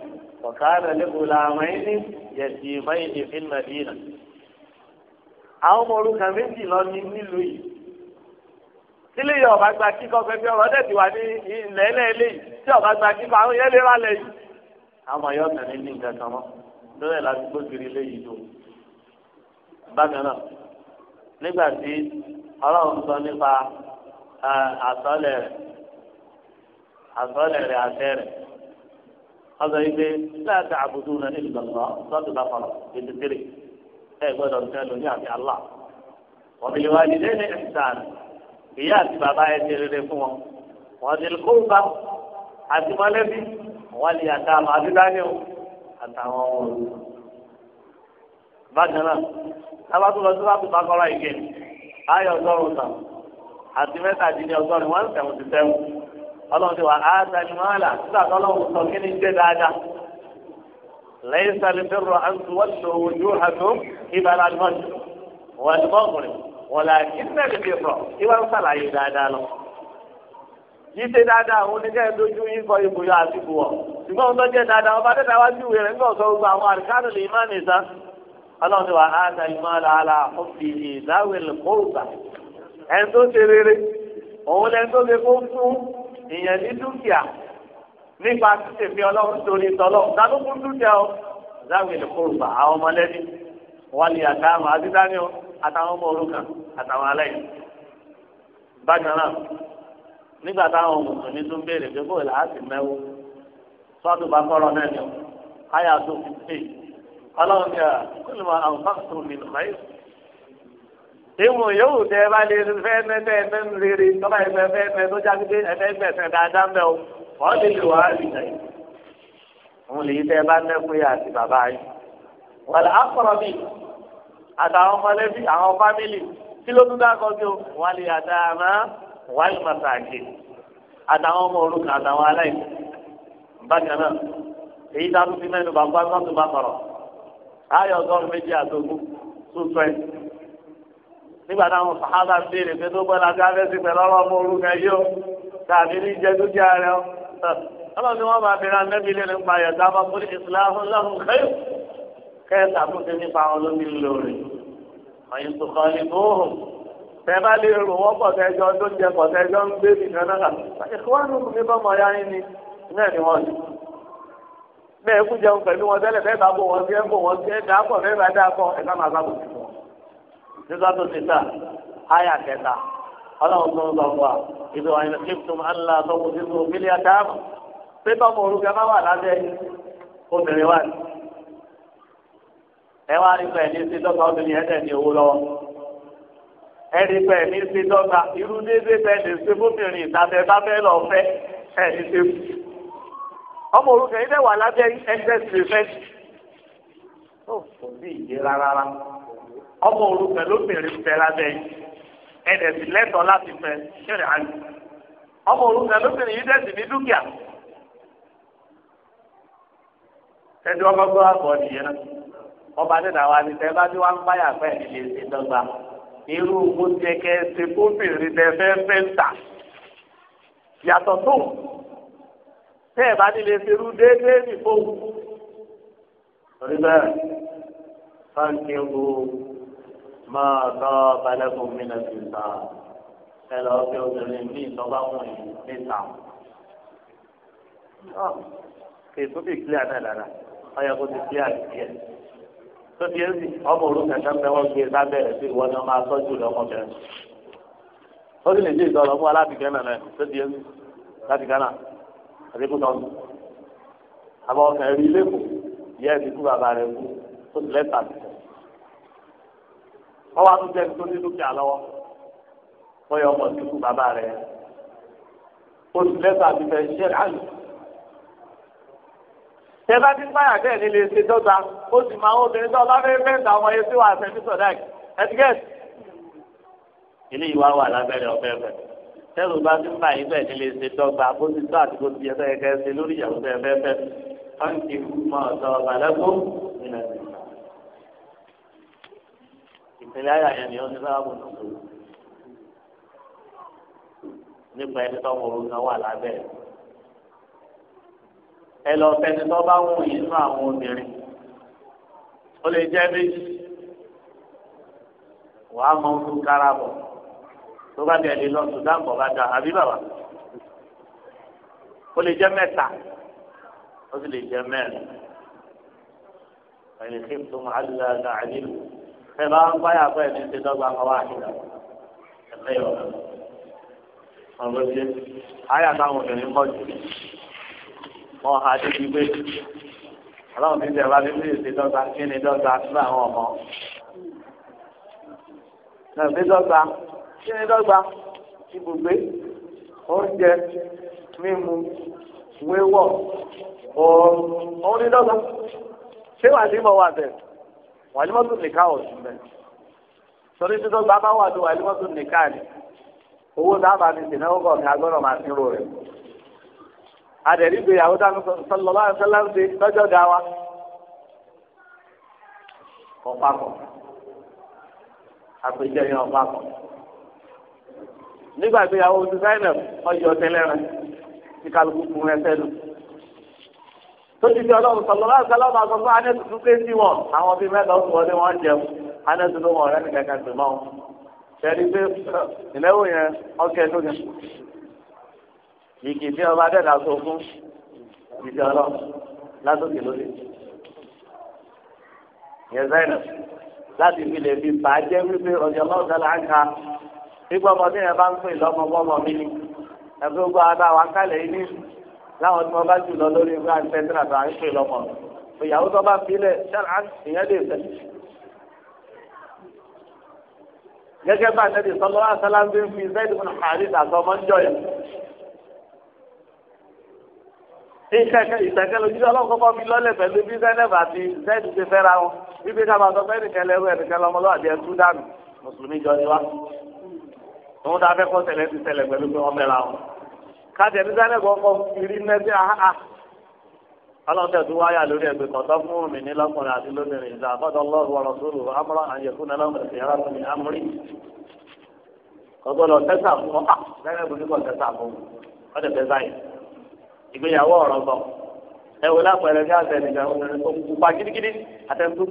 S1: ọ̀kadà ní gùlàmẹ́ni yẹ̀sì mẹ́yìnì fi Madina. àwọn ọmọ orúkọ méjì lọ ní nílùú yìí sílé yìí ọba gba kíkọ pẹpẹ ọ̀rọ̀ dẹ̀ ti wà ní ilẹ̀ ẹlẹ́ẹ̀lẹ́ yìí tí ọba gba kíkọ àwọn yẹn lè rálẹ̀ yìí. àwọn ọmọ yọ̀ọ̀kan ní ní nǹkan kan mọ́ lórí ẹ̀ láti gbó jìrì léyìí tó. bákan náà nígbà tí ọlọ́run sọ nípa àsọlẹ̀ rẹ̀ àsọlẹ̀ rẹ̀ àtẹ rẹ̀ ọ̀sọ̀ yìí pé láti àbùtù náà ní ìgbàgbọ́ sọ́ọ̀tù bá fọlọ̀ ètò kiri ẹ gbọ́dọ̀ tẹ́ lóní àti Allah ọ̀bìnrin wa nílé ní ẹ̀sán ìyá àti bàbá ẹ ti rere fún wọn wọn ti kó bá àti mọ́lẹ́bí wọn lè àtà àmọ́ àti dání o àtàwọn ọmọ òru bákan náà tábàtú lọ sí wàá tó bá kọ́ra ìgé ayọ̀ ọgọ́rùn-ún tán àti mẹ́tàdínlẹ́ ọlọ́run ti wà á tani mọ́lá nígbà tó ọlọ́run sọ kí ni jẹ́ dáadáa lẹ́yìn sáré bẹ́rù àǹtí wọ́n lò wò yóò hà tó ìbára lọ́jọ́ wà ní bọ́ọ̀gùnrin wọ́n là kí ní ẹ̀rí ti rọ̀ ìwà ń sàlàyé dáadáa lọ. yíṣe dáadáa òun ni kẹ́hìn lójú yín kọ ibùyọ àti ibùwọ̀ ṣùgbọ́n tó jẹ́ dáadáa ọba tẹ́tà wá sí ìwé rẹ̀ nígbà tó gba ìyẹn ní dúkìá nípa títẹ̀fẹ́ ọlọ́run torí dálógún dúkìá àwọn àtàwọn àtàwọn ọmọ àtàwọn náà nígbà táwọn mùsùlùmí tún béèrè pé bóyá láti mẹ́wó bá náà ni káyà tó fi tè ọlọ́run kẹ́ ìmọ̀ yòówù tẹ ẹ bá lè fẹ́ mẹ́fẹ́ ẹ̀fẹ́ ń rere tọ́ba ẹ̀fẹ́ ẹ̀fẹ́ ẹ̀fẹ́ tó jáde pé ẹ̀fẹ́ gbẹ̀sẹ̀ dáadáa ń o wọ́n lè lò wá rí i. òun lè yí tẹ bá nẹ́kú yà àti bàbá yìí. wàlẹ̀ akọ̀rọ̀ mi àtàwọn mọ̀lẹ́bí àwọn fámìlì kí ló tún dákọ̀ o wọ́n lè yàtà àmọ́ wọ́n lè mọ̀tà àgbè àtàwọn ọmọ òrukàn àtàwọn aláìsí. bákan náà èyí tá nígbà táwọn sàhábà ń béèrè pé tó gbọ́dọ̀ ká fẹ́ sí pẹ̀lú ọ̀rọ̀ ọmọ orúkọ yìí ó tàbí ní jẹ dúkìá rẹ ó. ọlọ́run ni wọ́n máa bẹ̀rẹ̀ anẹ́bí lé nípa ẹ̀dá bá fún ìsìláhùn lọ́hùn kẹ́yọ̀ kẹ́ẹ̀ta tó ti nípa àwọn olómi lórí. ọ̀yin tó kọ́ ni bóhùn tẹ bá lè rò wọ́n pọ̀ tẹ́jọ́ tó ń jẹ pọ̀ tẹ́jọ́ ń gbé nìkan náà ìkọ́wánú mi bá ni náà ni wọ́n ní. bẹ́ẹ̀ kú jẹun pẹ̀lú wọn tẹ́lẹ̀ fẹ́ẹ́ bá bò wọ́n sí ẹ̀ bò wọ́n nígbà tó ti tà áyà kẹta ọlọ́run tó ń sọ fún wa ìlú wa ìlú kíktum alá tọ́wọ́ sínú òkèlè àtàmù pépà mọ orúkẹ bá wà lábẹ́ obìnrin wa ni ẹ wá rí pẹ̀ ní sí dọ́gba obìnrin ẹ̀dẹ̀ ní owó lọ́wọ́ ẹ rí ọmọ olùfẹ́ lóbìnrin fẹ́ lábẹ́ yìí ẹ̀dẹ̀ sì lẹ́tọ̀ọ́ láti fẹ́ ṣẹlẹ̀ àlù ọmọ olùfẹ́ lóbìnrin yìí dẹ̀sì ní dúkìá ẹni ọmọ gbọ́ àbọ̀ nìyẹn ọba dídà wa ni tẹ́ bá ní wá ń báyà pẹ́ irú owó kóbìnrin ń tà tó bá nílé máa tọ́ balẹ̀kùn mi lọ sí ta ẹ lọ fi obìnrin ní ìtọ́ba wọn yìí níta. kèso bí kílíà náà dára ọyọ kó ti kílíà díẹ̀. tó ti yẹn sì ọmọ òrùka sábẹ́ wọn gbé sábẹ́ rẹ̀ sí ìwọ náà máa tọ́jú lọ́mọbìnrin. ó sì lè dé ìtọ́ ọlọ́mú alábìkẹ́ náà rẹ̀ tó ti yẹn sì láti Ghana àdínkù tọ́nu. àbọ̀ ọkàn rí lẹ́kọ̀ọ́ ìyá ẹ̀ ti kú bàbá rẹ̀ kú ó sì lẹ́tà àtìkù wọ́n wá tún jẹ́ni tó ní dúkìá lọ́wọ́ wọ́n yọ ọmọ síkú bàbá rẹ̀ oṣù lẹ́sà ti fẹ́ ṣẹ́ láàyè. tẹ bá ti ń báyà bẹ́ẹ̀ ni lè ṣe dọ́ta ó sì máa ń obìnrin tó ọlọ́fẹ́ fẹ́ǹtà ọmọ yẹn sí wà sẹ́ni sọ̀dáàkì ẹtíkẹ́tì. ilé ìwà wà lábẹ́rẹ́ ọ̀fẹ́ fẹ́ tẹ́lù bá ti ń bẹ́ẹ̀ ni lè ṣe dọ́gba bó ti tó àti bó ti yẹ fẹ́ kẹ́ ṣe lórí ìyàwó fẹ́ fẹ́ fẹ́ ìpínlẹ̀ ayà yẹn ni ó ní sábà bùnú sùn nípa ẹni tó mọ̀ọ́rù kan wà lábẹ́ ẹ lọ fẹni tó bá wù yín fún àwọn obìnrin ó lè jẹ́ méjì wàá mọ ohun kára bọ̀ tó bá tẹ̀lé lọ Sudan bọ̀ bá da àbí bàbá ó lè jẹ́ mẹ́ta ó sì lè jẹ́ mẹ́rin. فإن خفتم ألا تعدلوا ẹ ń báyà pẹ́ ní ṣe dọ́gba ọwọ́ àṣìlá ẹ̀fẹ́ yọ̀ ọ̀rọ̀ ṣe àyà táwọn obìnrin kọ́ jù wọn hà débi pé ọlọ́run ti tẹ̀wá bí bí ṣe dọ́gba kí ni dọ́gba fún àwọn ọmọ ẹ̀fẹ́ dọ́gba kí ni dọ́gba ibùgbé oúnjẹ mímu wíwọ̀ ọ̀run onídọ́gba ṣé wàá sí mọ̀ wà bẹ̀rẹ̀ wàlímọ́tò nìka ò sí bẹ́ẹ̀ sọrí títọ́ gba bá wà tó wàlímọ́tò nìka ni owó dábàá ti sìn náà kọ̀ọ̀kan agbọ́dọ̀ máa ti rò rẹ̀ adẹ̀rí ìgbéyàwó dáná sọlọ́lá ṣẹlá ń ṣe lọ́jọ́ ga wa ọ̀pákọ̀ àpèjẹ yẹn ọ̀pákọ̀ nígbà ìgbéyàwó ti sáyẹn ọjọ́ tẹ́lẹ̀ rẹ̀ tí kálukú kún ẹsẹ̀ nù tójú tí ọlọ́run sọ̀rọ̀ láti sálábà sọ fún anẹ́sù tó ké sí wọn àwọn bíi mẹ́ta ó wọlé wọn jẹun anẹ́sù ló mọ ọ̀rẹ́ nìkan kan tó mọ́ sẹ́ni pé ìlẹ́wò yẹn ọkẹ́ tó yẹn ìkì tí ọba dẹ́ta sọ fún ìdí ọlọ́run látòkè lórí yẹn zainà láti fi lè fi bàá jẹ́ wípé ọ̀jọ̀ ọlọ́run sọ̀rọ̀ àǹkà nígbà ọmọdé yẹn bá ń pè lọ́mọ láwọn tí wọn bá jù lọ lórí ìgbà ìfẹsẹ̀rẹ̀ àti àìsè lọ́mọ ìyàwó tó bá filẹ̀ ṣáà ìyẹn lè fẹ́. gẹ́gẹ́ bá nẹ́bí sọ́lọ́ àṣálá ń bí fi zẹ́ẹ̀dì fún àárín àtọmọ́ ń jọ yẹn. ìkẹ́kẹ́ ìtẹ̀kẹ́ lójú ọlọ́run kọ́kọ́ mi lọ́lẹ̀ pẹ̀lú bí zẹ́nẹ̀bù àti zẹ́ẹ̀dì ti fẹ́ra wọn bíbí ká máa sọ pé ẹnìkan lẹ́rú ẹnìkan lọ́mọlúwàbí ẹ̀ tú dànù mùsùlùmí jọ ni wá. òun dáa fẹ́ kájẹ ní sálẹ̀ kọ́kọ́ ìrí mẹ́sẹ̀ àhà ah, ah, ah. ọlọ́tẹ̀ tó wáyà lórí ẹgbẹ́ kọ̀tọ́ fún mi ní lọ́kùnrin àti lóbìnrin ìgbà àbọ̀dọ̀ lọ́rù ọ̀rọ̀ sólù amúra àyẹ̀kún ẹlọ́mọ̀sí ara fún mi amúrí ọgbọ́dọ̀ tẹ́sà fún ọ́ lẹ́yìn ìbùdó kọ̀ tẹ́sà fún ọdẹ tẹ́sà yìí ìgbéyàwó ọ̀rọ̀ bọ̀ ẹ wò lápẹ̀rẹ̀ bí àtẹnìkan obìnrin tó kú pa gidigidi àtẹnìkan tó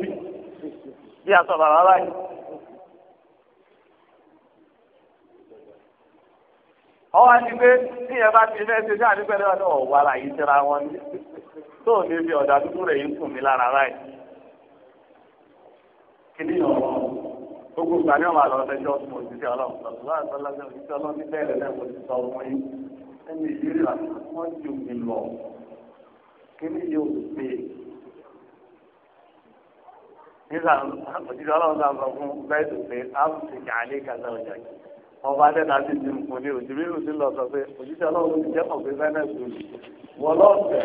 S1: kú ọwọ́ àti pé tí yẹn bá ti mẹ́sẹ̀ sí àdúgbò ẹ̀rọ náà wà láyé tẹ́ra wọn ní tó ní bí ọ̀dà dúdú rẹ̀ yín kùn mí lára báyìí. kíní ọ̀rọ̀ gbogbo ìgbà ní ọ̀mà lọ́dọ̀ ẹjọ́ fún òṣìṣẹ́ ọlọ́run sọ̀tún láti ọlọ́dún òṣìṣẹ́ ọlọ́run ní bẹ́ẹ̀ sọ fún yín ẹni ìrírí rà wọ́n ju mi lọ kíní yóò gbé nígbà ọba adẹ́ta sì ti mú ní òjì bí òjì lọ sọ pé òjíṣẹ́ ọlọ́run ti jẹ́ ọ̀gbẹ́ fẹ́nẹ́sì òjì wọ́n lọ́ọ̀fẹ́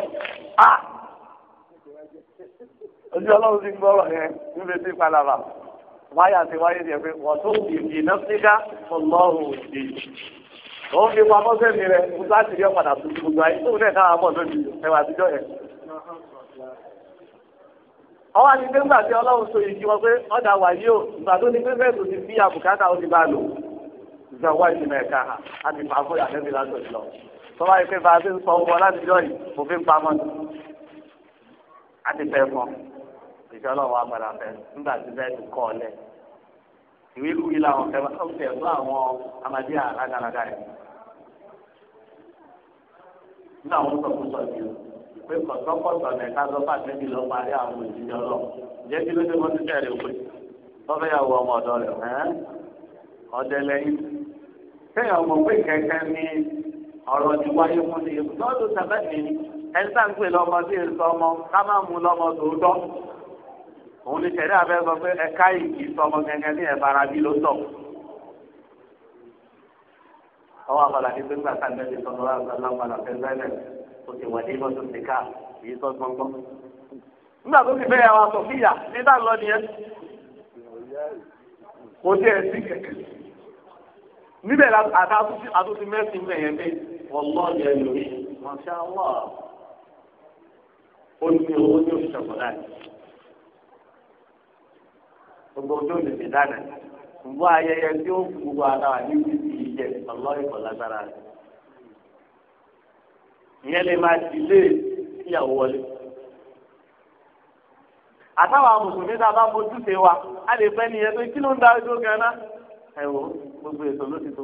S2: á ah! òjì
S1: ọlọ́run ti gbọ́rọ̀ yẹn níbi tí palaba wáyà ti wáyé yẹn pé wọ́n tó ìdí nọ́fíkà ọlọ́run òjì òun fi pamọ́ sẹ́mi rẹ̀ musa ti yọ padà tuntun gbogbo ayé tó dẹ̀ káwá bọ̀ lójú ẹwà àtijọ́ yẹn. ọwọ́ àti pé ńgbà tí ọlọ́run so ìjì wọn pé ọ̀dà wà yìí o ìgbà tó ní pé bẹ́ẹ̀ tó ti fi àbùkátà ó ti bá lò ìjọ wáyé mẹ́ka àti pàápọ̀ àtẹ́bí látọ̀ ìlọ. tọ́wá yìí pé bá a ti ń sọ wọn láti jọ yìí kò fi ń pamọ́ ni. a ti fẹ́ mọ́ ìjọ ọlọ́wọ́ agbára fẹ́ nígbà tí bẹ́ẹ̀ ti kọ́ ọ lẹ̀. ìwé kú yìí làwọn fẹ́ ó tẹ̀ fún àwọn amadé àlágàlaga yẹn. nínú àwọn sọkúsọ ni o pé kọ̀tọ́kọ̀tọ̀ mẹ́ka lọ bá àtẹ́bí lọ parí àwọn òṣìṣẹ́ ọlọ́ jẹ́ kí ló dé mọ́ ọdẹ lẹ́yìn sẹ́yìn ọmọ pé kẹ̀kẹ́ ni ọ̀rọ̀ ti wáyé fún ni lọ́dún sẹ́fẹ̀tì ẹ̀ńtà ń pè lọ́mọ sí èso ọmọ ká má mú lọ́mọ tòótọ́ òun ni tẹ̀lé abẹ́ sọ pé ẹ̀ka ìkì sọmọ gẹ́gẹ́ ní ẹ̀bára bí ló tọ̀. ọwọ́ àpàlà ní pé gbàtà mẹ́rin sọ̀rọ̀ àgbàlagbàlà fẹ́ẹ́lẹ́ kò sì wà ní lọ́dún síkà kì í sọ gbọ́ngbọ́n. nígbà tó ti bẹ́ẹ̀ àwọn àtọ̀fíyà nígbà lọ nìyẹn kò tiẹ̀ sí kẹ̀kẹ́ níbẹ̀ àtúntí mẹ́sìn mẹ́yẹn pé wọ́lọ́ yẹ lórí màṣá wà ó ní owó ní oṣù sọ̀kọ̀dá yìí gbogbo ojú òṣèlú dáná ṣùgbọ́n ayẹyẹ tí ó fún gbogbo ara wà ní ìdí ìjẹ ọlọ́ ìkọ̀ lágbára rẹ̀ ìyẹn lè máa ti lé ìyàwó wọlé àtàwọn mùsùlùmí tá bá fojú ṣe wa a lè fẹ́ nìyẹn pé kí ló ń darí tó gan náà ẹ wo gbogbo ètò ló ti tó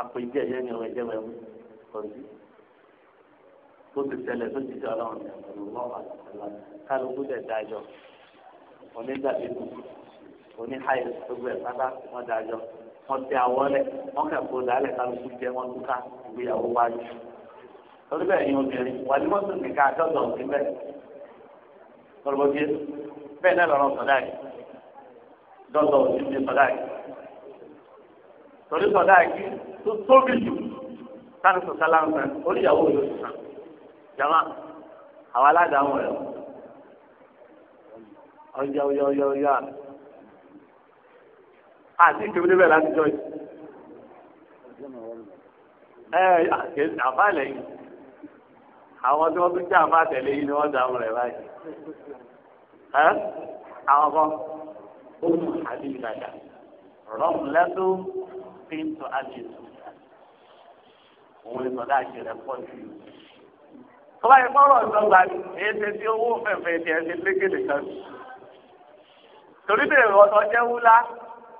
S1: àpèjẹ yẹn ni ọ̀rọ̀ ẹ̀jẹ̀ mẹ́wọ́ kọ̀ọ̀dù tó ti ṣẹlẹ̀ tó ti ṣe ọlọ́run ní ọ̀rọ̀ kálukú dẹ̀ dájọ́ onídàbí kù oníhàyè gbogbo ẹ̀ pátá wọ́n dájọ́ wọ́n ti àwọ̀lẹ̀ wọ́n kẹ́kọ̀ọ́ dálẹ̀ kálukú jẹ́ wọ́n túká ìgbéyàwó wájú torí bẹ́ẹ̀ ni obìnrin wà ní mọ́tò nìkan àtọ́jọ́ òfin bẹ́ẹ̀ tọ́lọ́bọ́dé bẹ́ẹ̀ náà lọ́rọ̀ sọ̀dá yìí dọ́lọ̀ òsì ní sọ̀dáàkì. torí sọ̀dáàkì tó tóbi jù táwọn sọ̀tà láǹfà oríyàwó yóò sàn. jama àwọn aládàáwọn rẹ̀ ọjọ́ ọjọ́ ọjọ́ ọjọ́ àná. àti ìkéwé níbẹ̀ láti jọ yìí. ẹ ẹ àbálẹ̀ yìí àwọn tí wọ́n tún jẹ́ àbá tẹ̀lé yìí ni wọ́n dààmú rẹ̀ báyìí. ẹ àwọn kan ọmọ àbíbàdà rọmùlẹ́tò píntù àbíyèsò òun ìsọdá àṣẹrẹ pọ̀ jù tọ́ba yẹn kọ́rọ̀ ìdọ́gba ni èyí ṣe tí owó fẹ̀fẹ̀ tiẹ̀ ṣe lékele kan sí. torí bèrè ọ̀tọ̀ jẹ́ wúlá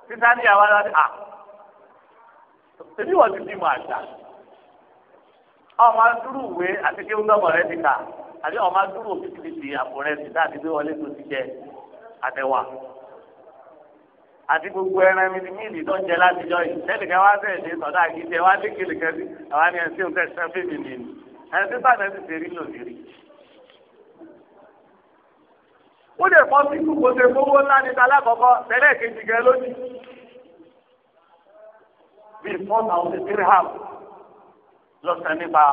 S1: títà ní àwọn ará à èmi wọ́n ti bímọ àgbà ọmọ adúrú ìwé àti kí ńlọ́mọ rẹ ti kà àbí ọmọ adúrú òkìtìkìtì àpò rẹ ti dá àti gbé wọlé tó ti jẹ àtẹwà àti gbogbo ẹran mi mílì tó ń jẹ látijọ́ yìí lẹ́nìkan wá bẹ̀rẹ̀ ní sọ̀dọ̀ àgídẹ wá dé kele kan sí àwa ni ẹ̀sìn òun tẹ̀sán fèmí ni ni ẹni tí sàdẹ̀ sì ṣe rí lò ní rí.
S3: ó lè pọ́ sí kúkú ṣe gbogbo ńlá ní ta lákọ̀ọ́kọ́
S1: tẹ́lẹ̀ kejì gan lónìí. bíi four thousand three half lọ́sàn nípa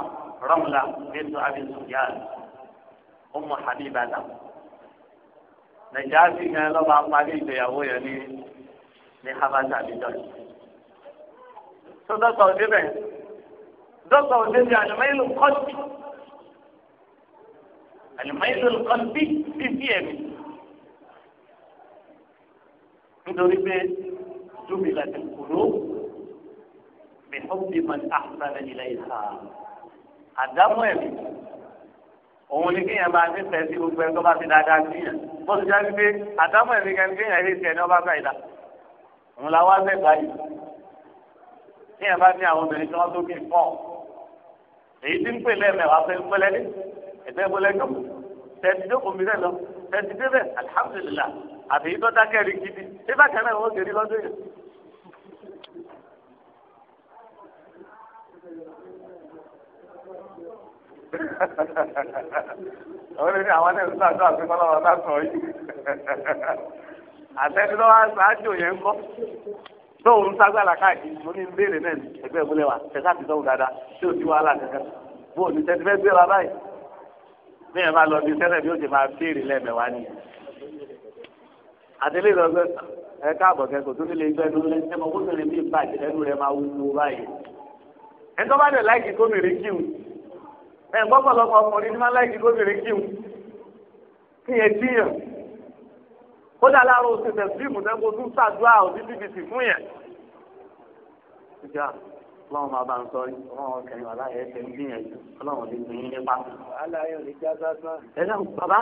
S1: rọ́mùlà nínú abisuyan ọmọ habiba nàìjíríà sì gan lọ́ba ní habasa abidjan tó dọ́kítà òde bẹ̀ dọ́kítà òde bẹ̀ àlùmọ́ìlù kọ́ńtì àlùmọ́ìlù kọ́ńtì fífi ẹ̀mí nítorí pé júmi láti kúrò bí hóbi man àhùsàlẹ̀ ilẹ̀ ìhà àdámọ́ ẹ̀mí òun ni kéèyàn bá ní fẹ́ sí gbogbo ẹ̀ tó bá fi dáadáa sí yàn bó jáde pé àdámọ́ ẹ̀mí kan kéèyàn lè tẹ̀ ní ọba fẹ́ ìdá òun la wá mẹ́ta yìí ní ẹ̀ bá ní àwọn obìnrin tí wọ́n tó bí pọ̀ èyí tí ń pè lẹ́ẹ̀mẹ́wàá fẹ́ pẹ́lẹ́ ní ẹ̀fẹ́ pẹ́lẹ́ jókòó tẹ̀sí jókòó mi lẹ́lọ tẹ̀sí débẹ̀ alihamudulila àbí yìí tó dákẹ́ rí gidi bí bákan náà wọ́n kéré lọ́dún yìí. àwọn ènìyàn àwọn ẹni tó àjọ àti kọ́lọ́wọ́ bá sọ yìí àtẹ́sílọ́ àjò yẹn ń kọ́ tóun ságbára káàkiri mo ní béèrè náà ní ẹgbẹ́ ìwúlẹ̀ wa tẹ̀sán ti sọ́wọ́ dáadáa tí ò sí wàhálà kankan bó o ní tẹ́tí fẹ́ gbéra báyìí bí ẹ bá lọ bí sẹ́lẹ̀ bí ó ti máa béèrè lẹ́ẹ̀mẹ̀wá ni àtẹ́lẹ́ ìlọgbẹ́ ẹ káàbọ̀ kẹ́kọ̀ọ́ tó nílé igbẹ́ ló lẹ́ ẹ mọ̀ kó tẹ̀lé bí ìbàjẹ́ ẹnu rẹ máa wúwo kódà láàárọ̀ oṣù tẹ̀síìmù náà kó tún ṣàdúrà òbí bbc fún yẹn. ìjà ọlọ́run máa bá ń sọ yìí ọlọ́run kẹrin wà láyé ẹsẹ̀ ń gbìyànjú ọlọ́run lè gbìn yín nípa. aláyọ̀ lè já sásán. ẹ náà bàbá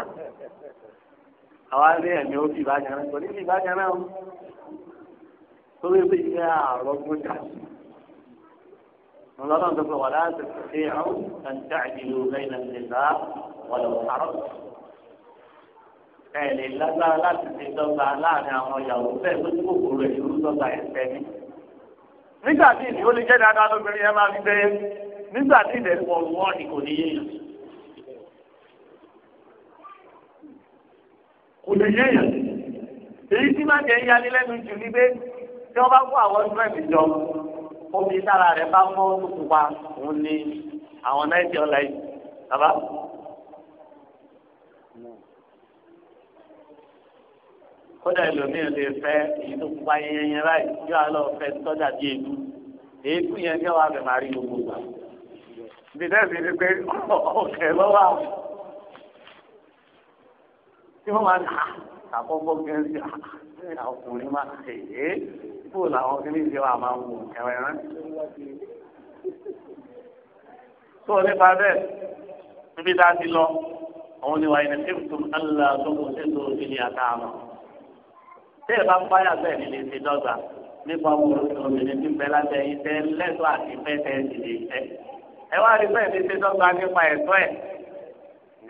S1: àwa ní ẹ̀mí ó bí kò ní bí ìbájà náà torí pé iṣẹ́ àárọ̀ gbọ́dọ̀ ọlọ́run tó fẹ́ wà láti ṣe àwọn ẹ̀ńtẹ́ àjẹlò lẹ́yìn ẹ̀ńtẹ́ ẹ lè lágbára láti fi dọ́gba láàrin àwọn ìyàwó bẹ́ẹ̀ tó ti kòkòrò ẹ̀ ló dọ́gba ẹ̀fẹ́ ni. nígbà tí ìdí ó lè jẹ́ dáadáa lóbìnrin yẹn máa fi gbé nígbà tí ìdẹ̀ pọ̀ wọ́ ni kò ní yéèyàn. kò ní yéèyàn. èyí tí máa jẹ ń lẹ́nu jù ni pé tí wọ́n bá kó àwọn ọdún ẹ̀mí jọ omi sára rẹ̀ bá mọ́ òkú pa òun ni àwọn náà ti ọ̀ kódà ẹlòmíràn lè fẹ́ èyí tó pupa yẹnyẹn báyìí yóò á lọ fẹ́ tọ́jà bíi èdú èédú yẹn kí wọ́n á fẹ́ máa rí gbogbo gbà. bìtẹ́ sì ni pé ọ̀kẹ́ lọ́wọ́ àwọn tí wọ́n máa ń ta ah, àkọ́kọ́ gẹ́gẹ́ sí àwọn ọkùnrin máa ṣe é kó làwọn kìíní ṣe wà máa ń wò ẹ̀rọ ẹ̀rọ. tó o nípa bẹ́ẹ̀ níbi tá a ti lọ òun ni wàá yẹn ní kí n tún ń lọ tó kó tó o ti ní àtàwọn tẹ́ẹ̀ bá fáyà bẹ́ẹ̀ ni lè ṣe dọ́gba nípa obìnrin tí ń bẹ lábẹ́ iṣẹ́ lẹ́tọ́ àti fẹ́fẹ́ sì lè fẹ́. ẹ wá rí bẹ́ẹ̀ ní ṣe dọ́gba nípa ẹ̀tọ́ ẹ̀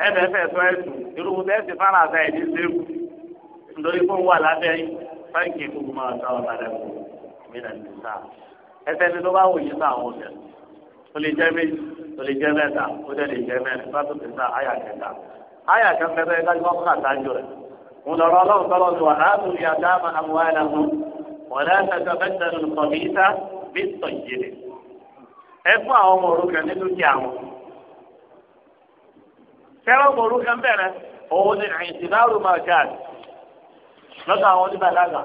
S1: ẹ̀bẹ̀ fẹ̀tọ́ ẹ̀ tù irúgbìn bẹ́ẹ̀ sì fara àtà ẹ̀ ní sẹ́wù nítorí pé ó wà lábẹ́ fáǹkì gbogbo máa ta ọ̀tà lẹ́kọ̀ọ́ mìíràn ní sáà ẹsẹ̀ ni ló bá wù yín sáà wọn bẹ̀ ó jẹ́ méjì ó jẹ́ mẹ́ta ونرى لهم فرض وآتوا اليتامى أموالهم ولا تتبدلوا الخبيث بالطيب ẹfún àwọn ọmọ òrukàn nínú kí àwọn fẹ́ràn ọmọ òrukàn bẹ̀rẹ̀ òun ni àìsíláàrú máa káàdì lọ́dọ̀ àwọn oníbàdàgà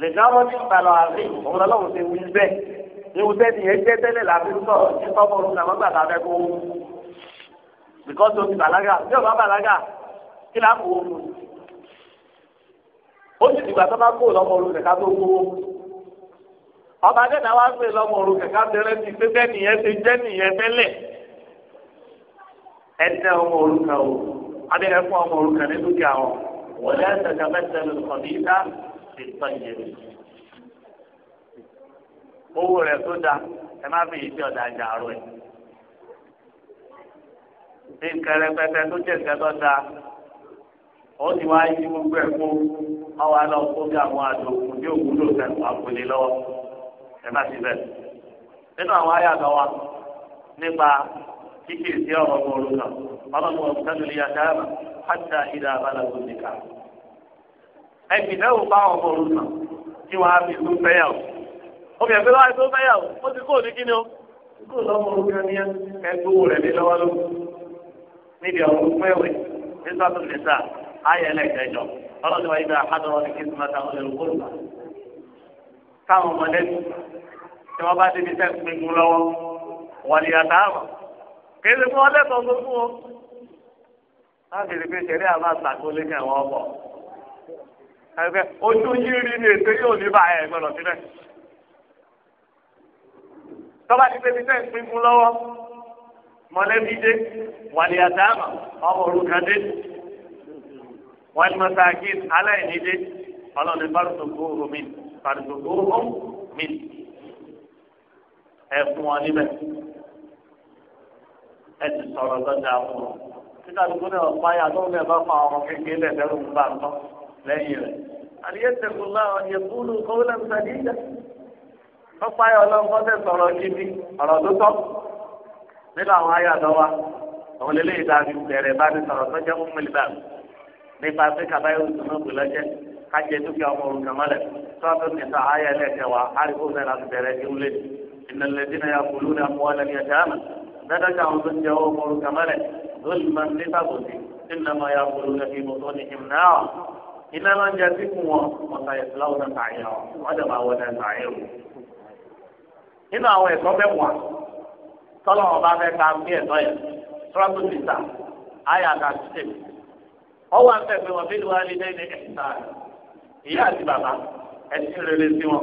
S1: lè dáwọ́ ní ìbàlọ̀ àárín òun lọ́wọ́ ti wí bẹ́ẹ̀ ewu tẹ́ni yẹn jẹ́ tẹ́lẹ̀ láti sọ̀rọ̀ ní ọmọ òrukàn mọ́gbà tàbí kó wú bíkọ́ tó bí ọba bàlágà kí láàpù òun ó sì dìgbà tó bá kó lọ́mọ òru kẹ̀kẹ́ tó gbowó ọba dẹ́nà wá pè lọ́mọ òru kẹ̀kẹ́ tẹ́lẹ̀ ti pé bẹ́ẹ̀ nìyẹn ti jẹ́ nìyẹn tẹ́lẹ̀ ẹ̀dẹ́ ọmọ òru kan o adé ẹ̀fọ́ ọmọ òru kan ní dúkìá wọn wọ́n yá ẹ̀sẹ̀kẹ́ mẹ́sẹ̀ ló kàn ní ìdá ti tọ́ ìyẹn owó rẹ̀ tó da ẹ má fi ìdí ọ̀dà àjà àrò ẹ̀ ní nkẹrẹpẹtẹ tó jẹ́ nkẹtọ́ da ó sì wá yí gbogbo ẹ̀ fún ọwọ́ alọ́ kó bí àwọn àdókùn tí òkú ló fẹ́ wà lọ́wọ́ ẹ má ti bẹ̀. nínú àwọn ayé àgbà wa nípa kíkì sí ọ̀rọ̀ ọmọlú ọlọ́run sẹ́nu lè àmà ìdá abala bá fi tún o. obìnrin pé fi tún ó ti kó òní kí ni o. kó ayé ẹlẹ́gbẹ̀jọ ọlọ́dún wa ibà àdọ́rọ̀ ní kí n máa tàwọn ẹ̀rù kó lùbà. káwọn mọ̀lẹ́bí tí wọ́n bá débi tẹ́ gbẹ̀gùn lọ́wọ́ wọ́n lè yàtá àmọ̀ kéde fún ọlẹ́kọ̀ọ́ gbogbo wọn. láti rí pé sẹ́rí àmà sàkólé ní àwọn ọkọ̀. ẹgbẹ́ ojú yírí ni ètò yóò ní bá ẹ̀ gbọ́dọ̀ síbẹ̀. tọ́ba ti débi tẹ́ gbẹ̀gùn lọ́wọ́ mọ̀lẹ́bí dé wọ́n lè yàtá àmọ̀ ọmọ wọ́n ti mọ̀ta kí aláìníde ọlọ́run fàrùtòkó omi fàrùtòkó omi ẹ fún wọn níbẹ̀ ẹ ti sọ̀rọ̀ lọ́jà àwọn ọmọ títà dùkú náà páyà tó ń bẹ̀ bá fa ọmọ kékeré lẹ́ẹ̀dẹ́rù ń bá tán lẹ́yìn rẹ̀ àlìyé tẹ̀kùn náà yẹ kúlù kọ́wọ́lẹ̀ ń sàdí ìjà wọ́n páyà ọlọ́run tẹ̀ sọ̀rọ̀ gidi ọ̀rọ̀ tó tọ́ nínú àwọn ayé àdọ́wà òun lélẹ́yìí dáa fi bẹ̀rẹ̀ bá ti sọ̀rọ̀ tó jẹ́ fún mílíọ̀nù nípa pé kàbáyé òṣùnà ògbè lọ́jẹ́ kájẹ dúkìá ọmọ òrukàn mọ́lẹ̀ sọ́ọ́tún nìta ayé ẹlẹ́kẹwàá àríkó náà láti bẹ̀rẹ̀ ìwúlẹ̀ ìnàlẹ́dínà ya kùlú náà mú wọlé ní ẹ̀jẹ̀ àmà dáadáa àwọn tó ń jẹ ọmọ òrukàn mọ́lẹ̀ lórí máa ń dé sábòsí ìnàmọ́ ya kùlú náà fi mọ́tò ní ìmùnáà iná máa ń jẹ síkù wọn mọ̀tà ìfúláwọ̀ náà tààyà ọwọ́ afẹ́fẹ́ wọn bí wàá lé lẹ́yìn ẹ̀sán ìyá àti bàbá ẹ̀sìn rere sí wọn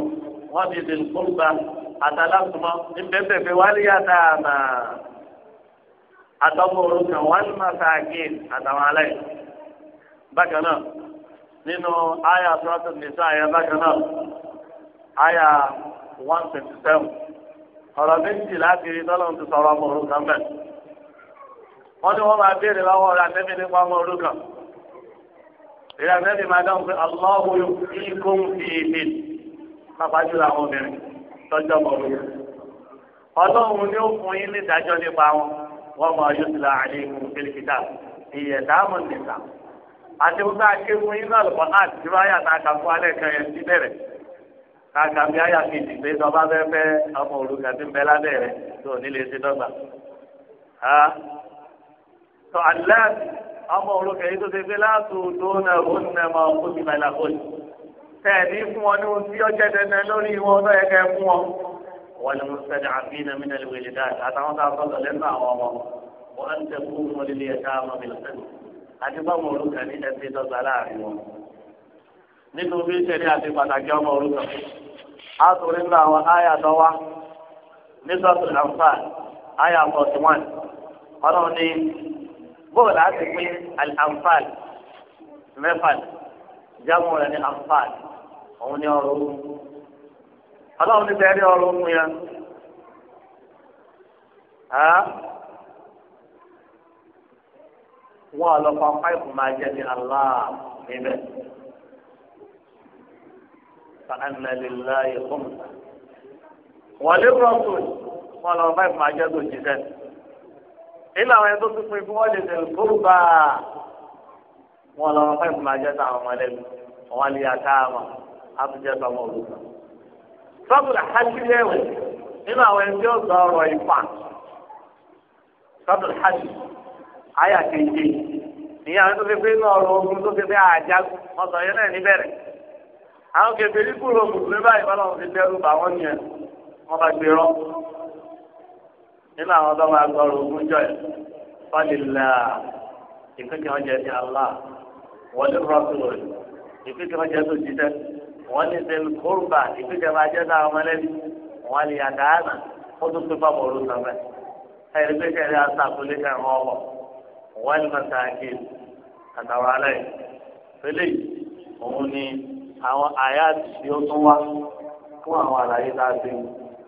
S1: wọn ti di nkóba àtàlàkùmọ́ níbẹ̀bẹ̀bẹ̀ wàá lé yàtà àmà àtọ́mọ̀ orúkọ wàá lè máa sàáké àtàwọn alẹ́ bákan náà nínú àyà sọ́tò nìṣá àyà bákan náà àyà one twenty seven ọ̀rọ̀ méjì láti rí tọ́lọ́mù ti sọ̀rọ̀ ọmọ orúkọ mẹ́ wọ́n ní wọ́n máa béèrè lọ́wọ́ rẹ̀ àtẹ́mí nípa ọmọ orúkọ ìlà nẹ́bí máa dáhùn pé aláwọ̀ ikún fi ìlè pàápàá jùlọ àwọn obìnrin tọ́jọ́ mọ̀lú. ọlọ́run ni ó fún yín nídàájọ́ nípa wọn wọ́n mọ ayé ti la àlè ìkùn kìlìkìtà ìyẹ̀ dáàmú nìta. àti wọ́n bá ké fún yín náà lọ́pọ̀ náà tí wọ́n á tá a kà fún alẹ́ kan yẹn sí bẹ̀rẹ̀. ká kà bí àyà kejì pé tó bá fẹ́ fẹ́ ọmọ òrùka tí ń bẹ lábẹ́ rẹ̀ tó nílé ṣe dọ́gba ọmọ òrùka yìí tó ṣe pé láàtò tó nà ó nà máa kó ti bàlá kọ́lì. tẹ̀lé fún wọn ní ohun tí ọjọ́ dandan lórí wọn tó yẹ kẹ́ fún wọn. wọ́n ní mustad àfihàn mi náà wẹ̀lẹ̀ dáa àtàwọn tá a sọ̀tọ̀ lẹ́nu àwọn ọmọ wọn á ń tẹ fún wọn lílé ẹ̀ka ọmọ mi lọ́sẹ̀lẹ̀. àti fọ́ọ̀mù ọmọ òrùka ní sọ́ọ̀tù àǹfà bóòlù àti pé àǹfààní mẹ́fà jámù rẹ̀ ní àǹfààní òun ní ọrọ̀ ogun ọlọ́run ní bẹ́ẹ̀ ní ọrọ̀ ogun yẹn wọn ọlọ́pàá páìpù máa jẹ́ ní aláà níbẹ̀ fàánàlélá ìkọ́mùsà wọ́n lé wọn ọlọ́pàá páìpù máa jẹ́ tó jíṣẹ́. nínú àwọn ẹgbẹ́ tó pin fún wọn lè tẹ̀lé kóòbá wọn lọ fẹ́ fún ajẹ́ sáwọn ọmọlẹ́bí wọn lè yà káàmà àtúnjẹ sọmọ àwọn sọ ìfà àwọn tó ogun tó àjà wọn sọ yẹn náà àwọn ní kúrò báyìí wọn lọ fi wọn yẹn wọn bá gbé rọ. nínú àwọn ọba máa gbọ́ ọ̀rọ̀ jọ ẹ̀ fàlìlà ìpínlẹ̀ ọjà ti àlá wọlé rọ́pìlọ̀ ìpínlẹ̀ ọjà tó jíjẹ wọ́n ní sẹ́lẹ̀ kórùbà ìpínlẹ̀ máa jẹ́ sáà mọ́lẹ́bí wọ́n lè yàtà àná ó tún pé bọ́ọ̀mù ọ̀rọ̀ sọ̀rọ̀ ẹ̀rí pé kẹ́rẹ́ aṣàkólé kẹ́rẹ́ ọ̀wọ̀ wọ́n ní mọ̀sáàkì àtàwọn alẹ́ òun ni àwọn àyà àti ìṣ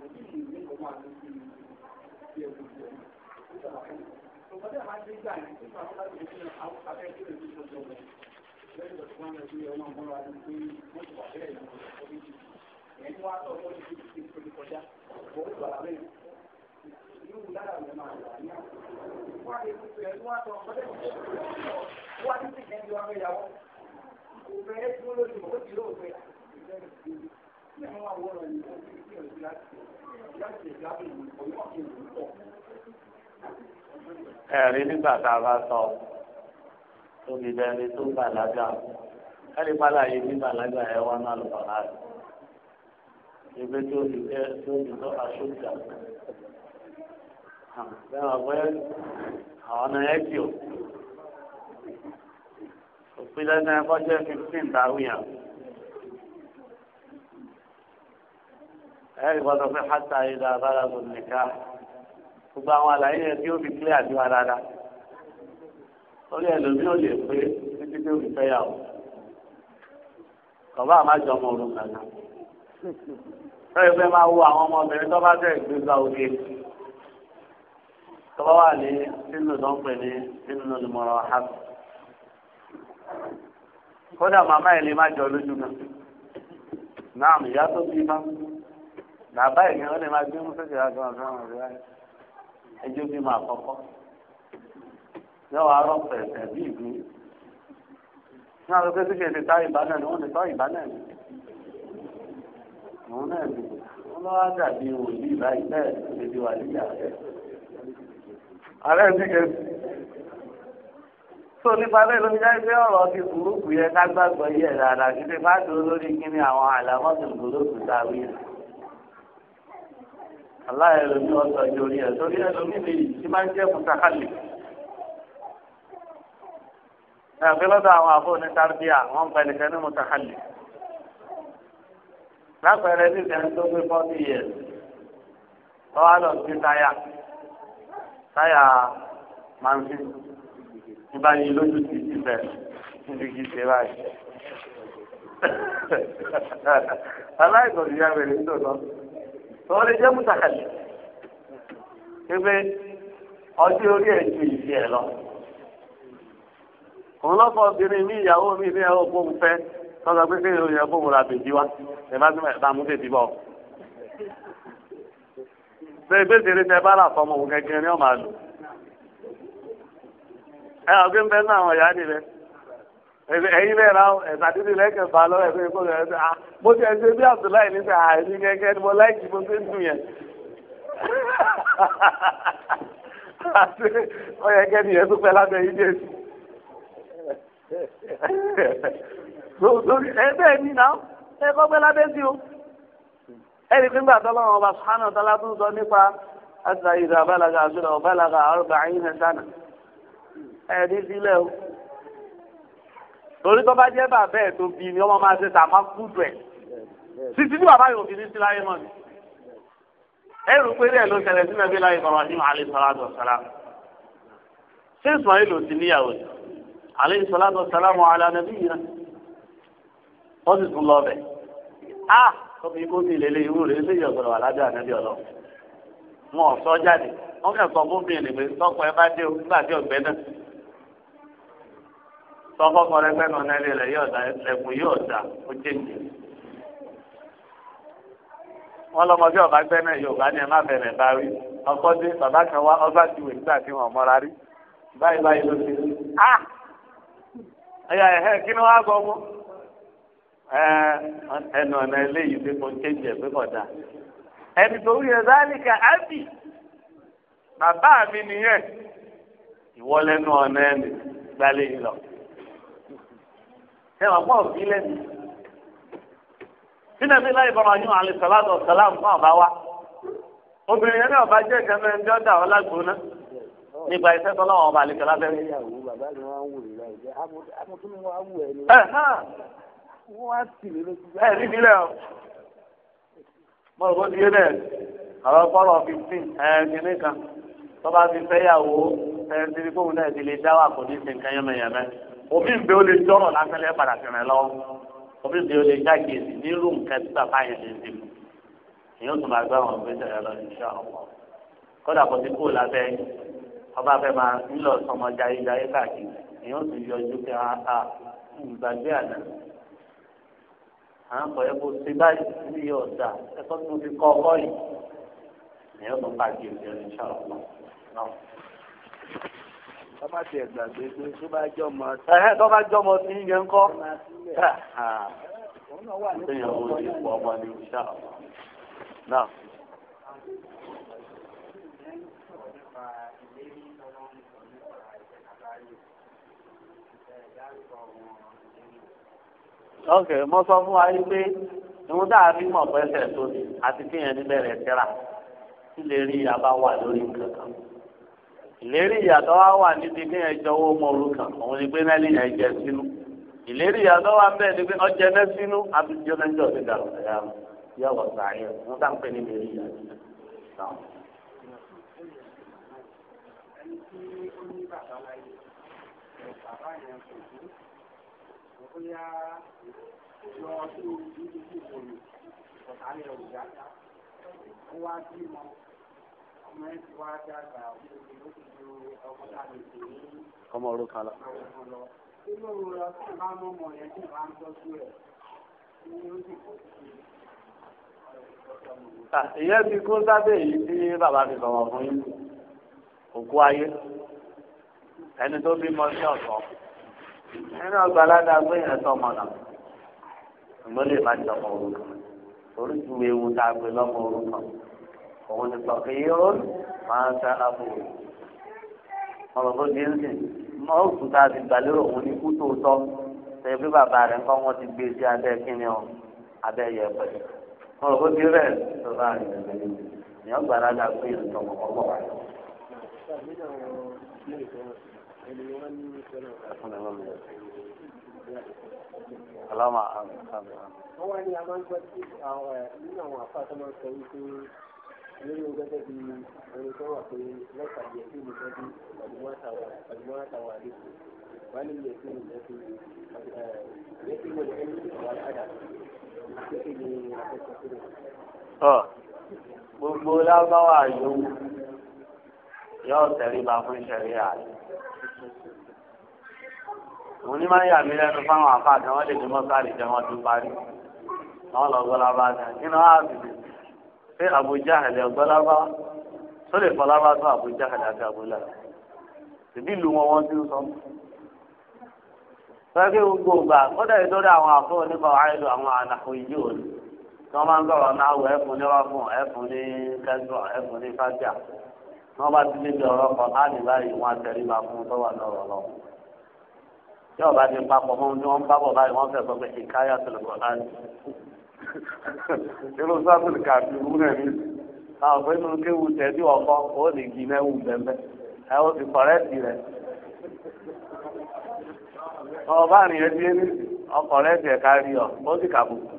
S1: Wọ́n ti ti
S3: kẹ́ńtì wọn fẹ́ yàwó. Òfin ẹ̀ tí ó ti lóòfin ẹ̀rí nígbà
S1: tá a bá sọ tó fi dẹni tó bàlágà ẹ̀rí pàlàyé ní bàlágà ẹ̀ wá náà lọ́wọ́ láti ibi tó fi dẹ tó fi tọ́ aṣọ́jà bẹ́ẹ̀ wọ́n pẹ́ àwọn ọ̀nà ẹ̀ kì ó òpin lẹ́nu ẹ̀kọ́ jẹ́ fifteen dáwìyàn. ẹ̀rí gbọ́dọ̀ fẹ́ hàtà ìdá abára tó nìka gbogbo àwọn àlàyé yẹn tí ó fi kílẹ̀ àti wa dáadáa
S2: orí ẹlòmí ò lè pé
S1: títí tó fi fẹ́ yà ó kọ̀ọ̀bá àmájọ ọmọ òru kankan lọ́yìn fẹ́ máa wo àwọn ọmọbìnrin tó bá fẹ́ gbé gba òde tó bá wà ní sínú tó ń pè ní sínú olùmọ̀ràn ọ̀hásù kódà màmá ẹ̀ lè má jọ lójú kan náà ìyá tó bí bá bàbá ìgbẹ́ wọn lè máa gbé mú sókè àgbọn àgbọn àgbọn ẹjọ́ bí máa kọ́kọ́ yọ wá rọ pẹ̀sẹ̀ bí ìgbé ní àwọn akẹ́kọ̀ọ́ sókè ti tá ìbá náà ni wọ́n ti tọ́ ìbá náà ni òun náà ti wọ́n lọ́wọ́ dàbí wòlíì báyìí bẹ́ẹ̀ lè di wà níyà rẹ̀ ààrẹ ti kẹ́ nípa bẹ́ẹ̀ ló jáde pé ọ̀rọ̀ ti kúrúkù yẹ ká gbàgbọ́ yẹ dáadáa kí ti bá dúró lórí kí ni àwọn àlàmọ́ tó kúrúkù tá wí aláyẹ lómi ọsọ yìí orí ẹ torí ẹ lómi mi yìí máa ń jẹ mùsàkàlì. ẹgbẹ́ lọ́dọ̀ àwọn àbọ̀ ní tarbíà wọ́n ń pẹ̀lú kẹ́ni mùsàkàlì. lápẹẹrẹ ní ìfẹ́ tó gbé fọ́tì yẹ lọ́wọ́ lọ sí táyà táyà máa ń fi nígbà yìí lójú ti ti bẹ̀ níbi kìí ṣe báyìí. aláìsàn ìyá rẹ̀ ní tòótọ́. wọ́n lè jẹ́ mùsàkàlì pépé ọtí orí ẹ̀ ju ìfi ẹ̀ lọ. òun lọ́kọ̀ obìnrin mi ìyàwó mi ní ẹ̀rọ fóun fẹ́ tọ́jà pé kéèyàn yẹ ra bèbí wa bá bá mú bèbí bọ̀. tẹ bá rà fọmọ òun ni ọ̀ máa lò. ẹ ẹyin bẹ́ẹ̀ náà ẹ̀sà dídì lẹ́kẹ̀ bá lọ́wọ́ ẹ̀sẹ̀ kó lọ́wọ́ ẹ̀sẹ̀ ah mo ti ẹ̀sẹ̀ bí Abdullahi ní sẹ́ àìní ah, kẹ́kẹ́ ni mo láìkì mo ti ń dùn yẹn. àti ọyẹ kẹ́ni yẹn tó pẹ́ lábẹ́ yín dé sí. ẹ náà ẹ kọ́ pẹ́ lábẹ́ sí o. ẹ ní pínpín àtọ́lọ́wọ́ ọba sùhánù tọ́lá tó ń sọ nípa àtàyè ìdàbàlàgà àjùlọ ọ̀bàlàgà àrùbà torí tó bá jẹ́ bàbá ẹ̀ tó bí ni ọmọ máa ṣe sàmá kúdù ẹ̀ títí tí bàbá yóò fi ní síláyé mọ́ ni ẹrù pé rẹ̀ ló ṣẹlẹ̀ sí nàbí láyé bàbá ní alẹ́ sọ́ládọ̀ sọ́lá ṣé ìsúnmáyé ló ti níyàwó ni alẹ́ sọ́ládọ̀ sọ́lá mọ́ alẹ́ anábí yìí náà wọ́n sì tún lọ bẹ̀ á tóbi kó ti lélẹ̀ irú rẹ̀ ṣé ìyọ̀sọ̀rọ̀ aládé anábí ọlọ́ wọn ò sọ jáde wọn kẹ́ sọ fún mi ní pé ẹ bá dé o nígbà tí ọ̀gbẹ́ náà tọ́kọ́ kan rẹ gbẹ́nu ọ̀nà ilé rẹ̀ yóò da ẹ̀kún yóò da ó jèjì. wọ́n lọ́mọ bí ọba gbẹ́nà yorùbá ni ẹ má bẹ̀rẹ̀ bá rí ọkọ dé bàbá kan wá ọba ti wè nígbà tí wọ́n mọ́ra rí báyìí báyìí ló ti rí. ẹ̀yà ẹ̀hẹ́ kí ni wọ́n á gbọ́ mú. ẹnu ọ̀nà ilé yìí pé kò jèjì ẹ̀ pé kò da. ẹni tó rí ẹ̀ záàlìkà ábì bàbá mi nìyẹn ìwọ́lẹ́nu ọ̀nà ẹni gbálẹ́ yìí ẹ wà pọ̀ bí lẹ́nu. bí nàbí láì bọ̀rọ̀ yún àlè sàlátọ̀ sàlám fún ọ̀bá wa obìnrin yẹn ní ọ̀bá jẹ́ ìkànnì ẹni tí ó dà ọ́ lágbóná nígbà iṣẹ́ tó lọ́wọ́ ọba àlèkè lábẹ́ mi.
S3: ẹ rí nílẹ̀ o
S1: mo rò bó ti yé bẹ́ẹ̀ àwọn fọ́lọ̀ fifteen ẹ̀ẹ́dínní kan tó bá ti fẹ́ yàwó ẹ̀ẹ́dínní kóhun náà ti lè dá wà kò ní í ṣe òbí ń bẹ ó lè dọ́rọ̀ lásánlẹ̀ padà fẹ̀rẹ̀ lọ òbí ń bẹ ó lè jáde nílùú nǹkan tí bàbá yẹn lè dìbò èyí ó tún máa gbá àwọn òbí tẹ̀lé lọ ìṣe ọ̀pọ̀ kódà kò sí kú lábẹ́ ọba fẹ́ máa nílò sọmọ jayéjayé káàkiri èyí ó tún yọjú pé a ah, ìgbàgbé ah, àná à ń kọ̀ ẹ́ kó báyìí sí iye ọ̀dà ẹ̀kọ́ tó fi kọ́ ọkọ́ yìí èyí ó tún pàdé ìṣe ọ̀pọ̀ náà ọmọ ti pé tó bá jọmọ ẹ tó bá jọmọ sí yẹn ń kọ ẹyàn wo ni ipò ọmọ ni ṣá náà. ok mo sọ fún wa yìí pé ìwọ tá a fi mọ̀ pẹ́sẹ̀ tó ni àti kéèyàn níbẹ̀rẹ̀ tẹ́ra kí lè rí abá wà lórí nǹkan kan ìlérí ìyàtọ̀ wa wà níbi ní ẹjọ́ owó mọ orúkàn òun ni pé nẹ́ẹ̀lì yẹn jẹ sínú ìlérí ìyàtọ̀ wa bẹ́ẹ̀ ni pé ọjẹ́ náà sínú abidjan náà jọ sí dàrú ẹ̀yà yọ̀wọ̀ sàáyẹ̀ wọ́n tá ń pè ní ìlérí ìyàtọ̀ náà. wá sí mọ́ ọkùnrin ti wá dàgbà ìyẹn ti kún sábẹ́ èyí tí bàbá mi sọ̀rọ̀ fún yín òkú ayé ẹni tó bímọ sí ọ̀sán ẹni ọgbàládà gbé yẹn sọmọ náà ìmọ̀lẹ́ ìbájọ́ ọmọ orúkọ orí ju ewu tá a gbé lọ́mọ orúkọ òun ni pàkì yóò máa ń sá àbúrò ọ̀rọ̀ tó di ń sìn mọ́ òkú tá a ti gbà lérò òun ni kú tó tọ́ ṣe bí bàbá rẹ̀ ńkọ́ wọ́n ti gbé sí abẹ́ kíni ọ abẹ́ yẹpẹ̀ ọ̀rọ̀ tó di rẹ̀ tó bá rìn lẹ́gbẹ̀ẹ́ ni ọgbà rádà pé ìrìntàn ọgbọ̀ wà lọ.
S2: Alama, alama
S1: nínú gẹ́gẹ́ bí ẹni tó wà pé lẹ́ka yẹ kí mo tẹ́jú àdúgbò àtàwọn àdéhùn wà ní yẹ kí mo tẹ́jú yẹ kí mo tẹ́jú àwọn àdá àti kí ni akẹ́kọ̀ọ́ sílẹ̀. gbogbo lábáwá yòówù yóò tẹríba fún ìṣẹ̀lẹ̀ àlè. mo ní máa ń yà mí lẹ́nu fáwọn àfáà wọ́n lè fi mọ́sálì jẹ́ wọ́n ti parí. wọ́n lọ gbọ́ lábáwá sẹ́yìn nínú àbìlẹ̀ pé Abu Jahal ọgbọ́lábá tó lè fọlábá tó Abu Jahal àti àbúlà ìbí ìlú wọn wọn ti ń sọ. pẹ́ẹ́kì gbogbo ògbà kódà ìtọ́jú àwọn àfọwọ́ nípa àìlú àwọn àlàfo ìjì òní tí wọ́n máa ń gbọ́rọ̀ náà wọ ẹ̀fún ní wáfún ẹ̀fún ní kẹ́sùn ẹ̀fún ní fájà tí wọ́n bá ti débi ọ̀rọ̀ kan láti báyìí wọ́n àtẹríba fún tó lọ́rọ̀ lọ́wọ́ tí ọba ti papọ̀ mọ́ ní wọ́n ń bábọ̀ báyìí wọ́n fẹ́ sọ pé ìkáyà tó lè kọ́ láti irú sábìlì kàfi wú náà ní àwọn pé nínú kéwu tẹ̀lé ọkọ ó lè gi náà wù bẹ́ẹ̀ ẹ ó ti kọ̀rẹ́tì rẹ̀ ọba àníyàn ti yé ní ọkọ̀rẹ́tì ẹ̀ kárí ọ ó sì kàbùkù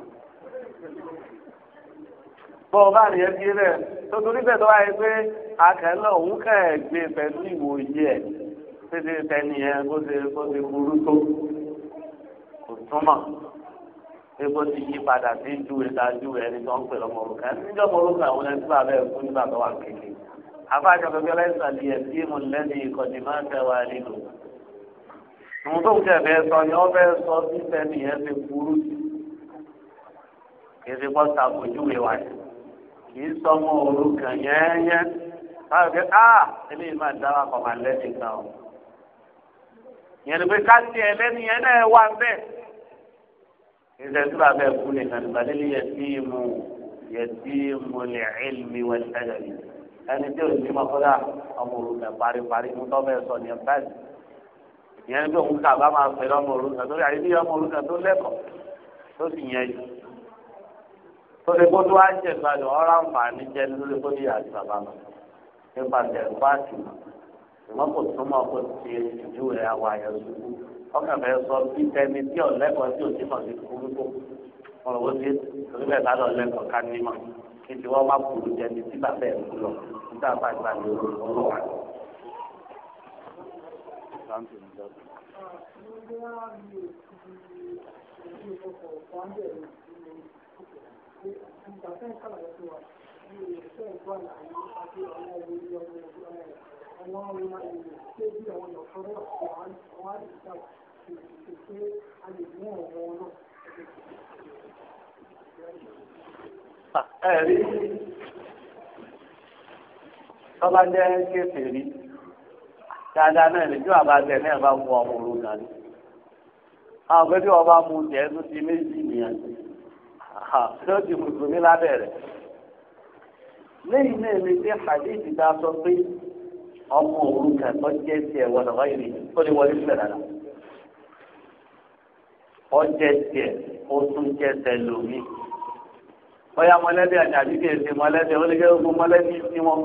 S1: bọ́ọ̀ bá nìyẹn fi rẹ̀ tuntun níbẹ̀ tó wáyé pé akẹ́lẹ́ òun kẹ́ ẹ̀ gbé pẹ̀lú ìwòye ẹ̀ títí tẹniyẹn bó ṣe bó ṣe burú tó kò túmọ̀ ebo ti yí padà sí júwe ta júwe ẹni tó ń pè lọ́mọ orúkọ ẹni tó ń pè orúkọ àwọn ẹni tó bá bẹ́ẹ̀ fún nígbà tó wà kéèké afáàjọ gbẹgbẹ lẹ́sà di ẹ̀sí mu lẹ́nu ìkọ̀dì máa ń tẹ̀wá nínú. àwọn tó ń kẹ́ bẹ́ẹ̀ sọ ni wọ́n fẹ́ sọ sí sẹ́ni yẹn ti burú kì í ṣe bọ́ sàkó júwe wà yẹn kì í sọ mọ orúkọ yẹn yẹn báwo kẹ́ á ah, eléyìí máa dára kọ̀ máa lẹ́sìn kan o. yẹn ni pé ká tiẹ̀ lẹ́nu yẹn náà wà bẹ́ẹ̀ ìṣẹ́sílẹ̀ abẹ́ kú ni kàlùbálẹ́lì yẹ sí mu yẹ sí mu lè ẹ̀lmi wẹ̀ ẹ̀lmi ẹni tí o ní ma kọ́dà ọmọ òrùka paripari mú tọ́fẹ́ sọ ní ẹ̀fẹ́ ìyẹn bí òun kà bá máa fẹ́ lọ́mọ òrùka tó yàrá ibi ọmọ òrùka tó lẹ́kọ̀ọ́ tó sì yẹn jù tó lè gbódò wá jẹ gbàdùn ọ̀rọ̀ àǹfààní jẹ lórí kó ní àti bàbá mi nípasẹ̀ ẹ̀kọ́ àti ìmọ̀ ìmọ̀ kò túmọ̀ kó ti ìjú àwọn àyẹ̀wò ọkàn fẹ́ sọ bí tẹni tí ọ̀lẹ́kọ̀ọ́ tí òsì mọ̀ sí kúrúkú ọ̀rọ̀ wo ti oníbẹ̀ bá lọ lẹ́kọ̀ọ́ ká ní mọ̀ kí ti wọ́n kúrú jẹni tí bàbá ẹ̀ kú lọ nígbà bá gbà ní olówó wa.
S3: Ìgbà fẹ́ àwọn
S1: tọ́ba jẹ́ kéfèé rí dáadáa náà lè jọ àbájẹ náà bá mú ọmọ òru náà Àwọn òbí tí wọ́n bá mú jẹ́ tó ti méjì nìyẹn tó ti mùsùlùmí lábẹ́ rẹ̀. Lẹ́yìn náà ni pé Hadith dá sọ pé ọmọ òrukàn tó jẹ́ tiẹ̀ wọ́n lọ́wọ́ yìí tó lè wọlé sílẹ̀ dáadáa ọjẹ́ tiẹ̀ ó tún jẹ́ tẹ lómi bóyá mọ̀lẹ́bí àjàdí kìí ṣe mọ̀lẹ́bí ó lè jẹ́ gbogbo mọ̀lẹ́bí sí wọn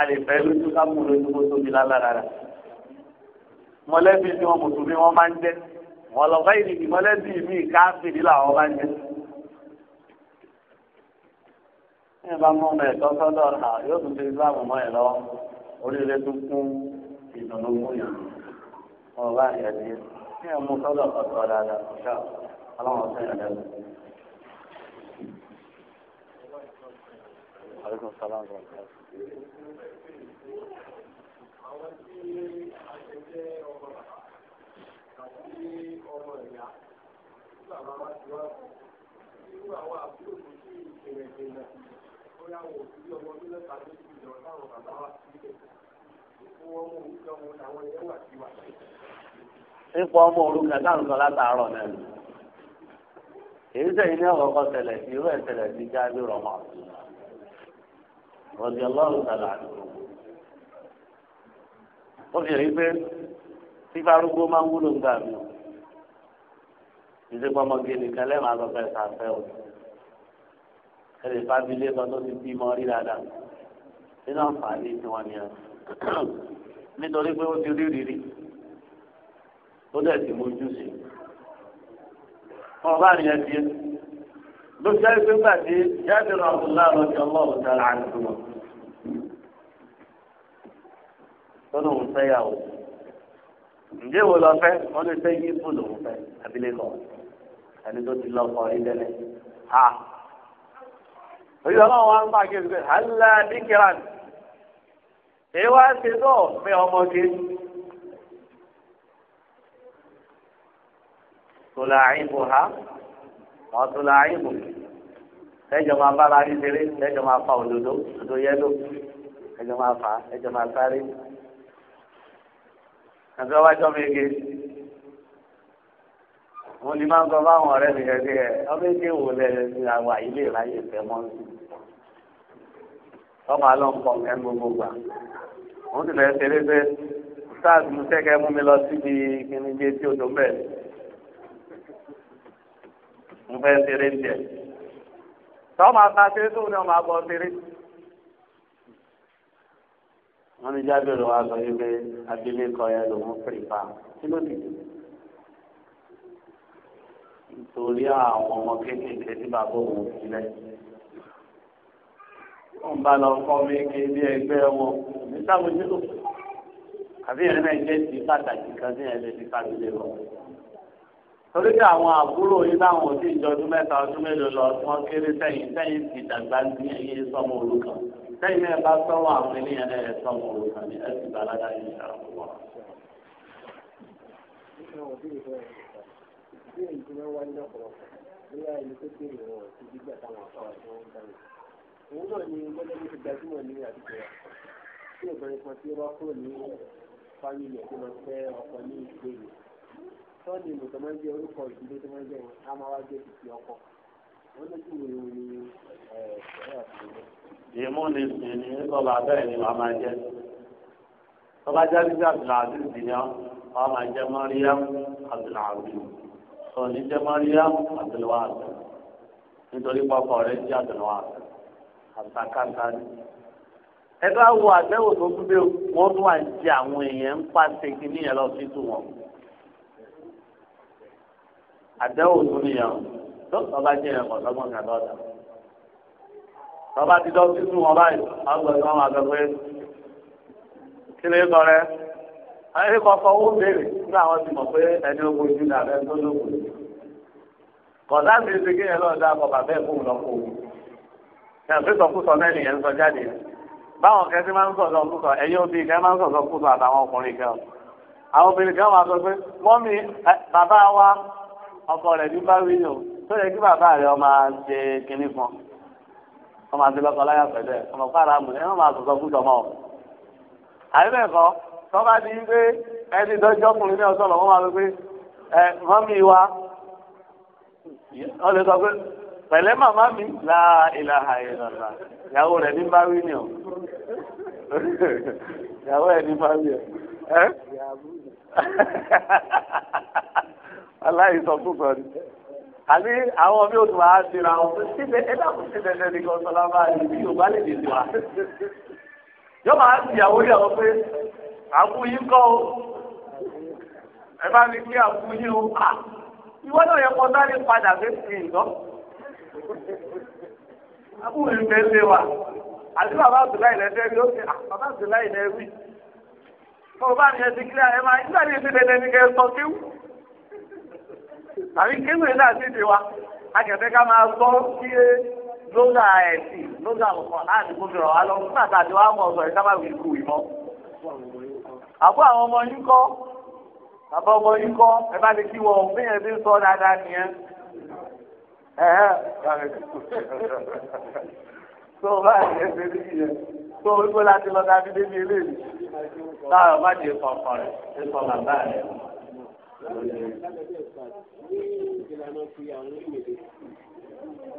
S1: a lè fẹ́ lójú ká mú lójú kó tóbi lálára rẹ̀ mọ̀lẹ́bí tí wọn mùsùlùmí wọn máa ń jẹ́ wọn lọ́gá ìdìbò mọ̀lẹ́bí mi káfíìnì làwọn máa ń jẹ́. ní ìbámu ọmọ ẹ̀tọ́ yóò tún fi islam mọ́ ẹ̀ lọ́wọ́ oríire tó kún ìdùnnú fún yàn wọn bá yà ẹ mú sọ́dọ̀ ọ̀tọ̀ dáadáa ṣá ọlọ́run ọ̀sẹ̀ yàn lẹ́nu.
S2: Aleykum salaam
S1: bóyá wọn ò ọmọ ọdún mẹ́ta ní ìjọ táwọn bàbá wa sílẹ̀ fún ọmọ òrùka wọn làwọn ẹ̀yẹ́ wà sí wa. ipò ọmọ òrùka táwọn sọ látàárọ̀ náà ni èyí sẹ́yìn ní ọ̀rọ̀ kan ṣẹlẹ̀ sí irú ẹ̀ ṣẹlẹ̀ sí jáde rọ̀mọ̀ rọ̀dì ọlọ́run tàlà ó fi rí pé fífarúgbó máa ń wúlò ń gbà mí ìdíkọ́ ọmọge nìkan lẹ́ẹ̀ma lọ́fẹ̀ẹ́ sàfẹ́ òsì ẹlẹ fábílẹ kan tó ti bímọ rí dáadáa nínú àǹfààní tiwọn ni ẹ nítorí pé ó ti rí rírì ó dẹ̀ ti mójú sí i wọn bá nìyẹn ti ló jẹ́ pé gbà tí jáde lọ àbúlá lọ́jọ́ ọlọ́run dára àdúgbò wọn. lọ́nà òun fẹ́ yà wò ǹjẹ́ wo lọ fẹ́ wọ́n lè fẹ́ yí fún lòun fẹ́ abilékọ ẹni tó ti lọ́kọ rí tẹ́lẹ̀ ha òyìnbó náà wà ń bá kéde pé hàlá díkìrán èyí wá ṣe tó fẹ́ ọmọge. tòlà àyìnbó ha ọ̀ tòlà àyìnbó ẹjọ máa bára yín ṣeré ẹjọ máa fa òdodo òdodo yẹlò ẹjọ máa fa ẹjọ máa sáré. àgbẹ̀wájọ́ mi ge mo ní máa ń sọ fáwọn ọ̀rẹ́ mi kẹ́kẹ́ ẹ̀ ọbẹ̀ tí wò lẹ̀ ní àwọn àyílẹ̀ ráyè fẹ́ mọ́ sí ọmọ alọ́ ń pọ̀ ẹ̀ gbogbo gbà mo sì fẹ́ ṣeré sars mú kẹ́kẹ́ mú mi lọ síbi kíní bíi etí odò mbẹ́ mo fẹ́ ṣeré ń jẹ tọ́mọ afáṣe tó ní ọmọ abọ́ ṣeré wọ́n ní jábìrì wa sọ yìí pé abilékọ yẹn lòún pè fáwọn kí ló dìde nítorí àwọn ọmọ kéékèèké tí bàbá òun sílẹ̀. wọ́n bá lọ fọ́ mi ké bí ẹgbẹ́ wọn ní sábòjúlò àbí ẹ̀rín náà jẹ́ ti pàtàkì kan sí ẹ̀rín ti fàbílẹ̀ lọ. torí pé àwọn àbúrò yìí láwọn ò tí ì jọ ọdún mẹ́ta ọdún mélòó lọ tí wọ́n kéré sẹ́yìn sẹ́yìn ti dàgbà ní ẹ̀yìn sọmọ olùkàn sẹ́yìn náà bá sọ́wọ́ àwọn ènìyàn náà sọmọ olùkàn ní ẹ̀sìn balaga bí èyí tí wọ́n wáyé lọ́pọ̀lọpọ̀ bóyá ẹni tó pè é wọn ti dígbà táwọn afárá tí wọ́n ń dáná. òun náà ni gbọ́dọ̀ bí ti gbajúmọ̀ ní àdúgbò wa tí obìnrin kan tí ó bá kúrò ní fámìlì ẹ̀ tó máa fẹ́ ọkọ ní ìgbéyìí tọ́ọ̀nì ìlú tó máa ń jẹ orúkọ ìdílé tó máa ń jẹ á máa wá jẹ́ ọkọ wọ́n lójú ìwé ni ẹ̀ẹ́dẹ́gbẹ̀rẹ́ àtúndé. ìmú ni sìn ní ni sí ni wọ́n òní jẹ́ Mariam àtẹlẹwà àtẹ nítorí pọpọ rẹ jẹ́ àtẹlẹwà àtẹ àtàkàtà ni. ẹgbẹ́ wo àtẹ́wò tó dúdé wọ́n tún wà jẹ àwọn èèyàn ń pa ṣèkì níyẹn lọ sí tù wọn. àtẹ́wò tó níyàn tó ọba jẹ́ ẹ̀kọ́ sọ́gbọ́n kan lọ́dà. tọ́ba ti dọ́ sí tù wọn báyìí ọgbọ̀n kan wà sọ pé kí lè sọ rẹ àwọn ẹni kan fọwọ́ béèrè nígbà wọn ti mọ̀ pé ẹni ogun ojú ni abẹ́ tó lókun kọ̀dá mi ti kéèyàn lọ́ọ́ dá ọkọ̀ bàbá ẹ̀ fóun lọ́kọ̀ òun ẹ̀ fi sọkúsọ náà nìyẹn ń sọ jáde báwọn kẹsí máa ń sọ sọkúsọ ẹ̀yìn obìnrin kẹ́ máa ń sọ sọkúsọ àtàwọn ọkùnrin kẹ́ ọ àwọn obìnrin kẹ́ máa sọ pé mọ́mí bàbá wa ọkọ rẹ̀ ní báwí ni o tó yẹ kí bàbá rẹ̀ ọmọ ṣe kinní fún ọmọ àti lọ́kọ láyà pẹ̀lú ẹ̀ ọmọ fara mu ẹ̀ tọ́ba di pé ẹni dọ́jọ́ ọkùnrin náà sọ̀rọ̀ wọ́n máa lọ pé ẹ mọ́mí wa ọ lè sọ pé pẹ̀lẹ́ màmá mi la ìlàhà ìlàlà ìyàwó rẹ̀ ní bá wí ni ọ ìyàwó rẹ̀ ní bá wí ẹ aláìsọ púpọ̀ ni àbí àwọn bí o tún wàá síra wọn síbẹ̀ ẹ dàpọ̀ síbẹ̀ lẹ́nu kan sọlá bá yìí bí bá lè dìde wa yọ máa ń tìyàwó yà wọ́n pé àbú yín kọ́ o ẹ bá mi kí àbú yín o à ìwọ náà yẹ kó sáré padà sí ìgbọ́. àbú
S3: yín bẹ́ẹ̀ lé wa
S1: àti bàbá àbúláì lẹ́sẹ̀ rí ó ti à bàbá àbúláì lẹ́ rí. tó o bá ní ẹ ti kílẹ̀ ẹ máa nígbà tí èsì dandan ní kẹ́ ẹ sọ kéwù. àbí kéwù yìí náà ti di wa akẹ́kẹ́ ká máa gbọ́ sí e lóga ẹ̀sìn lóga ọ̀kan láti gbófinrọ̀ wa lọ nígbà tá a ti wá mọ̀ ọ̀sọ̀ ìsábàwí ìkú ìmọ̀ àbọ̀ àwọn ọmọ yín kọ́ bàbá ọmọ yín kọ́ ẹ bá lè kí wọn bí yẹn sọ dáadáa nìyẹn. tó o bá yẹ ṣe ní ìyẹn tó o gbọ́ láti lọ dábí débi eléyìí táwọn ọba jẹ kọ̀ọ̀kan rẹ̀ ṣe sọ bàbá rẹ̀. Ìlànà ti àwọn ìmìlẹ̀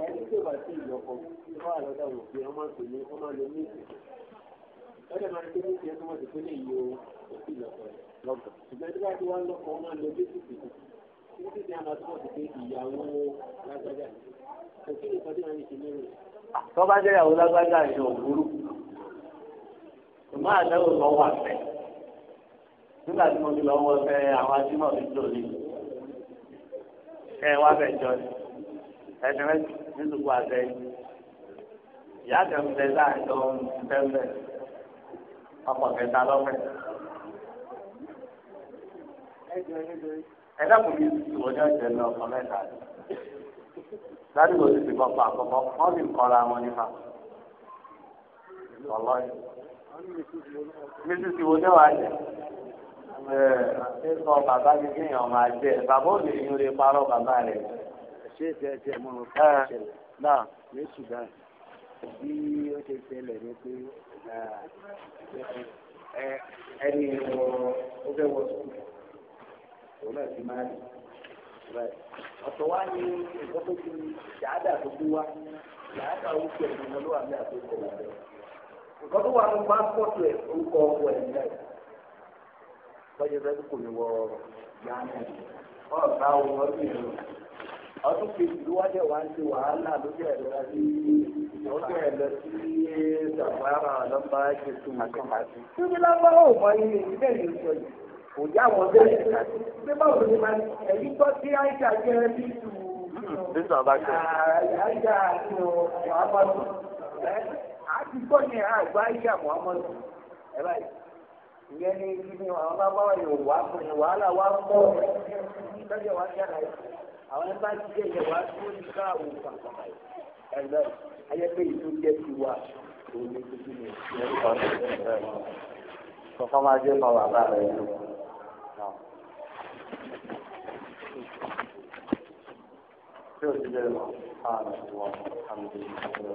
S1: ẹni tí ó bá sí ìyọkọ̀, pé ọmọ àgbẹ̀ ni ọmọ àlọ́ ní ìsìn wọ́n bá jẹ́ ìyàwó lágbájá ìṣe òwúrú ṣùgbọ́n àdáwò kan wà fẹ́ nígbà tí mo ti lọ wọ fẹ́ àwọn adímọ̀ mi tó ní ẹ wá bẹ̀ jọ ẹ̀ẹ́dẹ̀rẹ́ nítorí wà fẹ́ yìí ìyá kẹ́ ń bẹ láàrin tó ń bẹ́ẹ̀ ọkọ̀ kẹta lọ́fẹ̀. ẹ dákun mi ìwọ ní ọ̀jẹ̀ lọ ọkọ̀ mẹ́ta ládùúgbò ti ti kọ́kọ́ àkọ́kọ́ wọ́n sì ń kọ́ra wọn nípa ọlọ́yìn.
S2: mísísì wo ní wàá jẹ
S1: ẹ sọ bàbá mi kéèyàn máa jẹ bàbá ò lè yún lè parọ́ bàbá rẹ̀. ṣé ìfẹ́ ẹ̀jẹ̀ mọ́ ọ fún ìṣẹ̀lẹ̀ náà ní Sudan bí ó ṣe ṣẹlẹ̀ ni pé. Ah. Eh, ẹni wọ ó wọ sùn òun náà máa rí ọ̀tọ̀ wá ní nǹkan tó ti ṣáádà tó kú wá ṣáádà ó fi ẹ̀sìn wọn ló wà ní àtúntò wọn bẹ̀rẹ̀ nǹkan tó wà ní ọdún kejì ló wájẹ wá ń ṣe wàhálà lójú ẹ̀ lọ sí lójú ẹ̀ lọ sí sàfàrà lọ́ba jésù màkàmásì. tóbi lábá
S3: yìí sọ yìí kò já wọn bẹ́ẹ̀ pé báwo ni ma
S1: àìsà jẹ́ bí tù. àìsà ah, àti àti gbọ́ àgbà àìsà ẹ báyìí ìyẹn ní kí ni àwọn bá wà wàhálà wà àwọn ẹ bá jẹ ìyẹn wá tó ní káàwó kankan báyìí ẹ lọ uh, ayé pé ìlú jẹ ti wà òun tuntun ní ìlú. kọ́kọ́ máa jẹ́ kọ́ bàbá rẹ̀ lọ.
S2: Tí o